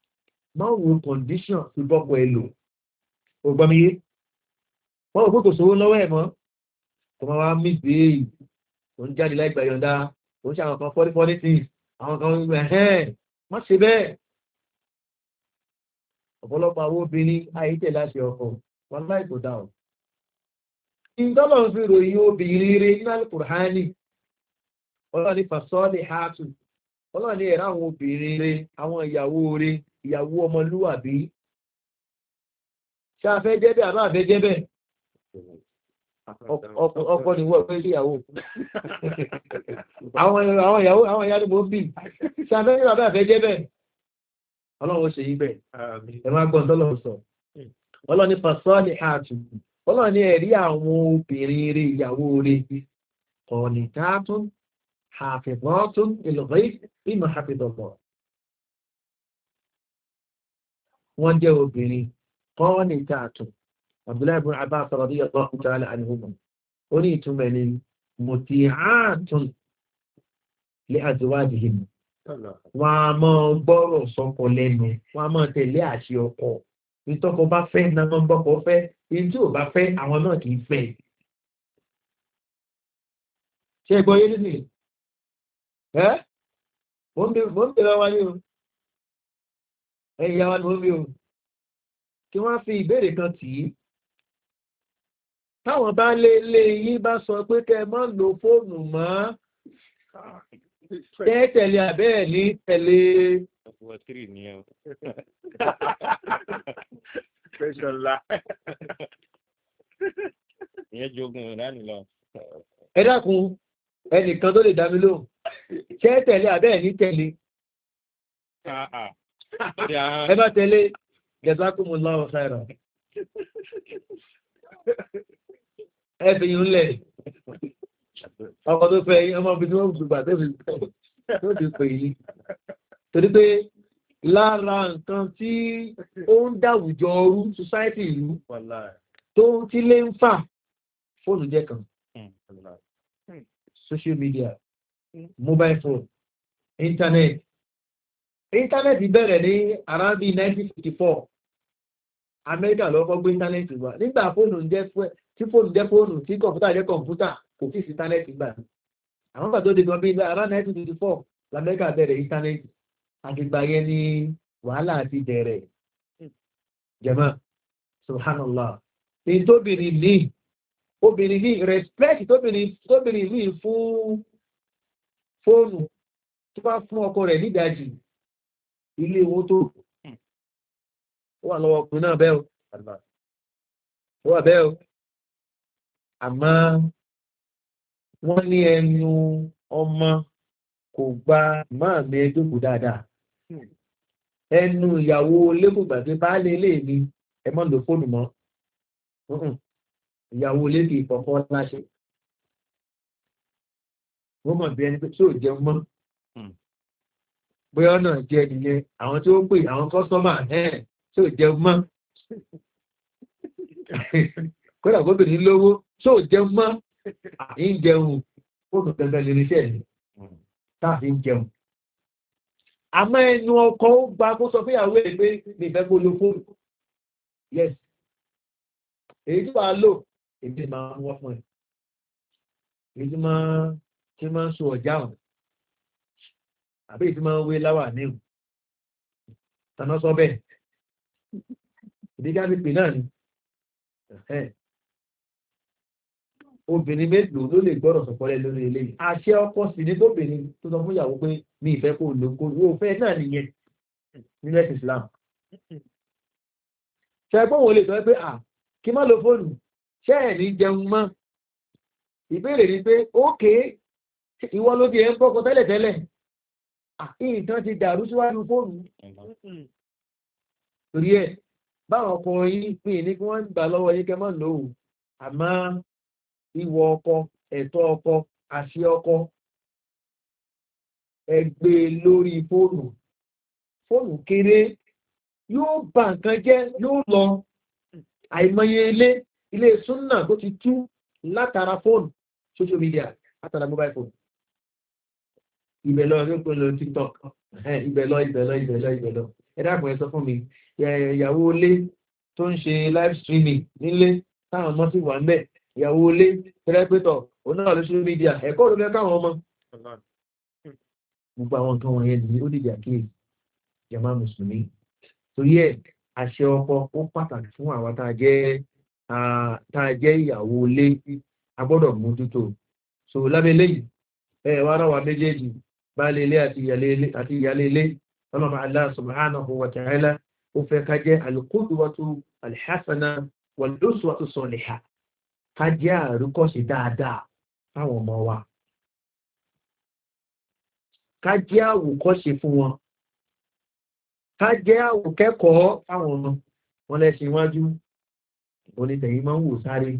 Speaker 1: máa wo condition fi bọ́pọ̀ ẹ lò ó gbọ́ mi yé wọ́n rò pé kò sówó lọ́wọ́ ẹ̀ mọ́ kò máa wá mí sí èyí kò ń jáde láì gbàyọ̀ǹda kò ń ṣe àwọn kan fọ́ní fọ́ní sí àwọn kan ń ẹ̀hẹ́n má ṣe bẹ́ẹ̀ ọ̀pọ̀lọpọ̀ àwọn obìnrin àìtẹ̀ láti ọkọ̀ wọn láì kò dà ọ́ ìtọ́lọ̀ ń fi ròyìn obìnrin rere nínú alukùrhánì ọlọ́ọ̀ni fasọ́ọ̀lì hàtù ọlọ́ọ̀ni ẹ̀rọ àwọn obìnrin rere àwọn ìyàwó rere ìyàwó ọmọlúwàbí ṣá fẹ́ jẹ́ bẹ́ẹ̀ àbá fẹ́ jẹ́ bẹ́ẹ̀ ọkọ ni wọ́n fẹ́ sí ìyàwó àwọn ìyàwó àwọn ìyá ni mo bì ṣá fẹ́ jẹ́ bàbá fẹ́ jẹ́ bẹ́ẹ̀ ọlọ́run ṣe yí bẹ́ẹ̀ ẹ máa gbọ́n tọ́lọ́run sọ ọlọ́run ní pàṣọ́ọ̀lì ààtù ọlọ́run ní ẹ̀rí àwọn obìnrin rẹ̀ ìyàwó rẹ̀ ọ̀nìtàtún àfẹ̀mọ́tún ìlọ́gbẹ́ ìmọ̀ àfẹ̀dọ̀gbọ̀n wọ́n jẹ́ obìnrin kọ́ ní tààtù abdullahi bin abbas rọ̀dí ọgbọ́n kúta aláàánihùn ó ní ìtumẹ̀ ni mo ti hàtùn lé àdíwájì hìmù wọ́n a mọ́ gbọ́rọ̀ sọ́kọ lẹ́nu wọ́n a gbọ́ yé nínú ẹ́ mo ń bẹ̀rẹ̀ wáyé o ẹ̀yà wa ni mo ń bí o kí wọ́n fi ìbéèrè kan tì í táwọn bá lé lé yín bá sọ pé kẹ ẹ máa ń lo fóònù mọ́ tẹ́ tẹ̀lé abẹ́ ẹ̀ ní tẹ̀lé.
Speaker 2: ọ̀pọ̀ tírì ni ẹ. pẹ̀sọ̀ la. ìyẹn jogun ìránì lọ.
Speaker 1: ẹ dákun ẹnìkan tó lè dá mi lóhùn tẹ́ tẹ̀lé abẹ́ ẹ̀ ní tẹ̀lé.
Speaker 2: Ah, ah ẹ
Speaker 1: bá tẹ̀lé gẹ̀zákùmù lọ́wọ́ sáìrà ẹ fi yún lẹ̀ ọkọ̀ tó fẹ́ yín ọmọ bíi wọ́n gbùgbà tó fi pè yín torí pé lára nǹkan tí ó ń dàwùjọ ọrú society ìlú tó ń lé ń fà fóònù jẹ́ kan hmm. social media mobile phone internet íńtánẹ́ẹ̀tì bẹ̀rẹ̀ ní around bíi nineteen fifty four amẹ́ríkà lọ́kọ́ gbé íńtánẹ́ẹ̀tì wá nígbà fóònù jẹ́ tí fóònù jẹ́ fóònù tí kọ̀ǹpútà jẹ́ kọ̀ǹpútà kò tí sí íńtánẹ́ẹ̀tì gbà àwọn gbà tó dé gan bíi around nineteen fifty four lamẹ́ríkà bẹ̀rẹ̀ íńtánẹ́ẹ̀tì àgbègbè yẹn ní wàhálà àti bẹ̀rẹ̀ jẹ̀mọ́ subhanallah ní tóbìnrin ní obìnrin ní respect tóbìnrin ní fún fóònù tó bá fún ọkọ rẹ̀ nídàájì ilé owó tó hmm. wà lọ́wọ́ ọkùnrin náà bẹ́ẹ̀ o wà bẹ́ẹ̀ o àmọ́ wọ́n ní ẹnu ọmọ kò gba máa mi ẹjọ́ kù dáadáa hmm. ẹnu ìyàwó lẹ́kùngbà pé baálé ilé mi ẹ mọ́ lò fóònù mọ́ ìyàwó lẹ́kì ìfọ̀fọ́ láṣẹ wọ́n mọ̀ bí ẹni pé tí ò jẹun mọ́ hmm bóyá náà jẹ́ nìyẹn àwọn tí ó ń pè àwọn kọ́sọ́mà ẹ̀ẹ́n tí ò jẹun mọ́ kódà gómìnà lówó tí ò jẹun mọ́ àti ń jẹun ó kò gẹ́gẹ́ lè ríṣẹ́ ẹ̀ táàfi ń jẹun àmọ́ ẹnu ọkọ̀ ó gba kó sọ fún ìyàwó ẹ̀ pé mi ìfẹ́ kó lo fóònù yes èyí tí wàá lò èmi máa ń wọ́ fún ẹ èyí tí máa ń sọ ọjà ọ̀hún àbí ìtí máa ń wé láwà níhù tàná sọ bẹ́ẹ̀ ìdígá pípé náà ni obìnrin mélòó ló lè gbọ́dọ̀ sọ̀pọ̀lẹ́ lórí eléyìí àṣẹ ọkọ sì ní tóbìnrin tó sọ fún ìyàwó pé mi ìfẹ́ kò ló kó owó fẹ́ náà nìyẹn nílẹ̀ islam ṣe pé òun lè sọ pé à kí má lo fóònù ṣe ẹ̀ ní jẹun mọ́ ìbéèrè ni pé ókè ìwọ ló fi ẹ̀ ń bọ́kọ tẹ́lẹ̀tẹ́lẹ̀ ìtàn ah, ti dàrú síwájú fóònù torí ẹ̀ báwọn ọkùnrin yìí pín ní kí wọ́n gbà lọ́wọ́ yíkẹ́ mọ́ lòun àmọ́ ìwọ ọkọ ẹ̀tọ́ ọkọ àṣẹ ọkọ ẹgbẹ́ e lórí fóònù fóònù kéré yóò bà nǹkan jẹ́ yóò lọ àìmọye ilé ilé súnà tó ti tú látara fóònù social media látara mobile phone ìbẹ̀lọ orígun lọ tiktok ìbẹ̀lọ ìbẹ̀lọ ìbẹ̀lọ ìbẹ̀lọ ẹ̀dàpọ̀ ẹ̀ sọ fún mi ìyàwó ilé tó ń ṣe live streaming nílé táwọn ọmọ sì wà ń bẹ̀ ìyàwó ilé tẹ́lẹ́pẹ́tọ̀ onáà lóṣù mídíà ẹ̀kọ́ ló fẹ́ káwọn ọmọ. gbogbo àwọn nǹkan wọ̀nyẹn ni ó dìde àkíyèsí jama mùsùlùmí torí ẹ̀ àṣẹ ọkọ ó pàtàkì fún àwa tá a jẹ́ ìyàwó ilé a gbọ́dọ̀ mójútó so lábẹ́ lẹ́yìn ẹ̀ wá rà wá méjèèjì baálé ilé àti ìyálé ilé ọlọ́mọ aláṣùmáhánà wa ta'ala ó fẹ́ ká jẹ́ alùkúdùwọ́tú alìhásánà wọ̀lọ́sùwọ́tú sọ̀lìhà ká jẹ́ àríkọ́sí dáadáa fáwọn ọmọ wa ká jẹ́ àwòkọ́sí fún wọn ká jẹ́ àwòkẹ́kọ̀ọ́ fáwọn ọmọ wọn lẹ́sìn iwájú onítẹ̀yìn máa ń wò sáré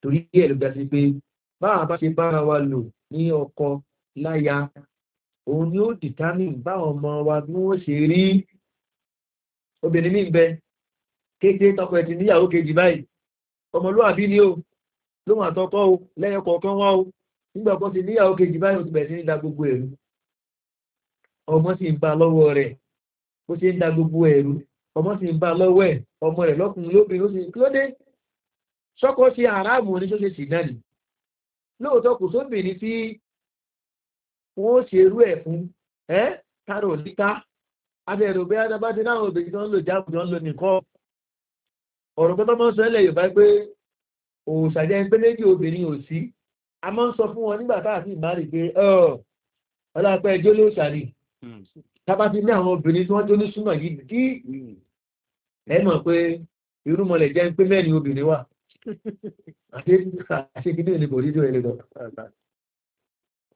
Speaker 1: torí ẹ̀ ló gbà sí pé báwa bá ṣe bára wa lò ní ọkọ̀ láya òun ni ó dìtámì báwọn ọmọ wa bí wọ́n ṣe rí obìnrin ní kéèké tọkọ ẹ̀tì níyàwó kejì báyìí ọmọlúwàbí ni ó ló mà tọ́kọ́ o lẹ́yìn kọ̀ọ̀kan wá o nígbàkọ́ sí níyàwó kejì báyìí ó ti bẹ̀ẹ̀ sí ní da gbogbo ẹ̀rú ọmọ sì ń ba lọ́wọ́ rẹ̀ ó ṣe ń da gbogbo ẹ̀rú ọmọ sì ń ba lọ́wọ́ ẹ̀ ọmọ rẹ̀ lọ́kùnrin lóbìnrin ó sì kí ló dé sọ́kọ́ wọ́n ó ṣe irú ẹ̀ fún ẹ́ tààrà òníká abẹ́rẹ́ òbí adábá ti náà obìnrin tó ń lò jáàbù tó ń lò nìkan ọ̀rọ̀ pẹ́ tọ́mọ́ sọ ilẹ̀ yorùbá pé òòṣàjẹ́ pé méjì obìnrin ò sí a máa ń sọ fún wọn nígbà tá àti ìmárì pé ọlọ́pẹ́ ẹjọ́ ló ṣàrí hmm. tábà ti ní àwọn obìnrin tí wọ́n tó ní súnà yìí kí hmm. ẹ mọ̀ pé irúmọlẹ̀ jẹ́ pé mẹ́rin obìnrin wà àti àṣekídé ní kò rí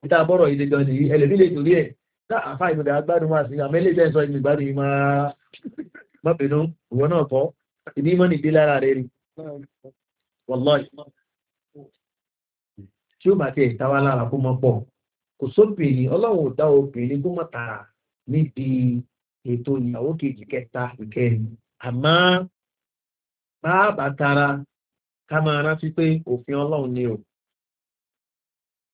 Speaker 1: ìta bọ́rọ̀ ilé gan nìyí ẹlẹ́bí lè ẹ̀ tá àfá agbádùn máa sí àmẹ́lẹ́ ìjẹ́ sọ ìmọ̀ ìgbádùn ìmọ̀ mọ́bìnú ìwọ náà kọ́ ìní mọ́ nìdí lára rẹ̀ rí wọ́lọ́ì tí ó máa tẹ ìtawá lára kó mọ́ pọ̀ kò sóbìnrin ọlọ́run ò dá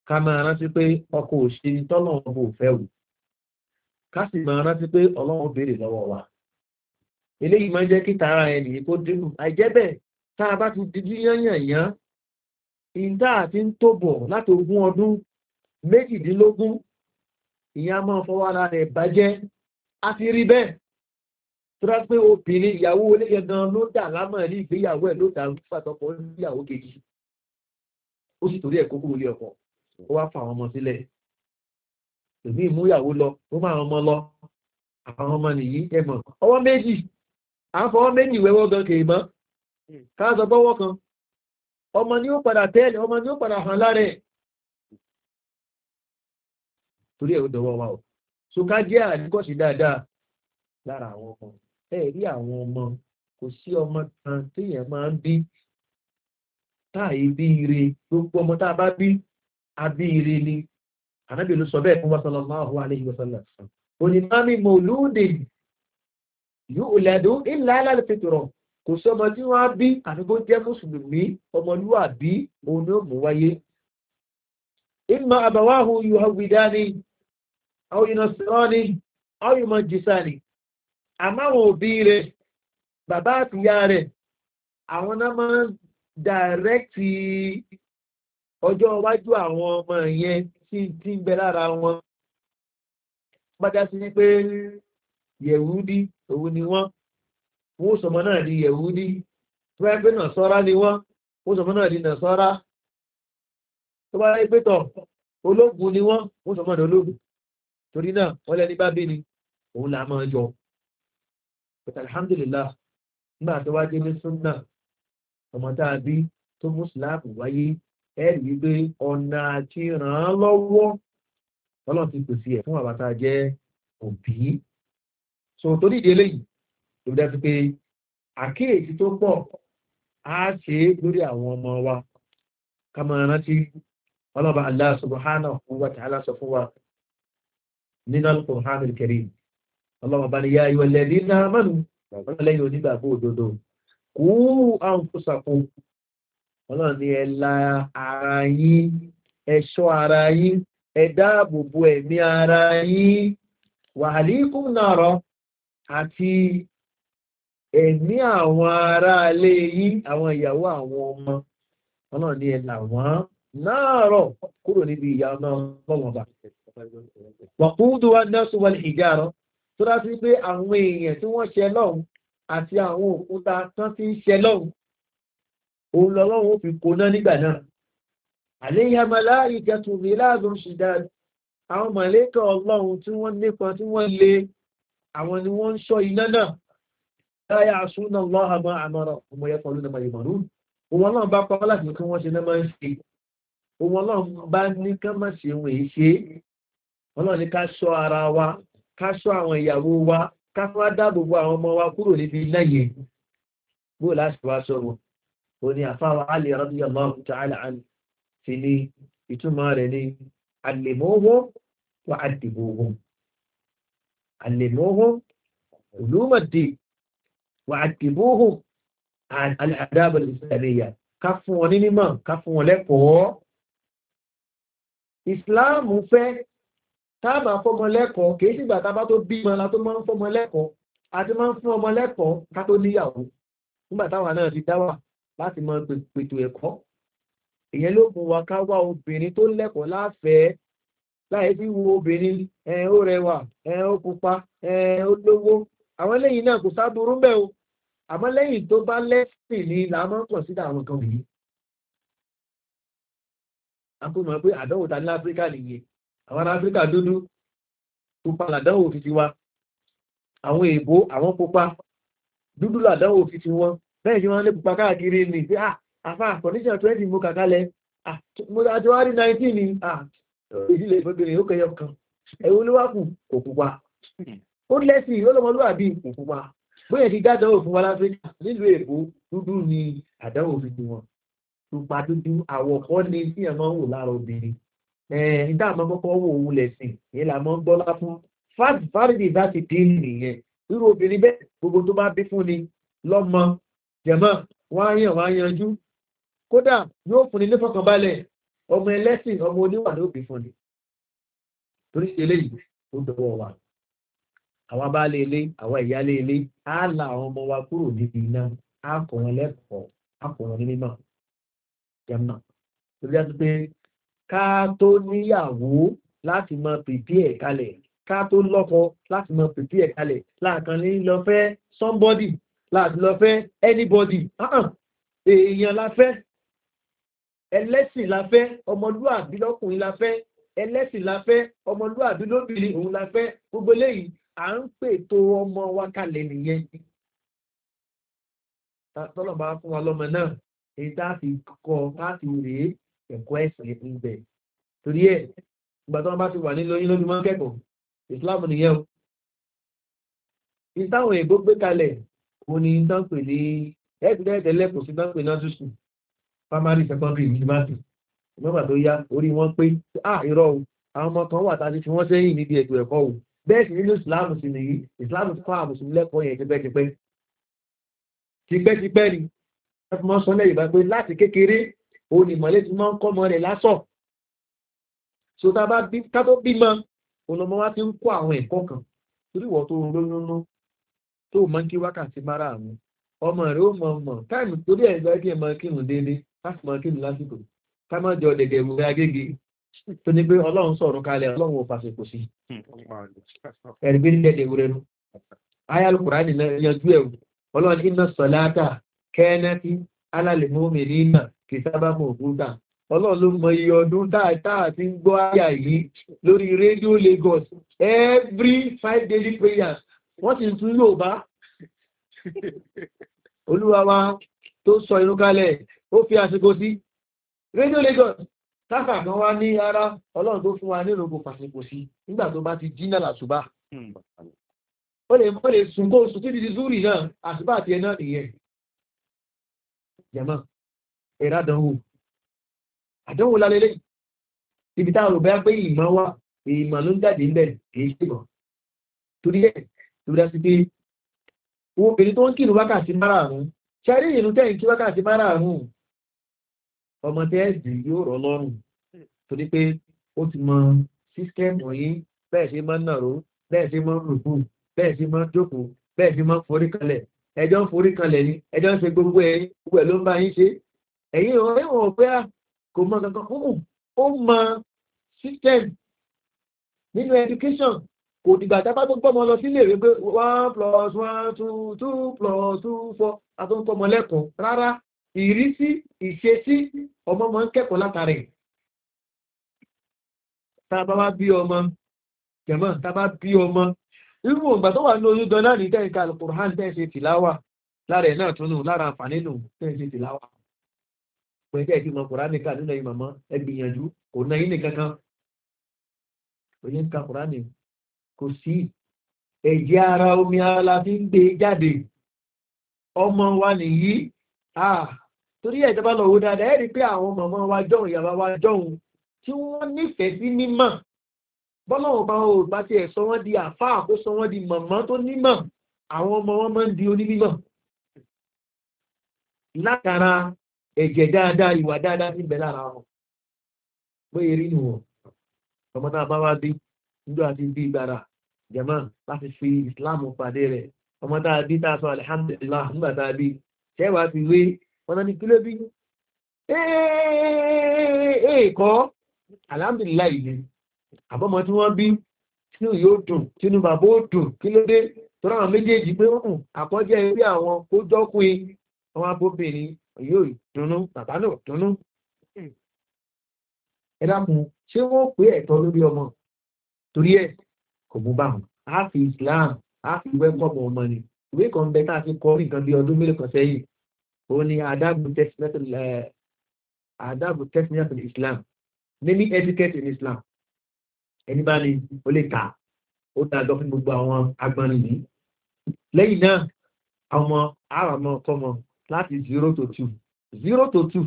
Speaker 1: ká máa rántí pé ọkọ̀ òṣè tọ́lọ́wọ́ bò fẹ́ wù ká sì máa rántí pé ọlọ́wọ́ béèrè lọ́wọ́ wa eléyìí máa jẹ́ kí tara ẹni kó dínú àìjẹ́ bẹ́ẹ̀ tá a bá ti dijú yányànyán ìdá àti ń tó bọ̀ láti ogún ọdún méjìdínlógún ìyá máa fọwọ́ ara rẹ̀ bàjẹ́ a ti rí bẹ́ẹ̀ tó dá pé obìnrin ìyàwó oléyẹ gan ló dà lámọ̀ ní ìgbéyàwó ẹ̀ ló dà nípa tọkọ níyàwó kejì ó sì torí ẹ̀ kókó ilé ọkọ̀ ó wá fa àwọn ọmọ sílẹ̀ èmi ìmúyàwó lọ ó máa ọmọ lọ àwọn ọmọ nìyí ẹ mọ̀ ọwọ́ méjì à ń fọwọ́ méjì wẹ́wọ́ gan kèé mọ́ káàsọ bọ́wọ́ kan ọmọ ni ó padà tẹ́lẹ̀ ọmọ ni ó padà hàn lára ẹ̀ torí ẹ̀ ó dọwọ́ wa o so ká jẹ́ àdíkọ̀sí dáadáa lára àwọn ọmọ ẹ rí àwọn ọmọ kò sí ọmọ kan téèyàn máa ń bí táà ibi ire gbogbo ọmọ tá a bá bí abíire ni ànábì ló sọ bẹ́ẹ̀ fún wọ́n sọlọ́mọ́ àwọn àlejò sọlọ́ onímọ̀mí mòlúùdì yóò lẹ́dọ̀ ilẹ̀ alálẹ́fẹ̀tọ̀rọ̀ kò sí ọmọ tí wọ́n á bí àdúgbò jẹ́ mùsùlùmí ọmọlúwàbí òun ni ó mú wáyé ìmọ̀ àbáwáhùn yóò hàwìdá ni àwọn ìnà sọ́ọ́ ni àwọn ìmọ̀ jìsà àmáwọn òbí rẹ̀ bàbá àtìyá rẹ̀ àwọn náà máa dàrẹ́kìtì ọjọ́ iwájú àwọn ọmọ yẹn tí tí ń bẹ lára wọn bájá sí wípé yẹ̀wúdí òun ni wọ́n wọ́n sọmọ náà di yẹ̀wúdí tó bá pé ni wọ́n wọ́n sọmọ náà di nàṣọ́rá tó bá pé tọ̀ ológun ni wọ́n wọ́n sọmọ náà ológun torí náà wọ́n lẹ́ni bá bí ni òun là máa jọ but alhamdulillah nígbà tó wá dé ní súnà ọmọ tá a bí tó mú sùláàbù wáyé ẹ̀rí wípé ọ̀nà àti ràn án lọ́wọ́ ọlọ́run ti pèsè ẹ̀ fún àbáta jẹ́ òbí so torí ìdí eléyìí ló dájú pé àkíyèsí tó pọ̀ á ṣe àwọn ọmọ wa ká máa rántí ọlọ́ba aláṣọ̀bọ̀hánà fún wa wa nínú kẹrì ọlọ́ba bá ní yá ọlọ́lẹ́yìn onígbàgbọ́ òdodo kú àwọn ọlọ́run ni ẹ̀la ara yín ẹ̀ṣọ́ ara yín ẹ̀dáàbòbò ẹ̀mí ara yín wàhálíkùn nàrọ̀ àti ẹ̀mí àwọn ará alé yín àwọn ìyàwó àwọn ọmọ ọlọ́run ni ẹ̀là wọ́n náàrọ̀ kúrò níbi ìyá ọlọ́mọba wàkúndù wa nọ́ọ̀sù wọlé ìjárọ̀ tó dá sí pé àwọn èèyàn tí wọ́n ṣe lọ́hùn àti àwọn òkúta tán ti ń ṣe lọ́hùn òun lọ́wọ́n ó fi kóná nígbà náà àléyàmọ́lá ìjẹtùmí láàdùn ṣìdá àwọn mọ̀lẹ́kọ̀ ọlọ́run tí wọ́n nípa tí wọ́n lé àwọn ni wọ́n ń ṣọ́ iná náà láyà àṣúná lọ́hàmọ́ àmọ́rọ̀ ọmọ yẹn pọ̀lú nàmọ̀ ìmọ̀rún òun ọlọ́run bá pa láti kí wọ́n ṣe náà máa ń ṣe òun ọlọ́run bá ní ká má ṣe bo láti wá ṣọ́ ó ní àfáwà alì radiyallahu ta'ala an ti ní ìtumọ̀ rẹ̀ ní alèmọ́wọ́ wà àdìbòwò alèmọ́wọ́ olúmọ̀dé wà àdìbòwò àdábàlì ìsàlẹ̀yà ká fún wọn ní mímọ̀ ká fún wọn lẹ́kọ̀ọ́ ìsìláàmù fẹ́ táàbà fọ́mọ lẹ́kọ̀ọ́ kìí sígbà tábá tó bí mọ́ra tó máa ń fọ́mọ lẹ́kọ̀ọ́ àti máa ń fún ọmọ lẹ́kọ̀ọ́ ká tó níyàwó nígbà náà ti dáwà láti mọ pètò ẹ̀kọ́ ìyẹn ló mú wa ká wá obìnrin tó lẹ́kọ̀ọ́ láfẹ̀ẹ́ láì fi wo obìnrin ẹ̀ ó rẹwà ẹ̀ ó pupa ẹ̀ ó lówó àwọn lẹ́yìn náà kò sábúrú mẹ́ o àmọ́ lẹ́yìn tó bá lẹ́sìn ni là máa ń pọ̀ sí àwọn kan wọ̀nyí. a kò mọ̀ pé àdánwò ta ní áfíríkà nìyẹn àwọn ará áfíríkà dúdú pupa làdánwò fi ti wa àwọn èèbó àwọn pupa dúdú làdánwò fi ti wọn bẹ́ẹ̀ ṣe wọ́n lé pupa káàkiri ní pé ah, àfà condition twenty mo kàkálẹ̀ àti ah, wá rí nineteen ni ìdílé ah, ìfọ́bìnrin ó kẹyọ kan ẹ̀rọ olúwàkù kò pupa ó lẹ́sìn ìrọ́lọ́mọlúwàbí kò pupa bóyẹ̀ ti dájọ́ òfin wa láfíríkà nílùú èkó dúdú ni àdáwò òfin wọn pupa dúdú àwọ̀ kọ́ ni tí ẹ̀ máa ń wò lára obìnrin ẹ̀ẹ́n tá a máa kọ́kọ́ wò òun lẹ̀sìn yẹn là máa ń gbọ́lá fún fáàdì fáàdì bá ti dín nìyẹn irú obìnrin bẹ́ẹ̀ gbogbo tó bá bí fún ni lọ́mọ jẹ̀mọ́ wọ́n á yàn wọ́n á yanjú kódà yóò fún ni nífọ̀kànbalẹ̀ ọmọ ẹlẹ́sìn ọmọ oníwà ló bí fún ni torí ṣe eléyìí tó dọwọ́ wa àwọn abáálé ilé àwọn ìyálé ilé á la àwọn ọmọ wa kúrò níbi iná á kọ̀ wọn lẹ́kọ̀ọ́ á kọ̀ wọn ní mímọ̀ jẹ̀mọ́ torí dájú pé ká tó níyàwó láti mọ pèpè ẹ̀ kalẹ̀ ká tó lọ́kọ láti mọ pèpè ẹ̀ kalẹ̀ láàkan ní lọ fẹ́ somebody láti lọ fẹ́ anybody èèyàn la fẹ́ ẹlẹ́sìn la fẹ́ ọmọlúàbí lọ́kùnrin la fẹ́ ẹlẹ́sìn la fẹ́ ọmọlúàbí lóbìnrin òun la fẹ́ gbogbo eléyìí à ń pètò ọmọ wa kalẹ̀ nìyẹn tọ́lọ̀ bá fún wa lọ́mọ náà èyí tá a fi kọ́ láti rèé ẹ̀kọ́ ẹ̀sìn ńbẹ̀ torí ẹ̀ ìgbà tí wọ́n bá ti wà nílò yín lóbi máa ń kẹ́kọ̀ọ́ ìsìláàmù nìyẹn o ìtàwọn èèbó gbé kalẹ̀ ó ní dánpè ní ẹgbẹ́ tẹ́lẹ̀ kò sí dánpè náà túṣù primary secondary university ìgbọ́nà tó yá orí wọn pé à ah, irọ́ o àwọn ọmọ kan wà tàbí tí wọ́n sẹ́yìn níbi ètò ẹ̀kọ́ o bẹ́ẹ̀ sì nínú ìsìláàmù sì nìyí ìsìláàmù kọ́ àmùsùn lẹ́kọ̀ọ́ yẹn tipẹ́tipẹ́ tipẹ́tipẹ́ ni ẹ fi mọ́ sọ lẹ́yìn bá pé láti kékeré òun ìmọ̀lẹ́ ti máa ń kọ́ ọmọ rẹ̀ lásọ̀ so tá a bá bí ká tó bímọ òun lọmọ wa ti ń kó àwọn ẹ̀kọ́ kan torí wọ́n tó ronú tó mọ́ kí wákàtí mara àmú ọmọ rẹ̀ ó mọ̀ mọ̀ táìmù torí ẹ̀ gbẹ́ kí ẹ déédéé lásìkò ká má jọ agége tó ní pé ọlọ́run sọ̀rọ̀ kalẹ̀ ọlọ́run ò sí nu ọlọ́run iná sọ̀láta kì sábà òkúta ọlọ́run ló mọ iye ọdún táàtáà àyà yìí lórí rédíò lagos wọ́n sì tún yóò bá olúwawa tó sọ inú kalẹ̀ ó fi àsìkò sí radio lagos sáfà kan wá ní ara ọlọ́run tó fún wa nínú kò fàsìkò sí nígbà tó bá ti jìnnà làṣùbà ó lè mọ́ lè sùn kó sùn títí zúrì náà àṣùbà àti ẹ̀nà nìyẹn jẹ̀mọ́ ẹ̀rá àdánwò àdánwò lálẹ́lẹ́ ibi táwọn òbẹ́ pé ìmọ̀ ló ń jáde ńbẹ̀ kì í ṣègbọ̀n lórí sí pé obìnrin tó ń kírun wákàtí márààrún ṣẹ́rí ìlú tẹ́yìn kí wákàtí márààrún ọmọ tẹ́ẹ̀sì yóò rọ lọ́rùn torí pé ó ti mọ sísítẹ́ẹ̀mù yín bẹ́ẹ̀ ṣe máa ń nàró bẹ́ẹ̀ ṣe máa ń rùkú bẹ́ẹ̀ ṣe máa ń jókòó bẹ́ẹ̀ ṣe máa ń forí kanlẹ̀ ẹjọ́ ń forí kanlẹ̀ ni ẹjọ́ ń ṣe gbogbo ẹ̀ gbogbo ẹ̀ ló kò dìgbà tábà gbogbo ọmọ lọ sílé rẹ pé one plus one two two plus two four àtúntò ọmọ lẹ́kọ̀ọ́ rárá ìrísí ìṣesí ọmọ ọmọ ń kẹ́kọ̀ọ́ látàrí tábà wá bí ọmọ jẹ̀mọ́ tábà bí ọmọ irú ògbà tó wà ní oyún gan náà ní tẹ́ǹkà alukurhan tẹ́ǹṣe tìláwà lára ẹ̀ náà túnú lára àǹfààní nù tẹ́ǹṣe tìláwà pẹ̀lú ẹ̀kí mọ kùránì ká nínú ẹ̀yìn màmá ẹgbìyànjú kò náà yín nìkan kan òye ń ka kùránì kò sí ẹ̀jẹ̀ ara omi ara la fi ń gbé e jáde ọmọ wa nìyí torí ẹ̀jẹ̀ bá lọ wo dáadáa ẹ̀rí pé àwọn màmá wa jọ̀hún ìyàwó wa jọ̀hún tí wọ́n nífẹ̀ẹ́ sí mímọ̀ bọ́lọ́wọ́n bá wọn ò bá tiẹ̀ sọ wọ́n di àfa àkó sọ wọ́n di màmá tó nímọ̀ àwọn ọmọ wọn máa ń di onímọ̀ látara ẹ̀jẹ̀ dáadáa ìwà dáadáa níbẹ̀ lára wọn bóyá eré wọn ọmọ náà bá wá bí níjọ́ àti bí gbàrà jẹ̀mọ́ láti fi ìsìláàmù pàdé rẹ̀ ọmọ tá a bí tá a sọ alihamdulilah nígbà tá a bí ṣẹ́wàá fi wé wọn náà ní kí ló bí ẹ̀ẹ́kọ́ alihamdulilah yìí àbọ̀mọ tí wọ́n bí tí yóò dùn tínú bàbá ó dùn kí ló dé tọ́rọ àwọn méjèèjì pé ọkùn àkọ́jẹ́ ewé àwọn kó jọ́kùn àwọn abóbìnrin yóò dùnnú bàbá náà dùnnú ẹ̀dàkùn ṣé wọ́n pé ẹ̀tọ́ lórí ọmọ torí ẹ̀ kò mú bá wọn a fi islam a fi wẹ́kọ̀mù ọmọ ni ìwé kan bẹ tá a fi kọrí nǹkan bí ọdún mélòó kan sẹ́yìn òun ni adágún testament in islam naming educate in islam ẹni bá ní o lè kà ó dájọ́ fún gbogbo àwọn agbọ́nrin yìí lẹ́yìn náà ọmọ àràmọ́ kọ́mọ láti zero to two zero to two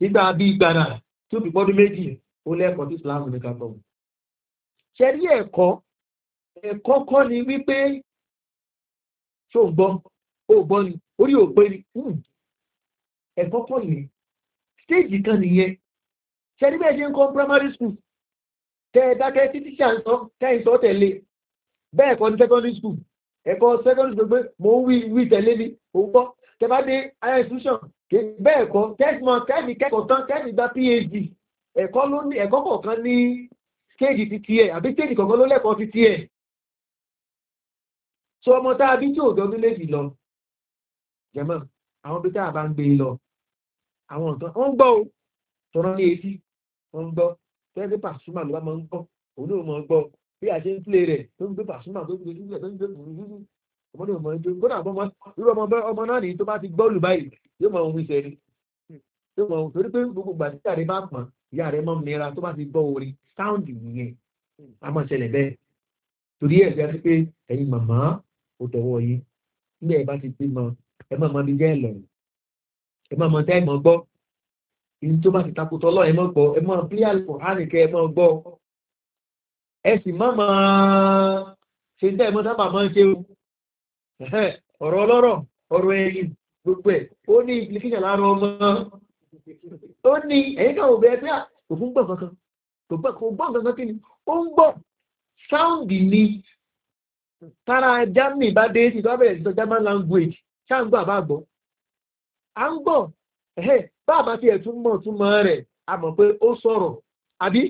Speaker 1: nígbà bí ìgbà náà tó fi pọ́dún méjì ó lẹ́kọ̀ọ́ tí islam ní ká tọ̀wọ̀ ṣe rí ẹ̀kọ́ ẹ̀kọ́ kọ́ ni wípé ṣó ń gbọ́ ó gbọ́ ni orí ò pé ni hmm. ẹ̀kọ́ kọ́ yẹn stéèjì kan nìyẹn ṣe rí bẹ́ẹ̀ ṣe ń kọ́ primary school tẹ́ ẹ dákẹ́ sí tíṣà ń sọ tẹ́yìn sọ tẹ̀lé bẹ́ẹ̀ kọ́ ní secondary school ẹ̀kọ́ secondary school pé mo ń wí wí tẹ̀lé ni òun kọ́ tẹ bá dé higher institution bẹ́ẹ̀ kọ́ tẹ́sí mọ́ tẹ́sí kẹ́kọ̀ọ́ tán tẹ́sí gba phd ẹ̀kọ́ ló ẹ̀kọ́ kọ̀ọ̀kan ní stéèjì ti tiẹ̀ àbí stéèjì kọ̀ọ̀kan ló lẹ́kọ̀ọ́ ti tiẹ̀ so ọmọ tá a bí tí òjò ọdún méjì lọ jẹ̀mọ́ àwọn bí tá a bá ń gbé e lọ àwọn nǹkan wọ́n ń gbọ́ o tọrọ ní etí wọ́n ń gbọ́ tẹ́lẹ̀ pàṣúmà ló bá máa ń gbọ́ òun náà máa ń gbọ́ bí a ṣe ń plé rẹ̀ tó ń gbé pàṣúmà tó ń gbé jùlọ tó ń gbé jùlọ ọmọ náà máa ń jó kódà ọmọ irú ọmọ ọmọ náà nìyí tó bá ti gbọ́ lù báyìí yóò máa ń wí sẹ́ni yóò máa ń torí pé gbogbo gbàdúrà rẹ̀ bá pọ̀n ìyá rẹ̀ mọ́ mìíràn tó bá ti gbọ́ orin sáùndì nìyẹn a máa ṣẹlẹ̀ bẹ́ẹ̀ torí ẹ̀ jẹ́ pé ẹ̀yin màmá ò tọ̀wọ́ yín nígbà ẹ̀ bá ti bímọ ẹ má mọ bí jẹ́ ìlọ̀rùn ẹ má mọ tẹ́ ìmọ̀ gbọ́ ìyí tó bá ti takùtọ̀ lọ ẹ mọ̀ gbọ́ ẹ mọ̀ bí àlùkò àrìnkẹ́ ẹ mọ̀ gbọ́ ẹ sì má mọ̀ ṣe tẹ́ ẹ mọ́ sábà máa ń ṣe ọ̀rọ̀ ọlọ́rọ̀ ọ̀rọ̀ ẹ̀yìn gbogbo ẹ̀ ó ní ìpìlíkìjà láàárọ̀ ọmọ ó ní èyí kan ò bẹ̀rẹ̀ pé ah, òun gbọ́ kankan kò gbọ́ kankan kí ni ó ń gbọ́ sáùndì ni tára germany bá dé sí tó sí german language ṣáà àbá a bá ti ẹ̀ mọ̀ tún mọ̀ rẹ̀ a mọ̀ pé ó sọ̀rọ̀ àbí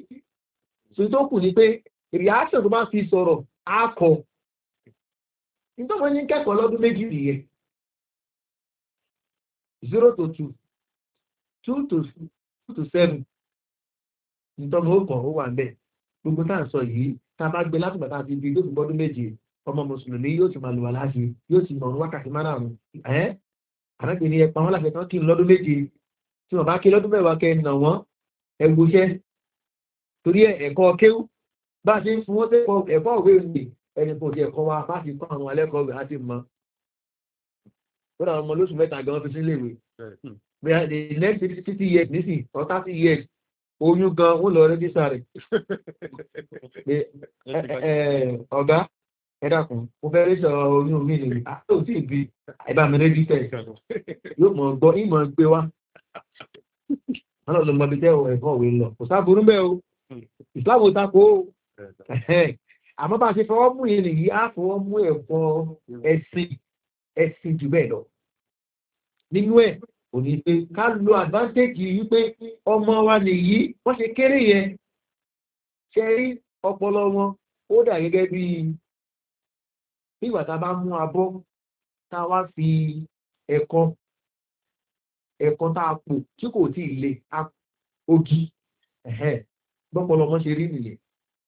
Speaker 1: ni pé reaction tó fi sọ̀rọ̀ á two to two to seven ìtọ́mọ ó kàn ó wà bẹ́ẹ̀ gbogbo tá à ń sọ yìí tá a bá gbé láti bàtà àti ibi lóṣù gbọ́dún méje ọmọ mùsùlùmí yóò ti máa lù wà láti yóò ti mọ̀ wákàtí márùn-ún ẹ́ àrẹ́gbẹ̀ ni ẹpa wọn láti tán kí n lọ́dún méje tí wọ́n bá kí lọ́dún mẹ́wàá kẹ́ nà wọ́n ẹgbóṣẹ́ torí ẹ̀kọ́ kéwú bá ṣe ń fún ẹ̀kọ́ òwe ìrìnlẹ̀ ẹni kò sí ẹ̀kọ́ wa bá ti kọ́ àwọn alẹ́kọ̀ọ́ rẹ̀ á mọ́ the next fifty years nísìn or thirty years oyún gan ó lọ rẹ́gísà rẹ̀ ọ̀gá ẹ dákun mo fẹ́ rẹ́sọ̀ oyún mi nìyí àti ah, òtí ìbí àìbá mi rẹ́gísà yóò mọ̀ gbọ́ ìmọ̀ gbé wá wọn lọ mọ ibi tẹ́ ẹ̀fọ́ òwe lọ kò sáburú bẹ́ẹ̀ o ìsìláàmù tako o àmọ́ bá a ṣe fọwọ́ mú yẹn nìyí á fọwọ́ mú ẹ̀fọ́ ẹ̀sìn ẹ̀sìn jù bẹ́ẹ̀ lọ nínú ẹ̀ kò ní pé ká lo advantage yìí pé ọmọ wa nìyí wọ́n ṣe kéré yẹn ṣe rí ọpọlọ wọn ó dà gẹ́gẹ́ bí nígbà tá a bá mú abọ́ tá a wá fi ẹ̀kọ́ ẹ̀kọ́ tá a pò tí kò tí ì le ogi gbọ́pọlọ wọn ṣe rí nìyẹn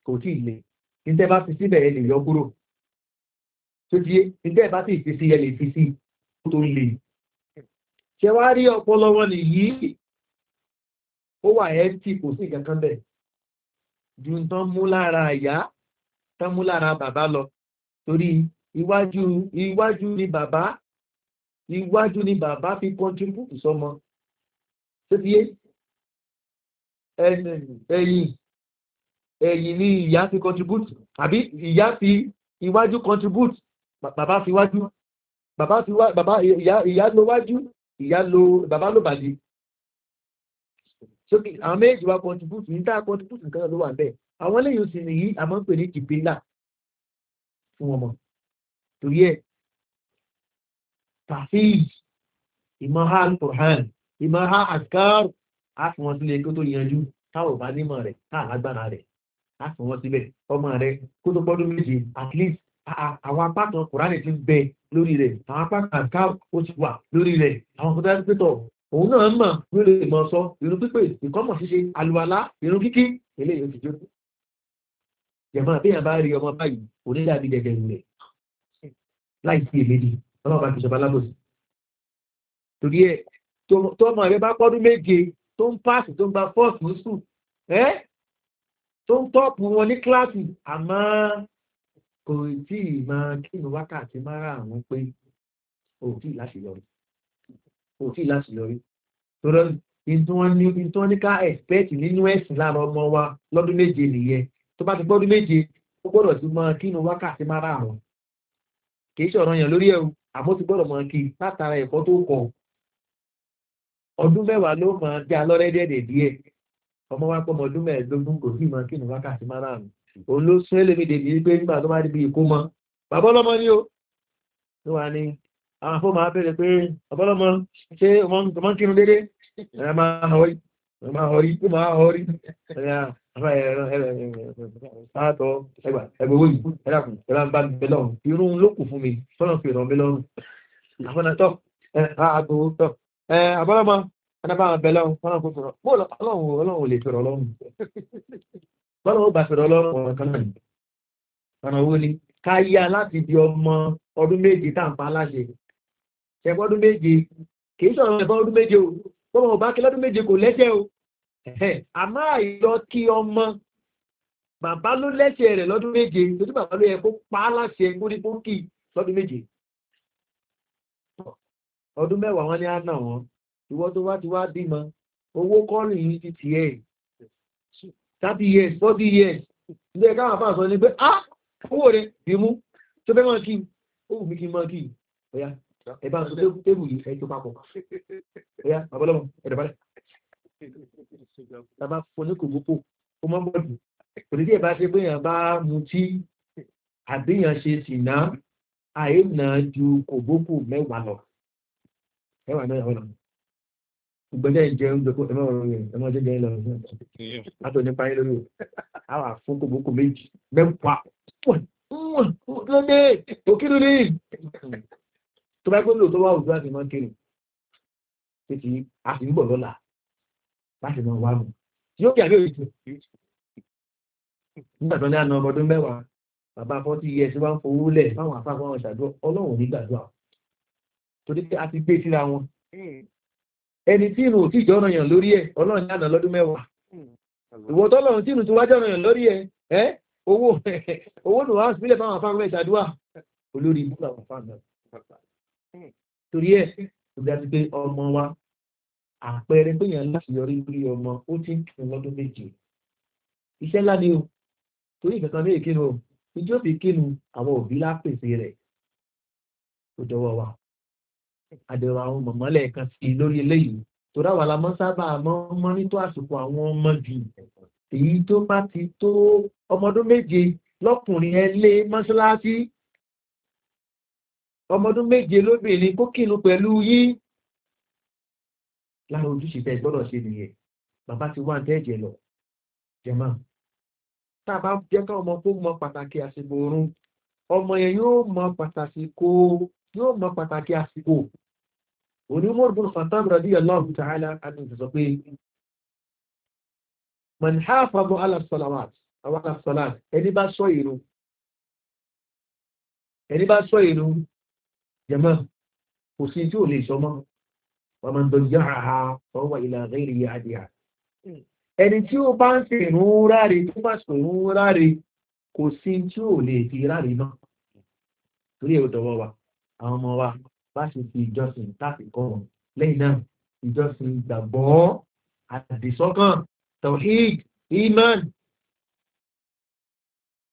Speaker 1: kò tí ì le níta bá fi síbẹ̀ ẹ lè yọ kúrò tó ti níta bá sì fi sí ẹ lè fi sí tó lè ṣe wá rí ọpọlọ wọn nìyí ó wà ẹ́ntì kò sí ìgbà kan bẹ̀ ju tán mú lára àyá tán mú lára bàbá lọ torí iwájú iwájú ni bàbá iwájú ni bàbá fi kọntribútù sọmọ sétíyé ẹ̀yìn ẹ̀yìn ni ìyá fi kọntribútù àbí ìyá fi iwájú kọntribútù bàbá fi wájú bàbá fi wá bàbá ìyá lọ wájú ìyá ló bàbá ló bàjẹ́ sókè àwọn méjì wa kọntibútù ní táà kọntibútù nǹkan ló wà bẹ́ẹ̀ àwọn lẹ́yìn oṣù nìyí a máa ń pè ní kìpínlà fún ọmọ torí ẹ̀ tàfíì ìmọ̀ha alkùrán ìmọ̀ha àkàr á fún wọn sílé kó tó yanjú táwọn bá nímọ̀ rẹ̀ táà lágbára rẹ̀ á fún wọn síbẹ̀ ọmọ rẹ̀ kó tó pọ́dún méje at least àwọn apá kan kùránì ti ń bẹ́ẹ̀ lórí rẹ̀ àwọn apá kàǹkà ó ti wà lórí rẹ̀ àwọn kọjá pẹ́tọ̀ òun náà mọ̀ ló lè mọ̀ sọ irun pípé ìkọ́mọ̀ ṣíṣe àlùwàlá irun kíkí eléyìí ó ti jókòó jẹ̀mọ́ àbíyàn bá rí ọmọ báyìí onídàbí dẹ̀dẹ̀ rẹ̀ láì sí èlédì ọlọ́ọ̀bá ti ṣọba lábòsí torí ẹ tọmọ rẹ bá pọ́dún méje tó ń páàsì tó ń gba fọ́ọ̀sì ní sùn ẹ́ tó ń tọ́ọ̀pù wọn ní kíláàsì àmọ́ kò tí ì máa kírun wákàtí márààrún pé o tí ì láti lọ rí o tí ì láti lọ rí tọ́lọ́ ìtọ́ ní ká ẹ̀spẹ́tì nínú ẹ̀sìn lára ọmọ wa lọ́dún méje nìyẹn tó bá ti gbọ́dún méje ó gbọ́dọ̀ ti máa kírun wákàtí márààrún kì í ṣọ̀rọ̀ yàn lórí ẹ̀ o àmọ́ ti gbọ́dọ̀ máa kí látara ẹ̀kọ́ tó kọ̀ ọdún mẹ́wàá ló máa já lọ́rẹ́dẹ̀ẹ̀dẹ̀ díẹ̀ ọmọ wa pọ̀ ọmọ ọdún mẹ́ẹ̀ẹ́dógún kò sí máa kírun wákàtí márààrún òun ló sún ẹlẹ́mì dèbí wípé nígbà tó bá dìbí ìkó mọ́ bàbá ọlọ́mọ ni ó ló wà ní àwọn afọ́ máa bẹ̀rẹ̀ pé bàbá ọlọ́mọ ṣé ọmọ kírun dédé ẹ̀rọ máa họrí ẹ̀rọ máa họrí tó máa họrí sáàtọ̀ ẹgbà ẹgbẹ̀wò yìí ẹ̀dàkùn ẹ̀rọ ń bá mi bẹ̀lọ̀ irun ló kù fún mi fọ́nà fi ràn mí lọ́rùn àfọ́nàtọ̀ àgbòwòtọ̀ àbọ́lọ́mọ ẹ̀dàbà bẹ̀lọ̀ fọ́nà kò fọ̀rọ̀ bó ọlọ́run ò lè fẹ̀rọ̀ lọ́rùn bọ́lá ó bá fẹ̀rẹ̀ ọlọ́run ọ̀rọ̀ kan náà ni ọ̀nà owó ni ká yá láti di ọmọ ọdún méje tá à ń pa aláṣẹ ṣẹ̀gbọ́n ọdún méje kì í sọ̀rọ̀ ẹ̀fọ́ ọdún méje o bọ́lá ọba kí lọ́dún méje kò lẹ́sẹ̀ o àmọ́ àìlọ kí ọmọ bàbá ló lẹ́sẹ̀ rẹ̀ lọ́dún méje lójú bàbá ló yẹ kó pa aláṣẹ gbódìgbò kì lọ́dún méje ọdún mẹ́wàá wọn ni á nà wọn ìwọ tó wá ti wá bímọ owó kọ́ọ̀lù thirty years forty years ilé ẹ̀ka àwọn afáàsọ ni pé ah owó rẹ̀ bí mú tó fẹ́ máa kí ó wù mí kí n máa kí ọ̀yá ẹ bá ń sọ tébù yìí ẹ tó papọ̀ ọ̀yá babalọ́mọ ẹ̀dẹ̀ balẹ̀ tàbá foníkògbópò ó máa ń bọ̀ jù kò bá ṣe pé èèyàn bá mutí àbíyàn ṣe sì ná àìnà ju kògbópò
Speaker 2: mẹ́wàá lọ mẹ́wàá náà yàwó lọ́nà ìgbẹ́jẹ́ ìjẹ oúnjẹ kó ẹmọ́ ọ̀rọ̀ yẹn ẹmọ́ jẹ́jẹ́ ìlọ látọ̀ nípa yẹn lórí àwọn àfúnkòbókò méjì
Speaker 1: mẹ́pa lóde òkìlú ní tó bá gbóòlò tó wá òdúrà sí máa ń kiri pé kí a sì ń bọ̀ lọ́la láti máa wá mu yóò kí àbẹ̀wò ìtù nígbà tó ní àná ọmọdún mẹ́wàá bàbá fọ́tí yẹ sí wá ń fowó lẹ̀ fáwọn afáfáwọn ṣàdúrà ọlọ́run nígbàdúrà torí pé a ti gbé síra wọn ẹni tí ìrùn òtí ìjọ́ràn yàn lórí ẹ̀ ọlọ́run ní àná lọ́dún mẹ́wàá ìwọ̀ tọ́lọ́run tí ìrùn tí wájọ́ ràn yàn lórí ẹ̀ ẹ́ owó owó nù wáhùn sílẹ̀ fáwọn afárá ẹ̀ ṣàdúrà olórí ibú làwọn fáwọn torí ẹ̀ kò dájú pé ọmọ wa àpẹẹrẹ pé yàn láti yọrí lórí ọmọ ó ti ń kí lọ́dún méje iṣẹ́ ńlá ni o torí ìkankan ní ìkínu o ìjọ́bì kínu àwọn òbí lápèsè rẹ̀ ó jọwọ́ wa àdẹ̀rọ àwọn mọ̀mọ́ lẹ́ẹ̀kan sí i lórí eléyìí torí àwọn alamọ́ sábà mọ́ mọ́ nító àsìkò àwọn ọmọ jù èyí tó bá ti tó ọmọdún méje lọ́kùnrin ẹ lé mọ́ṣáláṣí ọmọdún méje lóbìnrin kó kìnnú pẹ̀lú yín lára ojúṣe tẹ gbọ́dọ̀ ṣe nìyẹn bàbá ti wá ǹtẹ́ ẹ̀jẹ̀ lọ jẹ̀mọ́ tá a bá jẹ́ ká ọmọ tó mọ pàtàkì àsìkò oorun ọmọ yẹn yóò mọ pàtàkì kó yóò mọ pàtàkì àsìkò onímọ̀rùn khatab radi allah ta'ala anu sọ pé man hafazu ala salawat àwọn asalat ẹni bá sọ ìrun ẹni bá sọ ìrun jẹmọ́ kò sí tí ò lè sọ mọ́ wọ́n máa ń dọ̀ yá àhá ọwọ́ ìlànà àdìyà ẹni tí ó bá ń fi ìrún ráre tó bá sọ ìrún ráre kò sí tí ò lè fi ráre náà torí ẹ̀ àwọn ọmọ wa bá ṣe fi ìjọsìn láti kọ́ wọn lẹ́yìn náà ìjọsìn ìgbàgbọ́ àdìsọ́kàn tawhid iman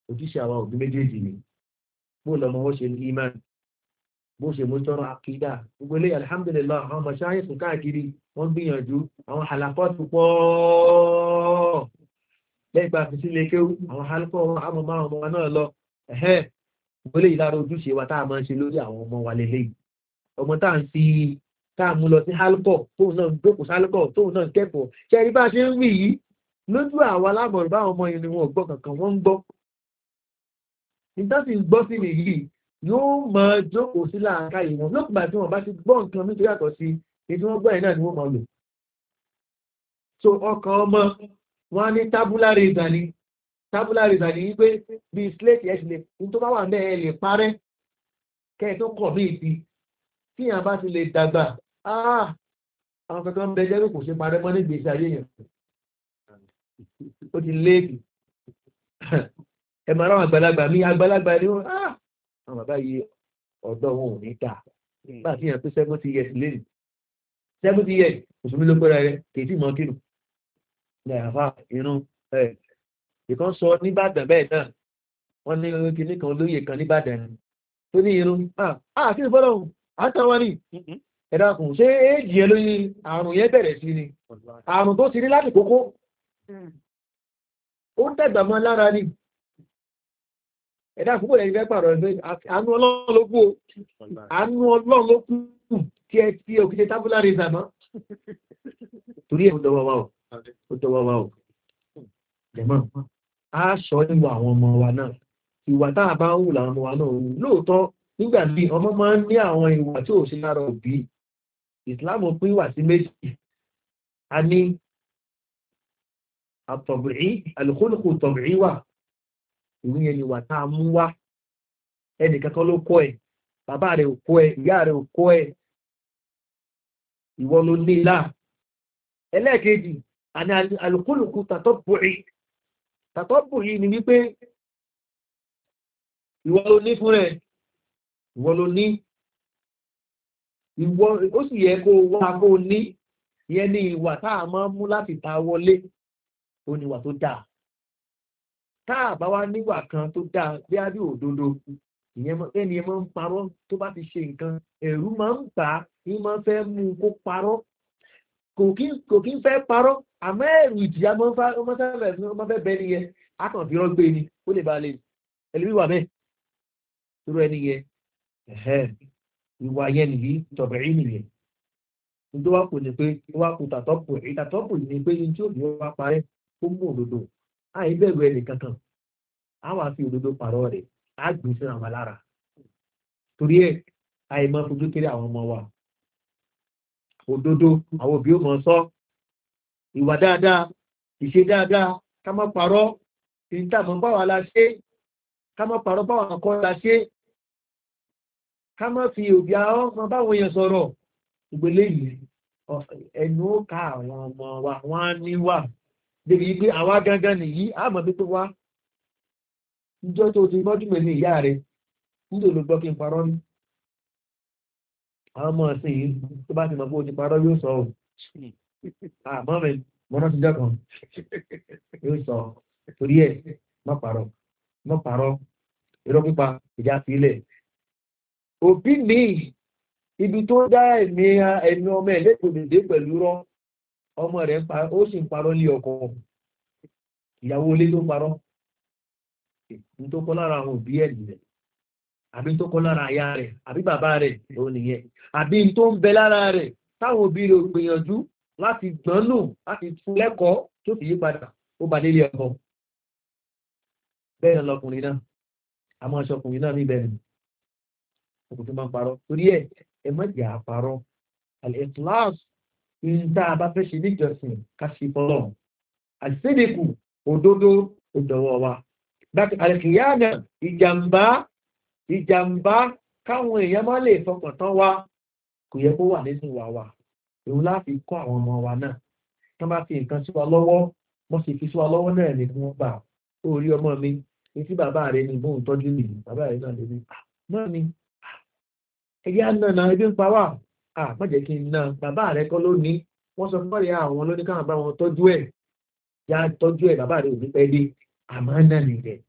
Speaker 1: ojúṣe àwọn òbí méjèèjì ni bó lọmọ wọn ṣe ní iman bó ṣe mú tọrọ àkídà gbogbo ilé alhamdulillah àwọn ọmọ ṣáyẹ fún káàkiri wọn gbìyànjú àwọn àlàkọọtù pọ lẹgbàá fi sílé kéwú àwọn àlùkò àwọn ọmọ ọmọ náà lọ ìgbélé yìí lára ojúṣe wa tá a máa ń ṣe lórí àwọn ọmọ wa lélẹ́yìí ọmọ tá à ń fi tá à mú lọ sí alcohol tóun náà ń jókòó sí alcohol tóun náà ń kẹ́kọ̀ọ́ ṣẹ́ni bá a ṣe ń wì yìí lójú àwọn alámọ̀ràn báwọn ọmọ yẹn ni wọn ò gbọ́ kankan wọ́n ń gbọ́ nígbà tí ń gbọ́ sí nìyí yóò máa jókòó sí láàká ìwọ̀n lókùnbà tí wọ́n bá ti gbọ́ nǹkan mi tó sí èyí tí wọ́n gbọ́ ẹ̀ náà ni tabular river ni wípé bí slate yẹn ti lè ní tó bá wà náà ẹ lè parẹ́ kẹ́ ẹ tó kọ̀ mí ìdí tí yàn bá ti lè dàgbà ah, àwọn kankan bẹ jẹ́ kò ṣe parẹ́ mọ́ nígbèsí ayé yẹn ó ti léèkì ẹ máa ráwọn àgbàlagbà mi àgbàlagbà ni wọn ah, àwọn bàbá yìí ọ̀dọ́ wọn ò ní ta bá a fi hàn pé seventy years lẹ́yìn seventy years òṣùmí ló pẹ́ra rẹ kì í sì mọ kírun ní àfa irun ìkan sọ nìbàdàn bẹ́ẹ̀ náà wọ́n ní orí kìíní kan lóye kan nìbàdàn ni tó ní irun àti ìfọ́lọ́hùn àtàwọn ni ẹ̀dàkùn mm-hmm. ṣé èèjì ẹ lóyún àrùn yẹn bẹ̀rẹ̀ sí ni àrùn tó ti rí láti kókó hmm. ó dàgbà mọ́ lára ni ẹ̀dá púpọ̀ lẹ́yìn fẹ́ pààrọ̀ ẹgbẹ́ àánú ọlọ́run ló kú o àánú ọlọ́run ló kú tí ẹ ti òkìtẹ tábúlà rẹ sàmọ́ torí ẹ̀ ó dọwọ́ wa o ó dọwọ́ wa o jẹ̀mọ́ á sọ ìwà àwọn ọmọ wa náà ìwà tá a bá ń wù làwọn ọmọ wa náà wù lóòótọ́ nígbà bí ọmọ máa ń ní àwọn ìwà tí ò sí lára òbí ìsìláàmù pín wà sí méjì a ní àtọ̀bìrí àlùkòlùkò wà ìwé yẹn ni wà tá a mú wá ẹnì kankan ló kọ́ ẹ̀ bàbá rẹ̀ kọ́ ẹ̀ ìyá rẹ̀ kọ́ ẹ̀ ìwọ ló ní ilá ẹlẹ́ẹ̀kejì àní àlùkòlùkò tàtọ̀bìrí tàtọ́bù yìí ni wípé ìwọ ló ní fún rẹ̀ ìwọ ló ní ìwọ ó sì yẹ kó wá kó ní ìyẹn ni ìwà tá a mú láti ta wọlé ó ní ìwà tó dáa tá a bá wá níwà kan tó dáa bí a bí òdodo ìyẹn ẹni ẹ máa ń parọ́ tó bá ti ṣe nǹkan ẹ̀rú máa ń bà á ní máa fẹ́ mú kó parọ́ kò kí ń fẹ́ parọ́ àmọ́ ẹ̀rù ìjìyà mọ́fẹ́ bẹ́ẹ̀ nìyẹn akàn fi rọ́gbé ni ó lè ba lè ẹlẹ́bí wà bẹ́ẹ̀ irú ẹni yẹn ìwà yẹn nìyí tọ̀bẹ̀rí nìyẹn tó wá kù ní pé wá kù tàtọ́pù ìtàtọ́pù ní pé ní tí ò ní wá parẹ́ ó mú òdodo àì bẹ̀rù ẹnì kankan á wàá fi òdodo pàrọ̀ rẹ̀ á gbìn sí àwọn lára torí ẹ̀ àì máa fojú kéré àwọn ọmọ wa òdodo àwọn òbí ó mọ sọ́ọ́ ìwà dáadáa ìṣe dáadáa ká má parọ́ ìtàmọ́ báwa la ṣe ká má parọ́ báwa kọ́ la ṣe ká má fi òbí àwọn ọmọ báwọn èèyàn sọ̀rọ̀ ìgbélé yìí ẹnu ó ká àwọn ọmọ wa wọn á níwà débi pé àwa gangan nìyí àmọ́ pípé wá níjọ́ tó ti mọ́jú mi ní ìyá rẹ̀ nílò ló gbọ́ kí n parọ́ ní àwọn ọmọ ọ̀sìn yìí tó bá ti mọ̀ pé ti parọ́ yóò sọ ọ́ àmọ́ mi mọ́nà ti dọ́kan yóò sọ torí ẹ̀ mọ́ pàrọ̀ mọ́ pàrọ̀ irọ́ pípa ìjà sílẹ̀ òbí mi ibi tó dá ẹ̀mí ẹ̀mí ọmọ ẹ̀ lẹ́kọ̀ọ́dẹ̀dẹ̀ pẹ̀lú rọ́ ọmọ rẹ̀ ó sì ń parọ́ lé ọkọ̀ ìyàwó ilé ló parọ́ ní tó kọ́ lára àwọn òbí ẹ̀ nìyẹn àbí tó kọ́ lára àyà rẹ̀ àbí bàbá rẹ̀ ló àbí tó ń bẹ lára rẹ̀ táwọn òbí rẹ̀ gbìyànjú láti gbọ́n lò láti fún lẹ́kọ̀ọ́ tó fi yí padà ó bà nílé ọkọ̀ bẹ́ẹ̀ lọkùnrin náà àmọ́ ṣọkùnrin náà níbẹ̀ ni òkùnfin máa ń parọ́ torí ẹ̀ ẹ má jẹ́ àparọ́ àlẹ́kùnláàsì ń tá a bá fẹ́ ṣe níjọsìn ká ṣe fọlọ́ àṣìṣẹ́dẹ̀kù òdodo òdòwọ̀ wa àlẹ́kìyàna ìjàmbá ìjàmbá káwọn èèyàn má lè fọkàn tán wa kò yẹ kó wà nínú wa wa èwo láti kọ́ àwọn ọmọ wa náà tó bá fi nǹkan sí wa lọ́wọ́ wọ́n sì fi sí wa lọ́wọ́ náà ní kí wọ́n gbà ó rí ọmọ mi etí bàbá rẹ ní ìbọn ìtọ́jú nì bàbá rẹ náà lè ní náà ni ẹ̀yà náà náà ebi ń pa wà á má jẹ́ kí n ná bàbá rẹ kọ́ ló ní wọ́n sọ fọ́ọ̀rẹ́ àwọn lónìí káwọn bá wọn tọ́jú ẹ̀ yá tọ́jú ẹ̀ bàbá rẹ ò ní pẹ́ dé àmọ́ náà nìyẹn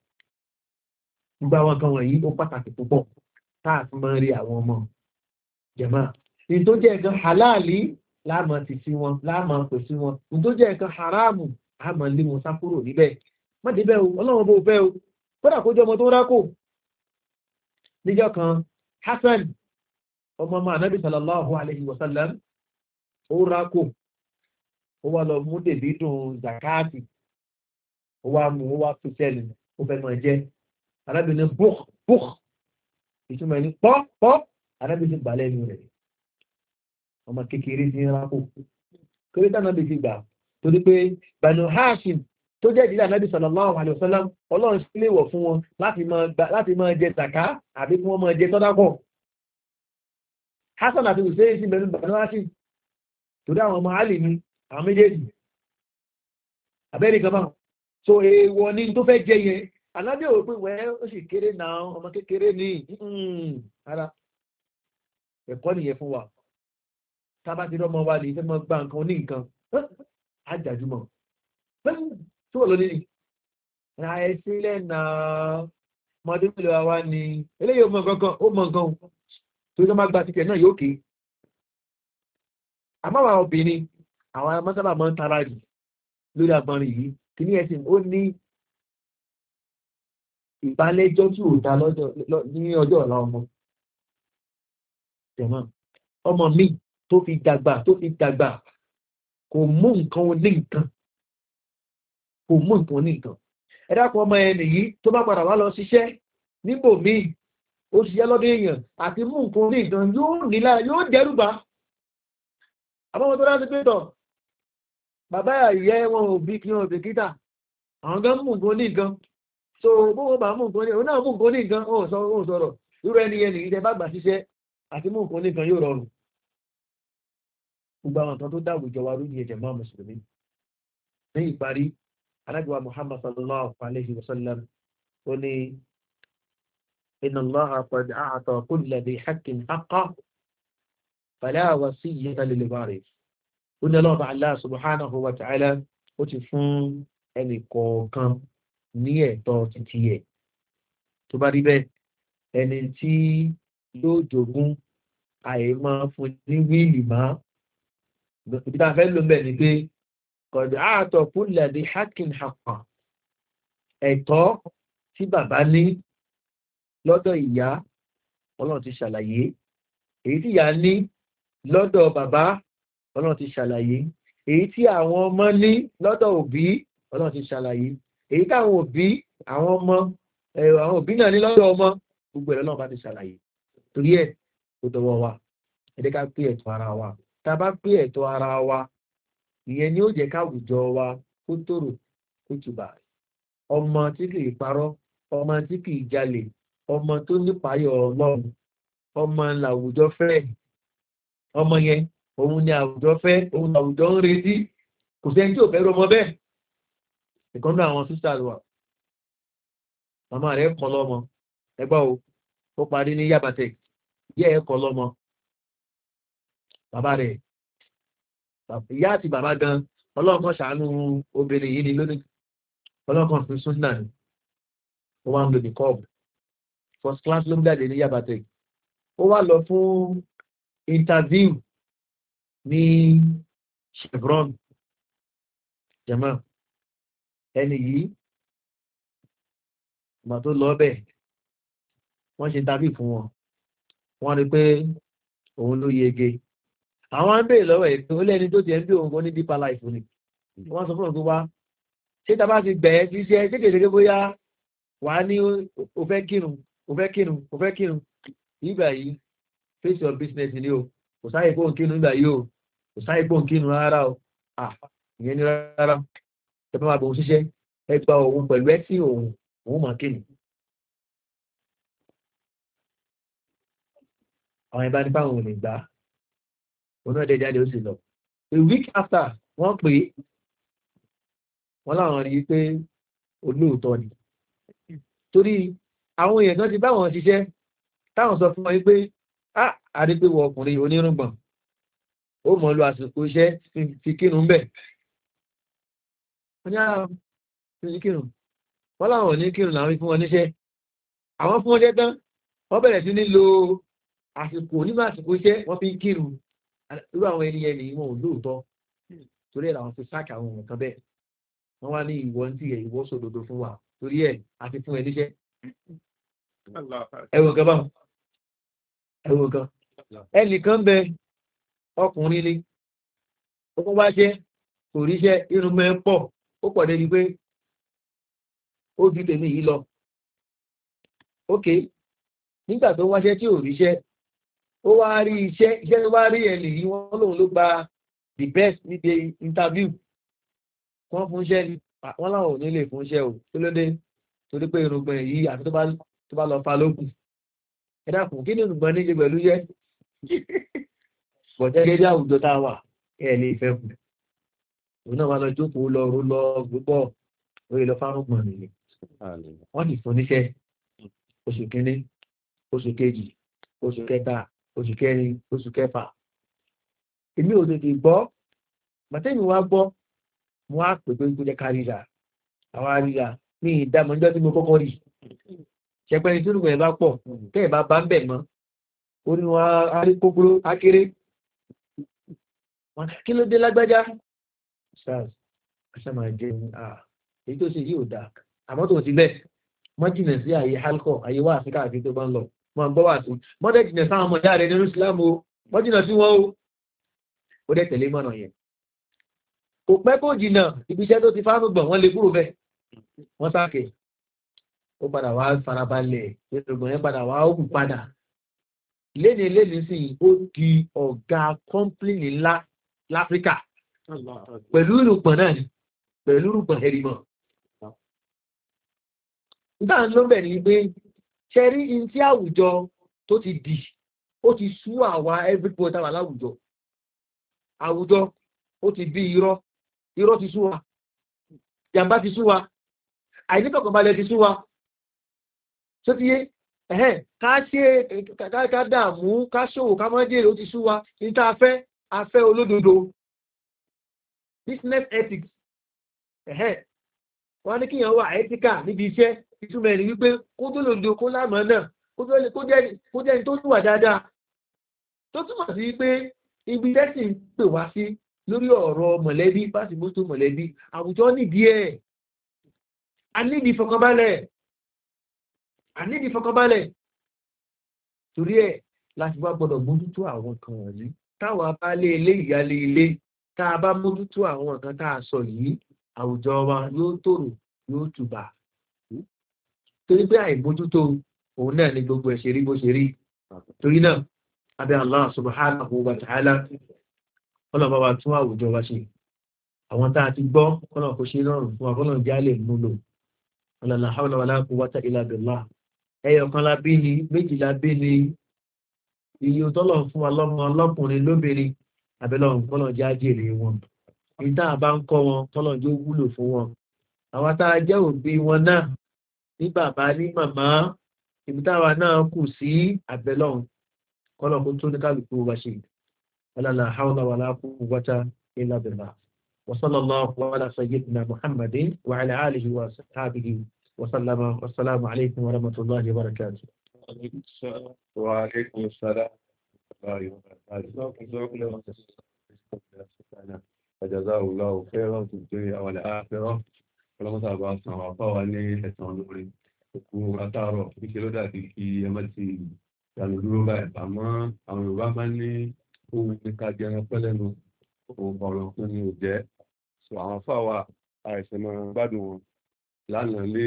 Speaker 1: gbogbo àwọn kan wọ̀nyí ó pàtàkì púpọ̀ táà fi máa ń rí àwọn ọmọ jẹ̀mọ́ ní tó jẹ́ láàmọ̀ ti sí wọn láàmọ̀ pè sí wọn ní tó jẹ́ nǹkan haramu àmọ̀ lé wọn sá kúrò níbẹ̀ má débẹ̀ o ọlọ́run bó fẹ́ o kódà kó jẹ́ ọmọ tó rákò níjọ́ kan hassan ọmọ ọmọ anabi sallallahu alayhi wasallam, sallam ó rákò ó wá lọ mú dèbí dùn zakati ó wá mú ó wá fi sẹ́lì ó fẹ́ mọ̀ jẹ́ arábìnrin bùk bùk ìtumọ̀ ní pọ́ arábìnrin balẹ̀ nù rẹ̀ ọmọ kékeré ní rákò torí tánà bí ti gbà torí pé banu hashim tó jẹ́ ìdílé anábì sallallahu alayhi wa sallam ọlọ́run sílé wọ̀ fún wọn láti máa jẹ tàká àbí kí hassan àti hussein sí mẹ́rin banu hashim torí àwọn ọmọ alì ní àwọn méjèèjì abẹ́rẹ́ so èèwọ̀ ni tó fẹ́ jẹ yẹn anábì ò pé wẹ́ ó sì kéré náà ọmọ kékeré ní ara hmm, ẹ̀kọ́ nìyẹn fún wa tábà ti rọ́mọ wa lè fẹ́ mọ́ gba nǹkan ní nǹkan ajájúmọ̀ tó wà lónìí ra ẹ sílẹ̀ náà mọ́dún mélòó wa ni eléyìí ó mọ nǹkan ó mọ nǹkan torí wọ́n máa gba títẹ̀ náà yóò ké àmọ́ àwọn obìnrin àwọn amọ́sábà máa ń tara jù lórí agbọnrin yìí kì ní ẹ̀sìn ó ní ìbálẹ́jọ́ tí ò dá ní ọjọ́ ọ̀la ọmọ tẹ̀mọ́ ọmọ míì tó fi dàgbà tó fi dàgbà kò mú nǹkan ní nǹkan kò mú nǹkan ní nǹkan ẹ̀dàpọ̀ ọmọ ẹni yìí tó bá padà wá lọ ṣiṣẹ́ níbò míì ó ṣiṣẹ́ lọ́dún èèyàn àti mú nǹkan ní nǹkan yóò nílá yóò dẹ́rùbá àbọ̀wọ̀n tó láti pé tọ̀ bàbá ìyẹ́ wọn ò bí kí wọn ò bí àwọn gan mú nǹkan ní nǹkan so bówó bá mú nǹkan ní òun náà mú nǹkan ní nǹkan ó sọ̀rọ̀ irú ẹni ẹni ìdẹ bá gbà ṣiṣẹ́ àti mú nǹkan ní nǹkan yóò rọrùn gbogbo àwọn nǹkan tó dáàbò jọ wa rú ní ẹ̀jẹ̀ máa mùsùlùmí ní ìparí alágbèwà muhammad sallallahu alayhi wa sallam ó ní iná lọ́ha pẹ̀lú àtọ̀ kó lẹ́bi hakin akọ́ pẹ̀lú àwọn sí iye tẹ́lẹ̀ bá rẹ̀ ó ní ọlọ́ọ̀bà allah subhanahu wa ta'ala ti fún ẹnì kọ̀ọ̀kan ní ẹ̀tọ́ títí ẹ̀ tó bá rí bẹ́ẹ̀ ẹni tí yóò jogún àìmọ́ fún ní wíìlì máa ibi tá a fẹ́ ló ń bẹ̀ ni pé kọ̀dọ̀ àtọ̀ kúlẹ̀ ní hakin hakan ẹ̀tọ́ tí bàbá ní lọ́dọ̀ ìyá ọlọ́run ti ṣàlàyé èyí tí ìyá ní lọ́dọ̀ bàbá ọlọ́run ti ṣàlàyé èyí tí àwọn ọmọ ní lọ́dọ̀ òbí ọlọ́run ti ṣàlàyé èyí táwọn òbí àwọn ọmọ àwọn òbí náà ní lọ́dọ̀ ọmọ gbogbo ẹ̀rọ náà bá ti ṣàlàyé torí ẹ̀ kò tọwọ́ wa ẹ̀dẹ́ká pé ẹ̀tọ́ ara wa tá a pé ẹ̀tọ́ ara wa ìyẹn ni ó jẹ́ káwùjọ wa kó tòrò kó tùbà ọmọ tí kì í parọ́ ọmọ tí kì í jalè ọmọ tó nípayọ̀ ọlọ́run ọmọ làwùjọ fẹ́ ọmọ yẹn òun ni àwùjọ fẹ́ òun làwùjọ ń retí kò sẹ́ni tí ò fẹ́ rọmọ bẹ́ẹ̀ ìkọ́nú àwọn sisters wa màmá rẹ̀ kọ́ lọ́mọ ẹgbà o ó parí ní yabatech jẹ́ ẹ̀kọ́ lọ́mọ bàbá rẹ̀ ìyá àti bàbá gan ọlọ́ọ̀kan ṣàánú obìnrin yìí ni lónìí ọlọ́ọ̀kan fún súnà ni ó wá ń lò ní kọ́ọ̀bù first class ló ń jáde ní yabatek ó wá lọ fún interview ní chevron jama ẹni yìí ìgbà tó lọ bẹ̀ wọ́n ṣe interview fún wọn wọ́n rí pé òun ló yege àwọn ń lọ́wọ́ ẹ̀ tó tó ti ẹ̀ ń bí òun kò ní deeper life ni wọ́n sọ fún òun ṣé ta ti gbẹ̀ ẹ́ ṣe kékeré bóyá wà á ní o kírun o kírun o kírun ìgbà yìí face your business ni o kò sáyé pò kírun ìgbà yìí o kò sáyé pò kírun rárá o ìyẹn ni rárá ẹ bá máa bọ̀ ṣiṣẹ́ ẹ gba òun pẹ̀lú ẹ sí òun òun máa kírun. àwọn ìbánipá ò lè gbà oná dẹ jáde ó sì lọ a week after wọ́n pè é wọ́n láwọn rí i pé olóòótọ́ ni torí àwọn èèyàn kan ti báwọn ṣiṣẹ́ táwọn sọ fún wọn pé a rí pé wọ ọkùnrin onírùngbọ̀n ó mọ̀ lu àsìkò iṣẹ́ fi kírun bẹ̀ wọ́n ní àwọn ní kírun wọ́n láwọn ní kírun làwọn fún wọn níṣẹ́ àwọn fún wọn jẹ́ tán wọ́n bẹ̀rẹ̀ sí ní lo àsìkò nínú àsìkò iṣẹ́ wọ́n fi kírun irú àwọn ènìyàn ni wọn ò lóòótọ́ torí ẹ̀ làwọn ti sáàkì àwọn ohun kan bẹ́ẹ̀ wọ́n wá ní ìwọ ń tiẹ̀ ìwọ sòdodo fún wa torí ẹ̀ àti fún ẹ níṣẹ́ ẹwọ̀n kan báwọn ẹwọ̀n kan ẹnìkan bẹ ọkùnrin ni ó kún wá jẹ́ kò ríṣẹ́ irun mẹ́ pọ̀ ó pọ̀ débi pé ó ju tèmi yìí lọ ókè nígbà tó wáṣẹ́ tí ò ríṣẹ́ ó wá rí iṣẹ́ iṣẹ́ tó wá rí ẹ̀ lèyí wọ́n lòun ló gba the best níbi interview wọ́n fún iṣẹ́ ni wọ́n láwọn ò ní lè fún iṣẹ́ o tó ló dé torí pé irùngbọ̀n yìí àti tó bá lọ fa lókun ẹ dákun kí ni irùngbọ̀n níṣe pẹ̀lú iṣẹ́ bọ̀dẹ́ gẹ́gẹ́ àwùjọ tá a wà ẹ lè fẹ́ kù òun náà wà lọ jókòó lọ ró lọ gbogbo orí lọ fárúgbọ̀n nìyẹn wọ́n ní fún níṣẹ́ oṣù kínní oṣù kejì oṣù kẹta oṣù kẹrin oṣù kẹfà èmi ò tètè gbọ́ màtẹ́mi wá gbọ́ mo á pè pé kó jẹ́ ká ríra àwọn aríra ní ìdámọ́jọ́ tí mo kọ́kọ́ rí ṣẹpẹ́ ní túnú ẹ̀ bá pọ̀ tẹ́ ẹ̀ bá bá ń bẹ̀ mọ́ ó ní wọn á rí kókóró akéré wọn kí ló dé lágbájá sars aṣáàmà jẹun èyí tó ṣe yìí ò dáa àmọ́ tó ti bẹ́ẹ̀ mọ́jìnà sí àyè halkọ́ àyè wá àfikà àfi tó bá ń lọ mọ̀ gbọ́ wà sí mọ́dẹ̀ jìnà sáwọn ọmọ ìyá rẹ̀ nínú islam o wọ́n jìnà o ó dẹ̀ tẹ̀lé mọ́nà yẹn kò pẹ́ kó jìnà ibi iṣẹ́ tó ti fáánù gbọ̀n wọ́n lè kúrò bẹ́ẹ̀ wọ́n sáàkè ó padà wá farabalẹ̀ ìrògbọ̀n yẹn padà wá òkú padà léni léni sí ó di ọ̀gá kọ́ńpìlì ńlá láfíríkà pẹ̀lú ìrùpọ̀n náà ni pẹ̀lú ìrùpọ̀n ẹ̀rìmọ̀ ṣẹ́rí in tí àwùjọ tó ti dì ó ti sú àwa everybody tàbí aláwùjọ àwùjọ ó ti bí irọ́ irọ́ ti sú wa jàmbá ti sú wa àìníkọ̀kànbalẹ̀ ti sú wa tó ti yé ẹ̀hẹ́ ká dààmú ká ṣòwò ká mọ́ jèrè ó ti sú wa ní tá a fẹ́ a fẹ́ olódodo business ethics ẹ̀hẹ́ wọ́n ní kíyàn wà ẹ́tíkà níbi iṣẹ́ ìtumọ̀ ẹ̀rí wípé kó tó lòdò kó lámọ̀ náà kó jẹ́ tó wà dáadáa tó túmọ̀ sí pé ibi tẹ́sì ń pè wá sí lórí ọ̀rọ̀ mọ̀lẹ́bí báṣì mọ̀lẹ́bí àwùjọ nídìí ẹ̀ a nídìí fọkànbalẹ̀ a nídìí fọkànbalẹ̀ torí ẹ̀ láti wá gbọ́dọ̀ mójútó àwọn kan wọ̀nyí táwọn abálé ilé ìyálé ilé tá a bá mójútó àwọn nǹkan tá a sọ yìí àwùjọ wa yóò tòrò yóò tùbà torí pé àìbójútó òun náà ni gbogbo ẹ̀ ṣe rí bó ṣe rí torí náà abẹ́ allah subhanahu wa ta'ala ọlọ́ba wa tún àwùjọ wa ṣe àwọn tá a ti gbọ́ kọ́nà kò ṣe lọ́rùn fún akọ́nà jẹ́ àlè múlò ọ̀làlà hàwùlà wàlá kò wáta ilà bẹ̀lá ẹyọ kan la bí lóbìnrin abẹ́lọ́run kọ́nà jẹ́ àjèrè wọn ìdá àbá ń kọ́ wọn tọ́lọ̀jọ́ wúlò fún wọn àwọn tára jẹ́ òbí wọn náà ní bàbá ní màmá ibi táwa náà kù sí àbẹ̀lọ́hùn kọ́lọ̀ kó tó ní kálukú wa ṣe wàlálà haúlà wà láàkú wáta ilà bẹ̀rẹ̀ وصلى الله على سيدنا محمد وعلى آله وصحبه وسلم والسلام عليكم
Speaker 2: ورحمة الله وبركاته وعليكم السلام ورحمة الله وبركاته فجزاه الله خيرا في الدنيا والآخرة ولما سأبقى أصنع وفاوى لي أصنع نوري òkú atárọ̀ níṣẹ́ ló dàbí kí ẹmọ́ ti ìyànà dúró báyìí àmọ́ àwọn Yorùbá máa ń ní ohun ní ká jẹran pẹ́ lẹ́nu ọ̀rọ̀ fún ni ò jẹ́ àwọn fáwa àìsàn máa gbádùn wọn lánàá lé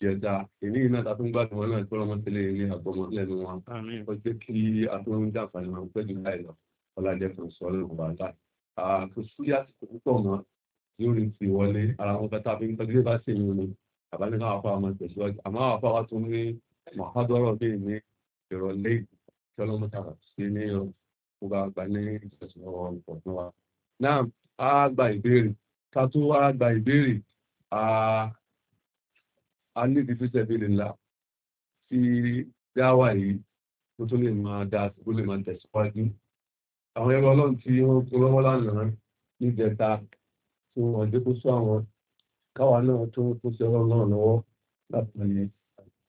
Speaker 2: jẹta èmi náà ta fún gbádùn wọn náà tí wọn tẹlé ní àgbọmọ lẹ́nu wọn ó jẹ́ kí atúndàfà ni wọn pẹ́ jù láì lọ ọlájẹ fún sọ́ọ́lù ọ̀bàdàn kò sí àsìkò púpọ̀ mọ́ lórí ti wọlé ara wọn bẹ́ta bí gbẹ́gbẹ́ bá ṣe yìí ni àbáníkà àwọn afọ àwọn tẹ̀síwájú àmọ́ àwọn afọ àwọn tó ń rí mọ̀hádọ́rọ̀ bí ní ìrọ̀lẹ́ tí ọlọ́mọta sí ní ọgbà àgbà ní ìṣẹ̀sọ̀rọ̀ ọ̀pọ̀ wa. náà á gba ìbéèrè ká tó wá gba ìbéèrè a ní ìdí fífẹ́ bí lè la tí dáwà yìí tó tó lè máa dá tó lè máa tẹ̀síwájú àwọn ẹrọ ọlọ́run tí ó kó lọ́wọ́ lánàá níjẹta tó ọjọ́ kó sọ àwọn káwa náà tó kó sí ọlọ́run náà lọ́wọ́ látàrí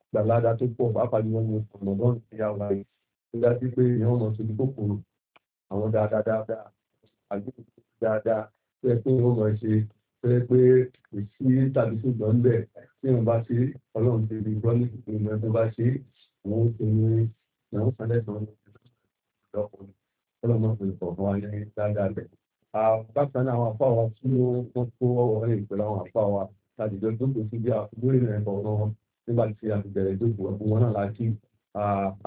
Speaker 2: gbàládà tó pọ̀ pàápàá ni wọ́n mú ọ̀nà náà ti yá wa yìí tó dájú pé ìyẹn ọmọ tó ní kòkòrò àwọn dáadáa dáadáa àgbẹ̀ dáadáa tó yẹ pé ìyẹn ọmọ ṣe tó yẹ pé kò sí tàbí ṣùgbọ́n bẹ́ẹ̀ tí wọ́n bá ṣe ọlọ́run ti rí gbọ́ ní ìgbìmọ̀ tó bá ṣe àwọn òṣèlú ọlọ́mọ fi kọ̀ọ̀kan wá ní dáadáa rẹ̀. bákan náà àwọn afáwa tí wọ́n kó ọwọ́ rẹ̀ pẹ̀lú àwọn afáwa tàbíjọ dókòó sí bí àkúgbórí rẹ̀ kọ̀ọ̀kan wọn nígbà tí a ti bẹ̀rẹ̀ dókòó ẹ̀kú wọn náà láti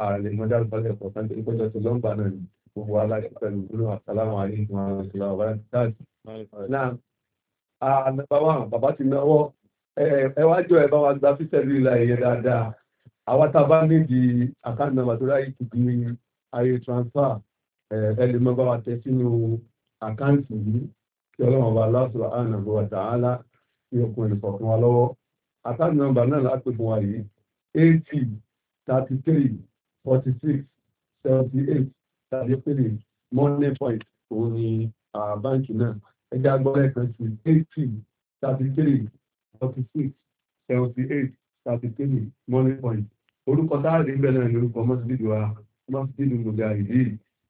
Speaker 2: ààrẹ mọ́dàlú balẹ̀ kọ̀ọ̀kan tó kọjá tó lọ́mbà náà ni gbogbo aláṣẹ pẹ̀lú gbóló àtàláwọn àríwá ìṣúra ọ̀bá táàtì. náà bàbá bàbá ti náwó ẹ wá jọ ẹ bá wa gba fífẹ́ líla ẹ̀yẹ dáadáa di ayé transfer ẹlẹ́ mọ́ wa tẹ sínú àkáǹtì yìí kí ọlọ́run ọba lásìrò àánà bọ̀ wà tààlà ní ọkùnrin ìfọ̀kàn wa lọ́wọ́ àkáǹtì nọ́mbà náà lápè wa yìí eighty thirty three forty six seventy eight thirty three money point òun ni báǹkì náà ẹjẹ́ agbọ́dọ̀ kan sí eighty thirty three forty six seventy eight thirty three money point orúkọ táàrí bẹ́ẹ̀ náà ni orúkọ mọ́sídìdì wa mọ́sídìdì mùgà yìí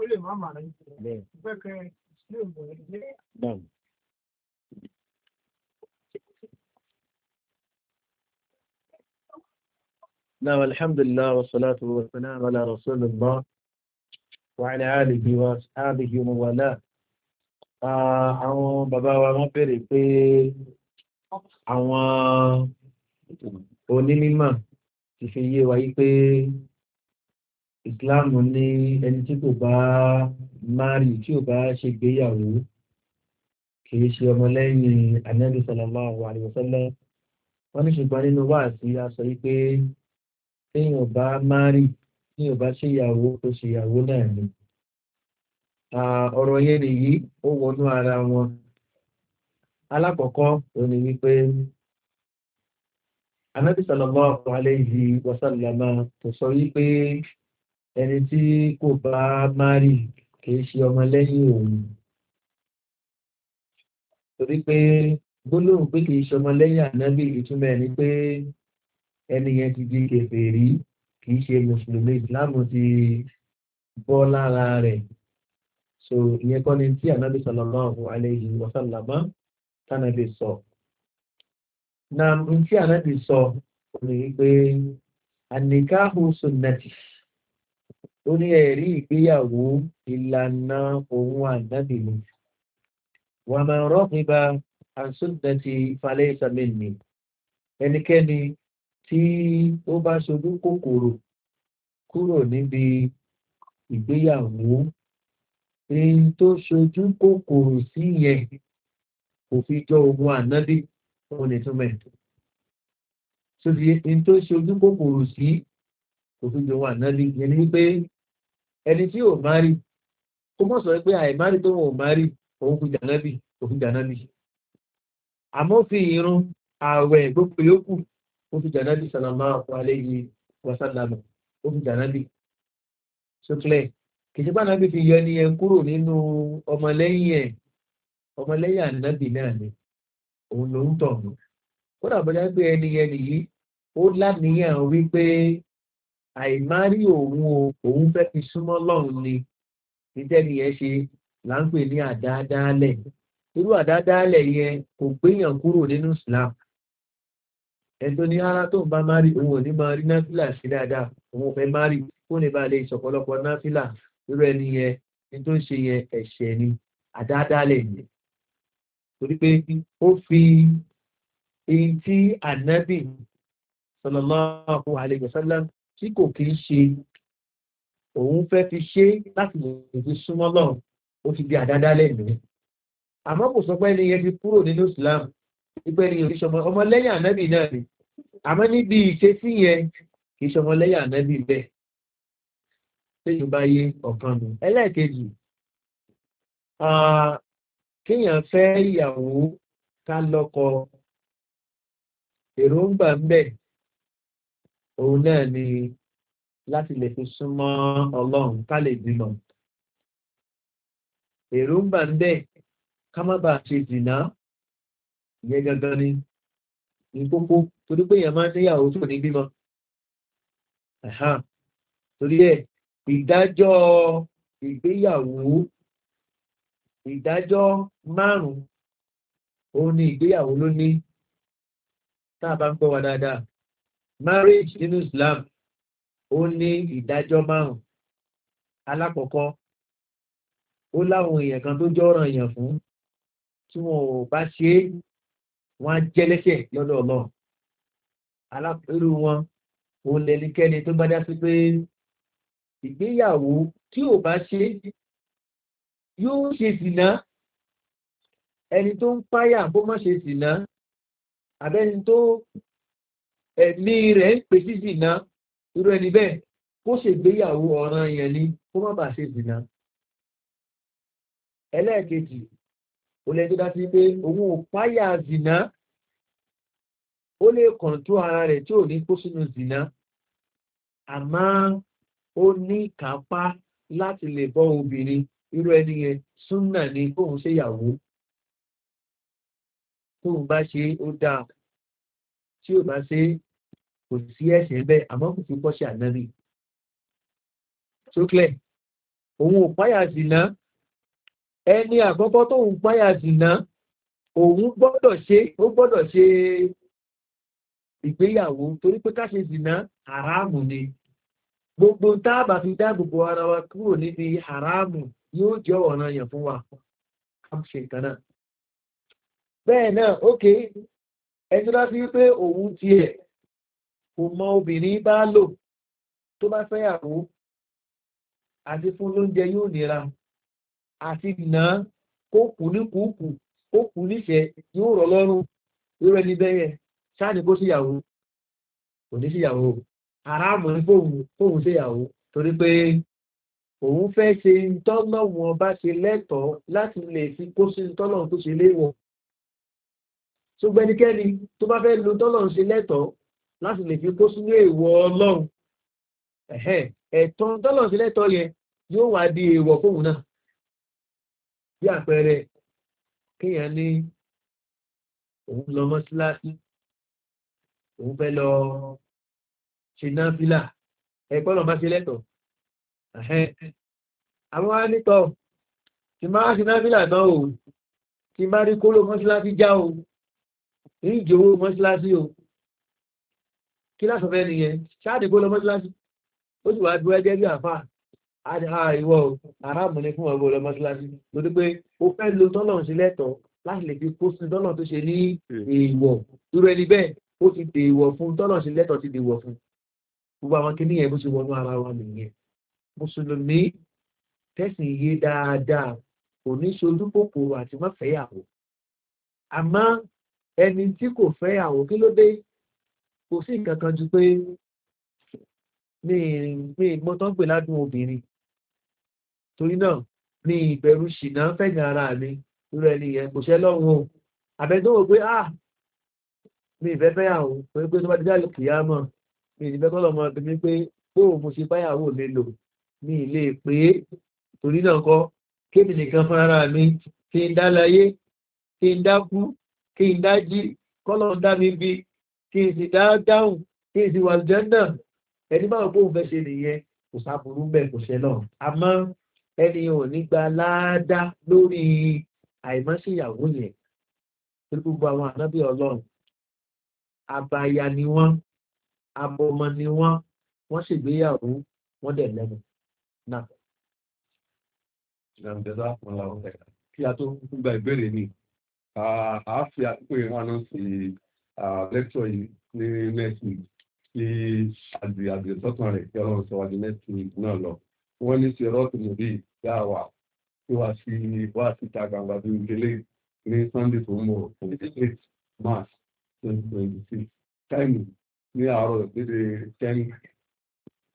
Speaker 1: ó lè má màá lẹ́yìn tó bẹ́ẹ̀ kẹ́ sí òògùn ẹgbẹ́. نعم الحمد لله والصلاة والسلام على رسول الله وعلى آله وأصحابه ومن والاه àwọn bàbá wa wọ́n bèèrè pé àwọn onímọ̀ ti fi yé wa yí pé ìsìláàmù ní ẹni tí kò bá márì tí ò bá ṣe gbéyàwó kìí ṣe ọmọlẹ́yìn anẹ́bí sallallahu alaihi wasallam wọ́n ní ṣùgbọ́n nínú wà sí aṣọ wípé téèyàn bá márì téèyàn bá ṣèyàwó tó ṣèyàwó náà ni ọ̀rọ̀ yẹn nìyí ó wọnú ara wọn alákọ̀ọ́kọ́ ò ní wípé anẹ́bí sallallahu alaihi wasallam kò sọ wípé ẹni tí kò bá márì kìí ṣe ọmọ lẹ́yìn òun torí pé gbólóhùn pé kìí ṣe ọmọ lẹ́yìn ànábì ìtumọ̀ ẹni pé ẹni yẹn ti di kẹfẹ́ rí kìí ṣe mùsùlùmí ìsìláàmù ti bọ́ lára rẹ̀ so ìyẹn kọ́ ni tí ànábì sallallahu alayhi wa sallam tánàbì sọ na n tí ànábì sọ ni pé àníkáhùn sunnati ó ní ẹ̀rí ìgbéyàwó ìlànà òun ànábì ni wọ́n máa rọ́pin bá àṣùdẹ̀tì falẹ̀ ìsàmì ni ẹnikẹ́ni tí ó bá ṣojú kòkòrò kúrò níbi ìgbéyàwó èyí tó ṣojú kòkòrò sí yẹn kò fi jọ ogun ànábì òun ni túmọ̀ ẹ̀tọ́ èyí tó ṣojú kòkòrò sí kò fi jọ ogun ànábì yẹn ni wípé ẹni tí ò má rí kó mọ̀ sọ pé àìmárí tó wọn ò má rí òun kú jànábì òun jànábì àmọ́ fi irun ààwẹ̀ gbogbo yòókù ó fi jànábì sàlámà wàlẹ́yìn wasálàmù ó fi jànábì sókèlè kìsìpá nàbì fi yọ ẹni yẹn kúrò nínú ọmọlẹ́yìn ẹ̀ ọmọlẹ́yìn ànábì náà ni òun ló ń tọ̀ mọ́ kódà bọ́lá pé ẹni yẹn nìyí ó láníyàn wípé àìmárí òun o òun fẹ́ fi súnmọ́ lọ́run ni nítẹ́ni yẹn ṣe là ń pè ní àdáadáalẹ̀ irú àdáadáalẹ̀ yẹn kò gbéyàn kúrò nínú islam ẹ̀tọ́ ní ara tó ń bá márì òun ò ní máa rí náfìlà sí dáadáa òun ò fẹ́ márì kó lè bá lè ṣọ̀pọ̀lọpọ̀ náfìlà irú ẹni yẹn ní tó ń ṣe yẹn ẹ̀ṣẹ̀ ni àdáadáalẹ̀ yẹn torí pé ó fi èyí tí ànábì sọlọ́lá àkó àlejò sálám tí kò kí ń ṣe òun fẹ́ fi ṣe láti lè fi súnmọ́ lọ́run ó ti di àdáda lẹ́nu àmọ́ kò sọ pé ẹni yẹn ti kúrò nínú islam wípé ẹni yẹn ṣọmọ ọmọlẹ́yìn ànábì náà ni àmọ́ níbi ìṣesí yẹn kì í ṣọmọlẹ́yìn ànábì bẹ́ẹ̀ tẹ́yìn bá yé ọ̀kan nù ẹlẹ́ẹ̀kejì kéèyàn fẹ́ ìyàwó ká lọ́kọ èròǹgbà ń bẹ̀ òun náà ni láti lè fi súnmọ́ ọlọ́run ká lè dìnà èròǹgbà ń bẹ̀ ká má bàa ṣe dìnà ìyẹn gangan ni ìkókó torí pé èèyàn máa ń níyàwó tó ní bímọ torí ẹ ìdájọ́ ìgbéyàwó ìdájọ́ ni ìgbéyàwó ló ní tá marriage nínú islam ó ní ìdájọ́ márùn-ún alákọ̀ọ́kọ́ ó láwọn èèyàn kan tó jọ́ràn èèyàn fún tí wọn ò bá ṣe é wọn á jẹ́lẹ́sẹ̀ lọ́dọ̀ ọlọ́run alápẹ̀rù wọn òun lẹ́nikẹ́ni tó bá dá sí pé ìgbéyàwó tí ò bá ṣe yóò ṣe sìnà ẹni tó ń páyà bó má ṣe sìnà àbẹ́ni tó ẹ̀mí rẹ̀ ń pè sí ìsìnà irú ẹni bẹ́ẹ̀ kó ṣègbéyàwó ọ̀ràn yẹn ni kó má bàa ṣe ìsìnà ẹlẹ́ẹ̀kejì ó lẹ́jọ́ dá sí pé òun ò páyà zìnà ó lè kọ̀ǹtó ara rẹ̀ tí ò ní kó sínú zìnà àmọ́ ó ní kápá láti lè bọ́ obìnrin irú ẹni yẹn súnà ni kóun ṣèyàwó tóun bá ṣe ó dáa tí ò bá ṣe kò sí ẹ̀sìn bẹ́ẹ̀ àmọ́ kò fi kọ́ṣẹ́ ànábì sókè òun ò páyà zìnà ẹni àkọ́kọ́ tóun páyà zìnà òun gbọ́dọ̀ ṣe ó gbọ́dọ̀ ṣe ìgbéyàwó torí pé ká ṣe zìnà haramu ni gbogbo táàbà fi dáàbòbò ara wa kúrò níbi haramu yóò jẹ́ ọ̀ràn yẹn fún wa ká ṣe kan náà bẹ́ẹ̀ náà ókè ẹni tó dá sí pé òun tiẹ̀ kò mọ obìnrin bá lò tó bá fẹ́yàwó àti fún lóúnjẹ yóò nira àti nà án kó kù ní kùkù kó kù níṣẹ́ yóò rọ̀ lọ́rùn irú ẹni bẹ́yẹ sáàni kó síyàwó kò ní síyàwó aráàmù ní fóun síyàwó torí pé òun fẹ́ ṣe tọ́lọ́wọ́n bá ṣe lẹ́tọ̀ọ́ láti lè fi kó sí tọ́lọ́wọ́n tó ṣe léwọ̀n ṣùgbọ́n ẹnikẹ́ni tó bá fẹ́ lo tọ́lọ̀ ń ṣe lẹ́tọ̀ọ́ láti lè fi kó sínú èèwọ̀ ọlọ́run ẹ̀tọ́ tọ́lọ̀ sí lẹ́tọ̀ọ́ yẹn yóò wá di èèwọ̀ fóun náà bí àpẹẹrẹ kéèyàn ní òun lọ mọ́síláṣí òun fẹ́ lọ ṣe náà fílà ẹ̀kọ́ lọ́ọ́ bá ṣe àwọn wa nítọ̀ tí máa ṣe náà fílà náà o tí máa rí kóló mọ́síláṣí já o ní ìjòwó mọ́síláṣí o kí láti ọ̀fẹ́ nìyẹn ṣáàdì gbó lọ mọ́síláṣí ó sì wá dúró ẹgẹ́ bí àfà àdìhà ìwọ àràmù ni fún ọgbọ́ lọ mọ́síláṣí lórí pé o fẹ́ lo tọ́lọ̀ sí lẹ́tọ̀ láti lè fi kó sí tọ́lọ̀ tó ṣe ní èèwọ̀ irú ẹni bẹ́ẹ̀ ó ti dèèwọ̀ fún tọ́lọ̀ sí lẹ́tọ̀ ti dèèwọ̀ fún gbogbo àwọn kìnìyàn bó ṣe wọnú ara wa nìyẹn mùsùlùmí tẹ̀sìn yé dáadáa kò ní ṣojú kòkòrò àti mọ́fẹ̀ẹ́yàwó àmọ́ ẹni tí kò fẹ́ àwọn kí ló dé kò sí nǹkan kan ju pé ní ìrìngbé ìgbọ́n tó ń pè ládùn obìnrin torí náà ní ìbẹ̀rù ṣìnà fẹ̀yìn ara mi irú ẹni yẹn kò ṣẹ́ lọ́rùn o àbẹ̀dọ́wò pé ah mi ìfẹ́ fẹ́ àwọn pé pé tó bá ti jáde kìá mọ̀ mi ìfẹ́ kọ́ lọ́mọ bí mi pé bó mo ṣe báyàwó mi lò mi lè pé torí náà kọ́ kébì nìkan fúnra mi ti ń dá láyé ti ń dákú kí n dájí kọ́lọ̀ ń dá mi bí kí n sì dá dáhùn kí n sì wà jẹ́nà ẹni máa bó fẹ́ ṣe nìyẹn kò sáburú bẹ́ẹ̀ kò ṣe náà àmọ́ ẹni ò ní gba láádá lórí àìmọ́síyàwó yẹn pé gbogbo àwọn ànábì ọlọ́run abaya ni wọ́n abọmọ ni wọ́n wọ́n ṣègbéyàwó wọ́n dẹ̀ lẹ́nu náà.
Speaker 2: ìlànà ìjọba àwọn ọ̀rẹ́ kí a tó gbà ìbéèrè mi a fi àkókò yẹn wọn náà sí lẹ́kítọ̀ yìí ní next week tí àgbè àgbè sọ́kàn rẹ̀ kí ọlọ́run sọ wà ní next week náà lọ. wọ́n ní ti rọ́ọ̀tì mòbí yá wà tí wàá sí wá síta gbangba bí ìdílé ní sunday tó ń bọ̀ twenty eight march twenty twenty six táìmù ní àárọ̀ dédé ten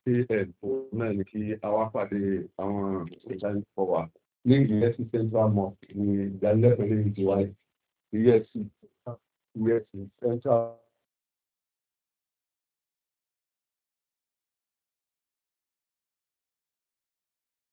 Speaker 2: pm náà ni kí àwa pàdé àwọn ìdánilẹ́kọ̀ọ́ wa ní ìgbìyànjú central mosque ní ìdánilẹ́kọ̀ọ́ lẹ́yìn ti wáyé. 越
Speaker 1: 五月十三号。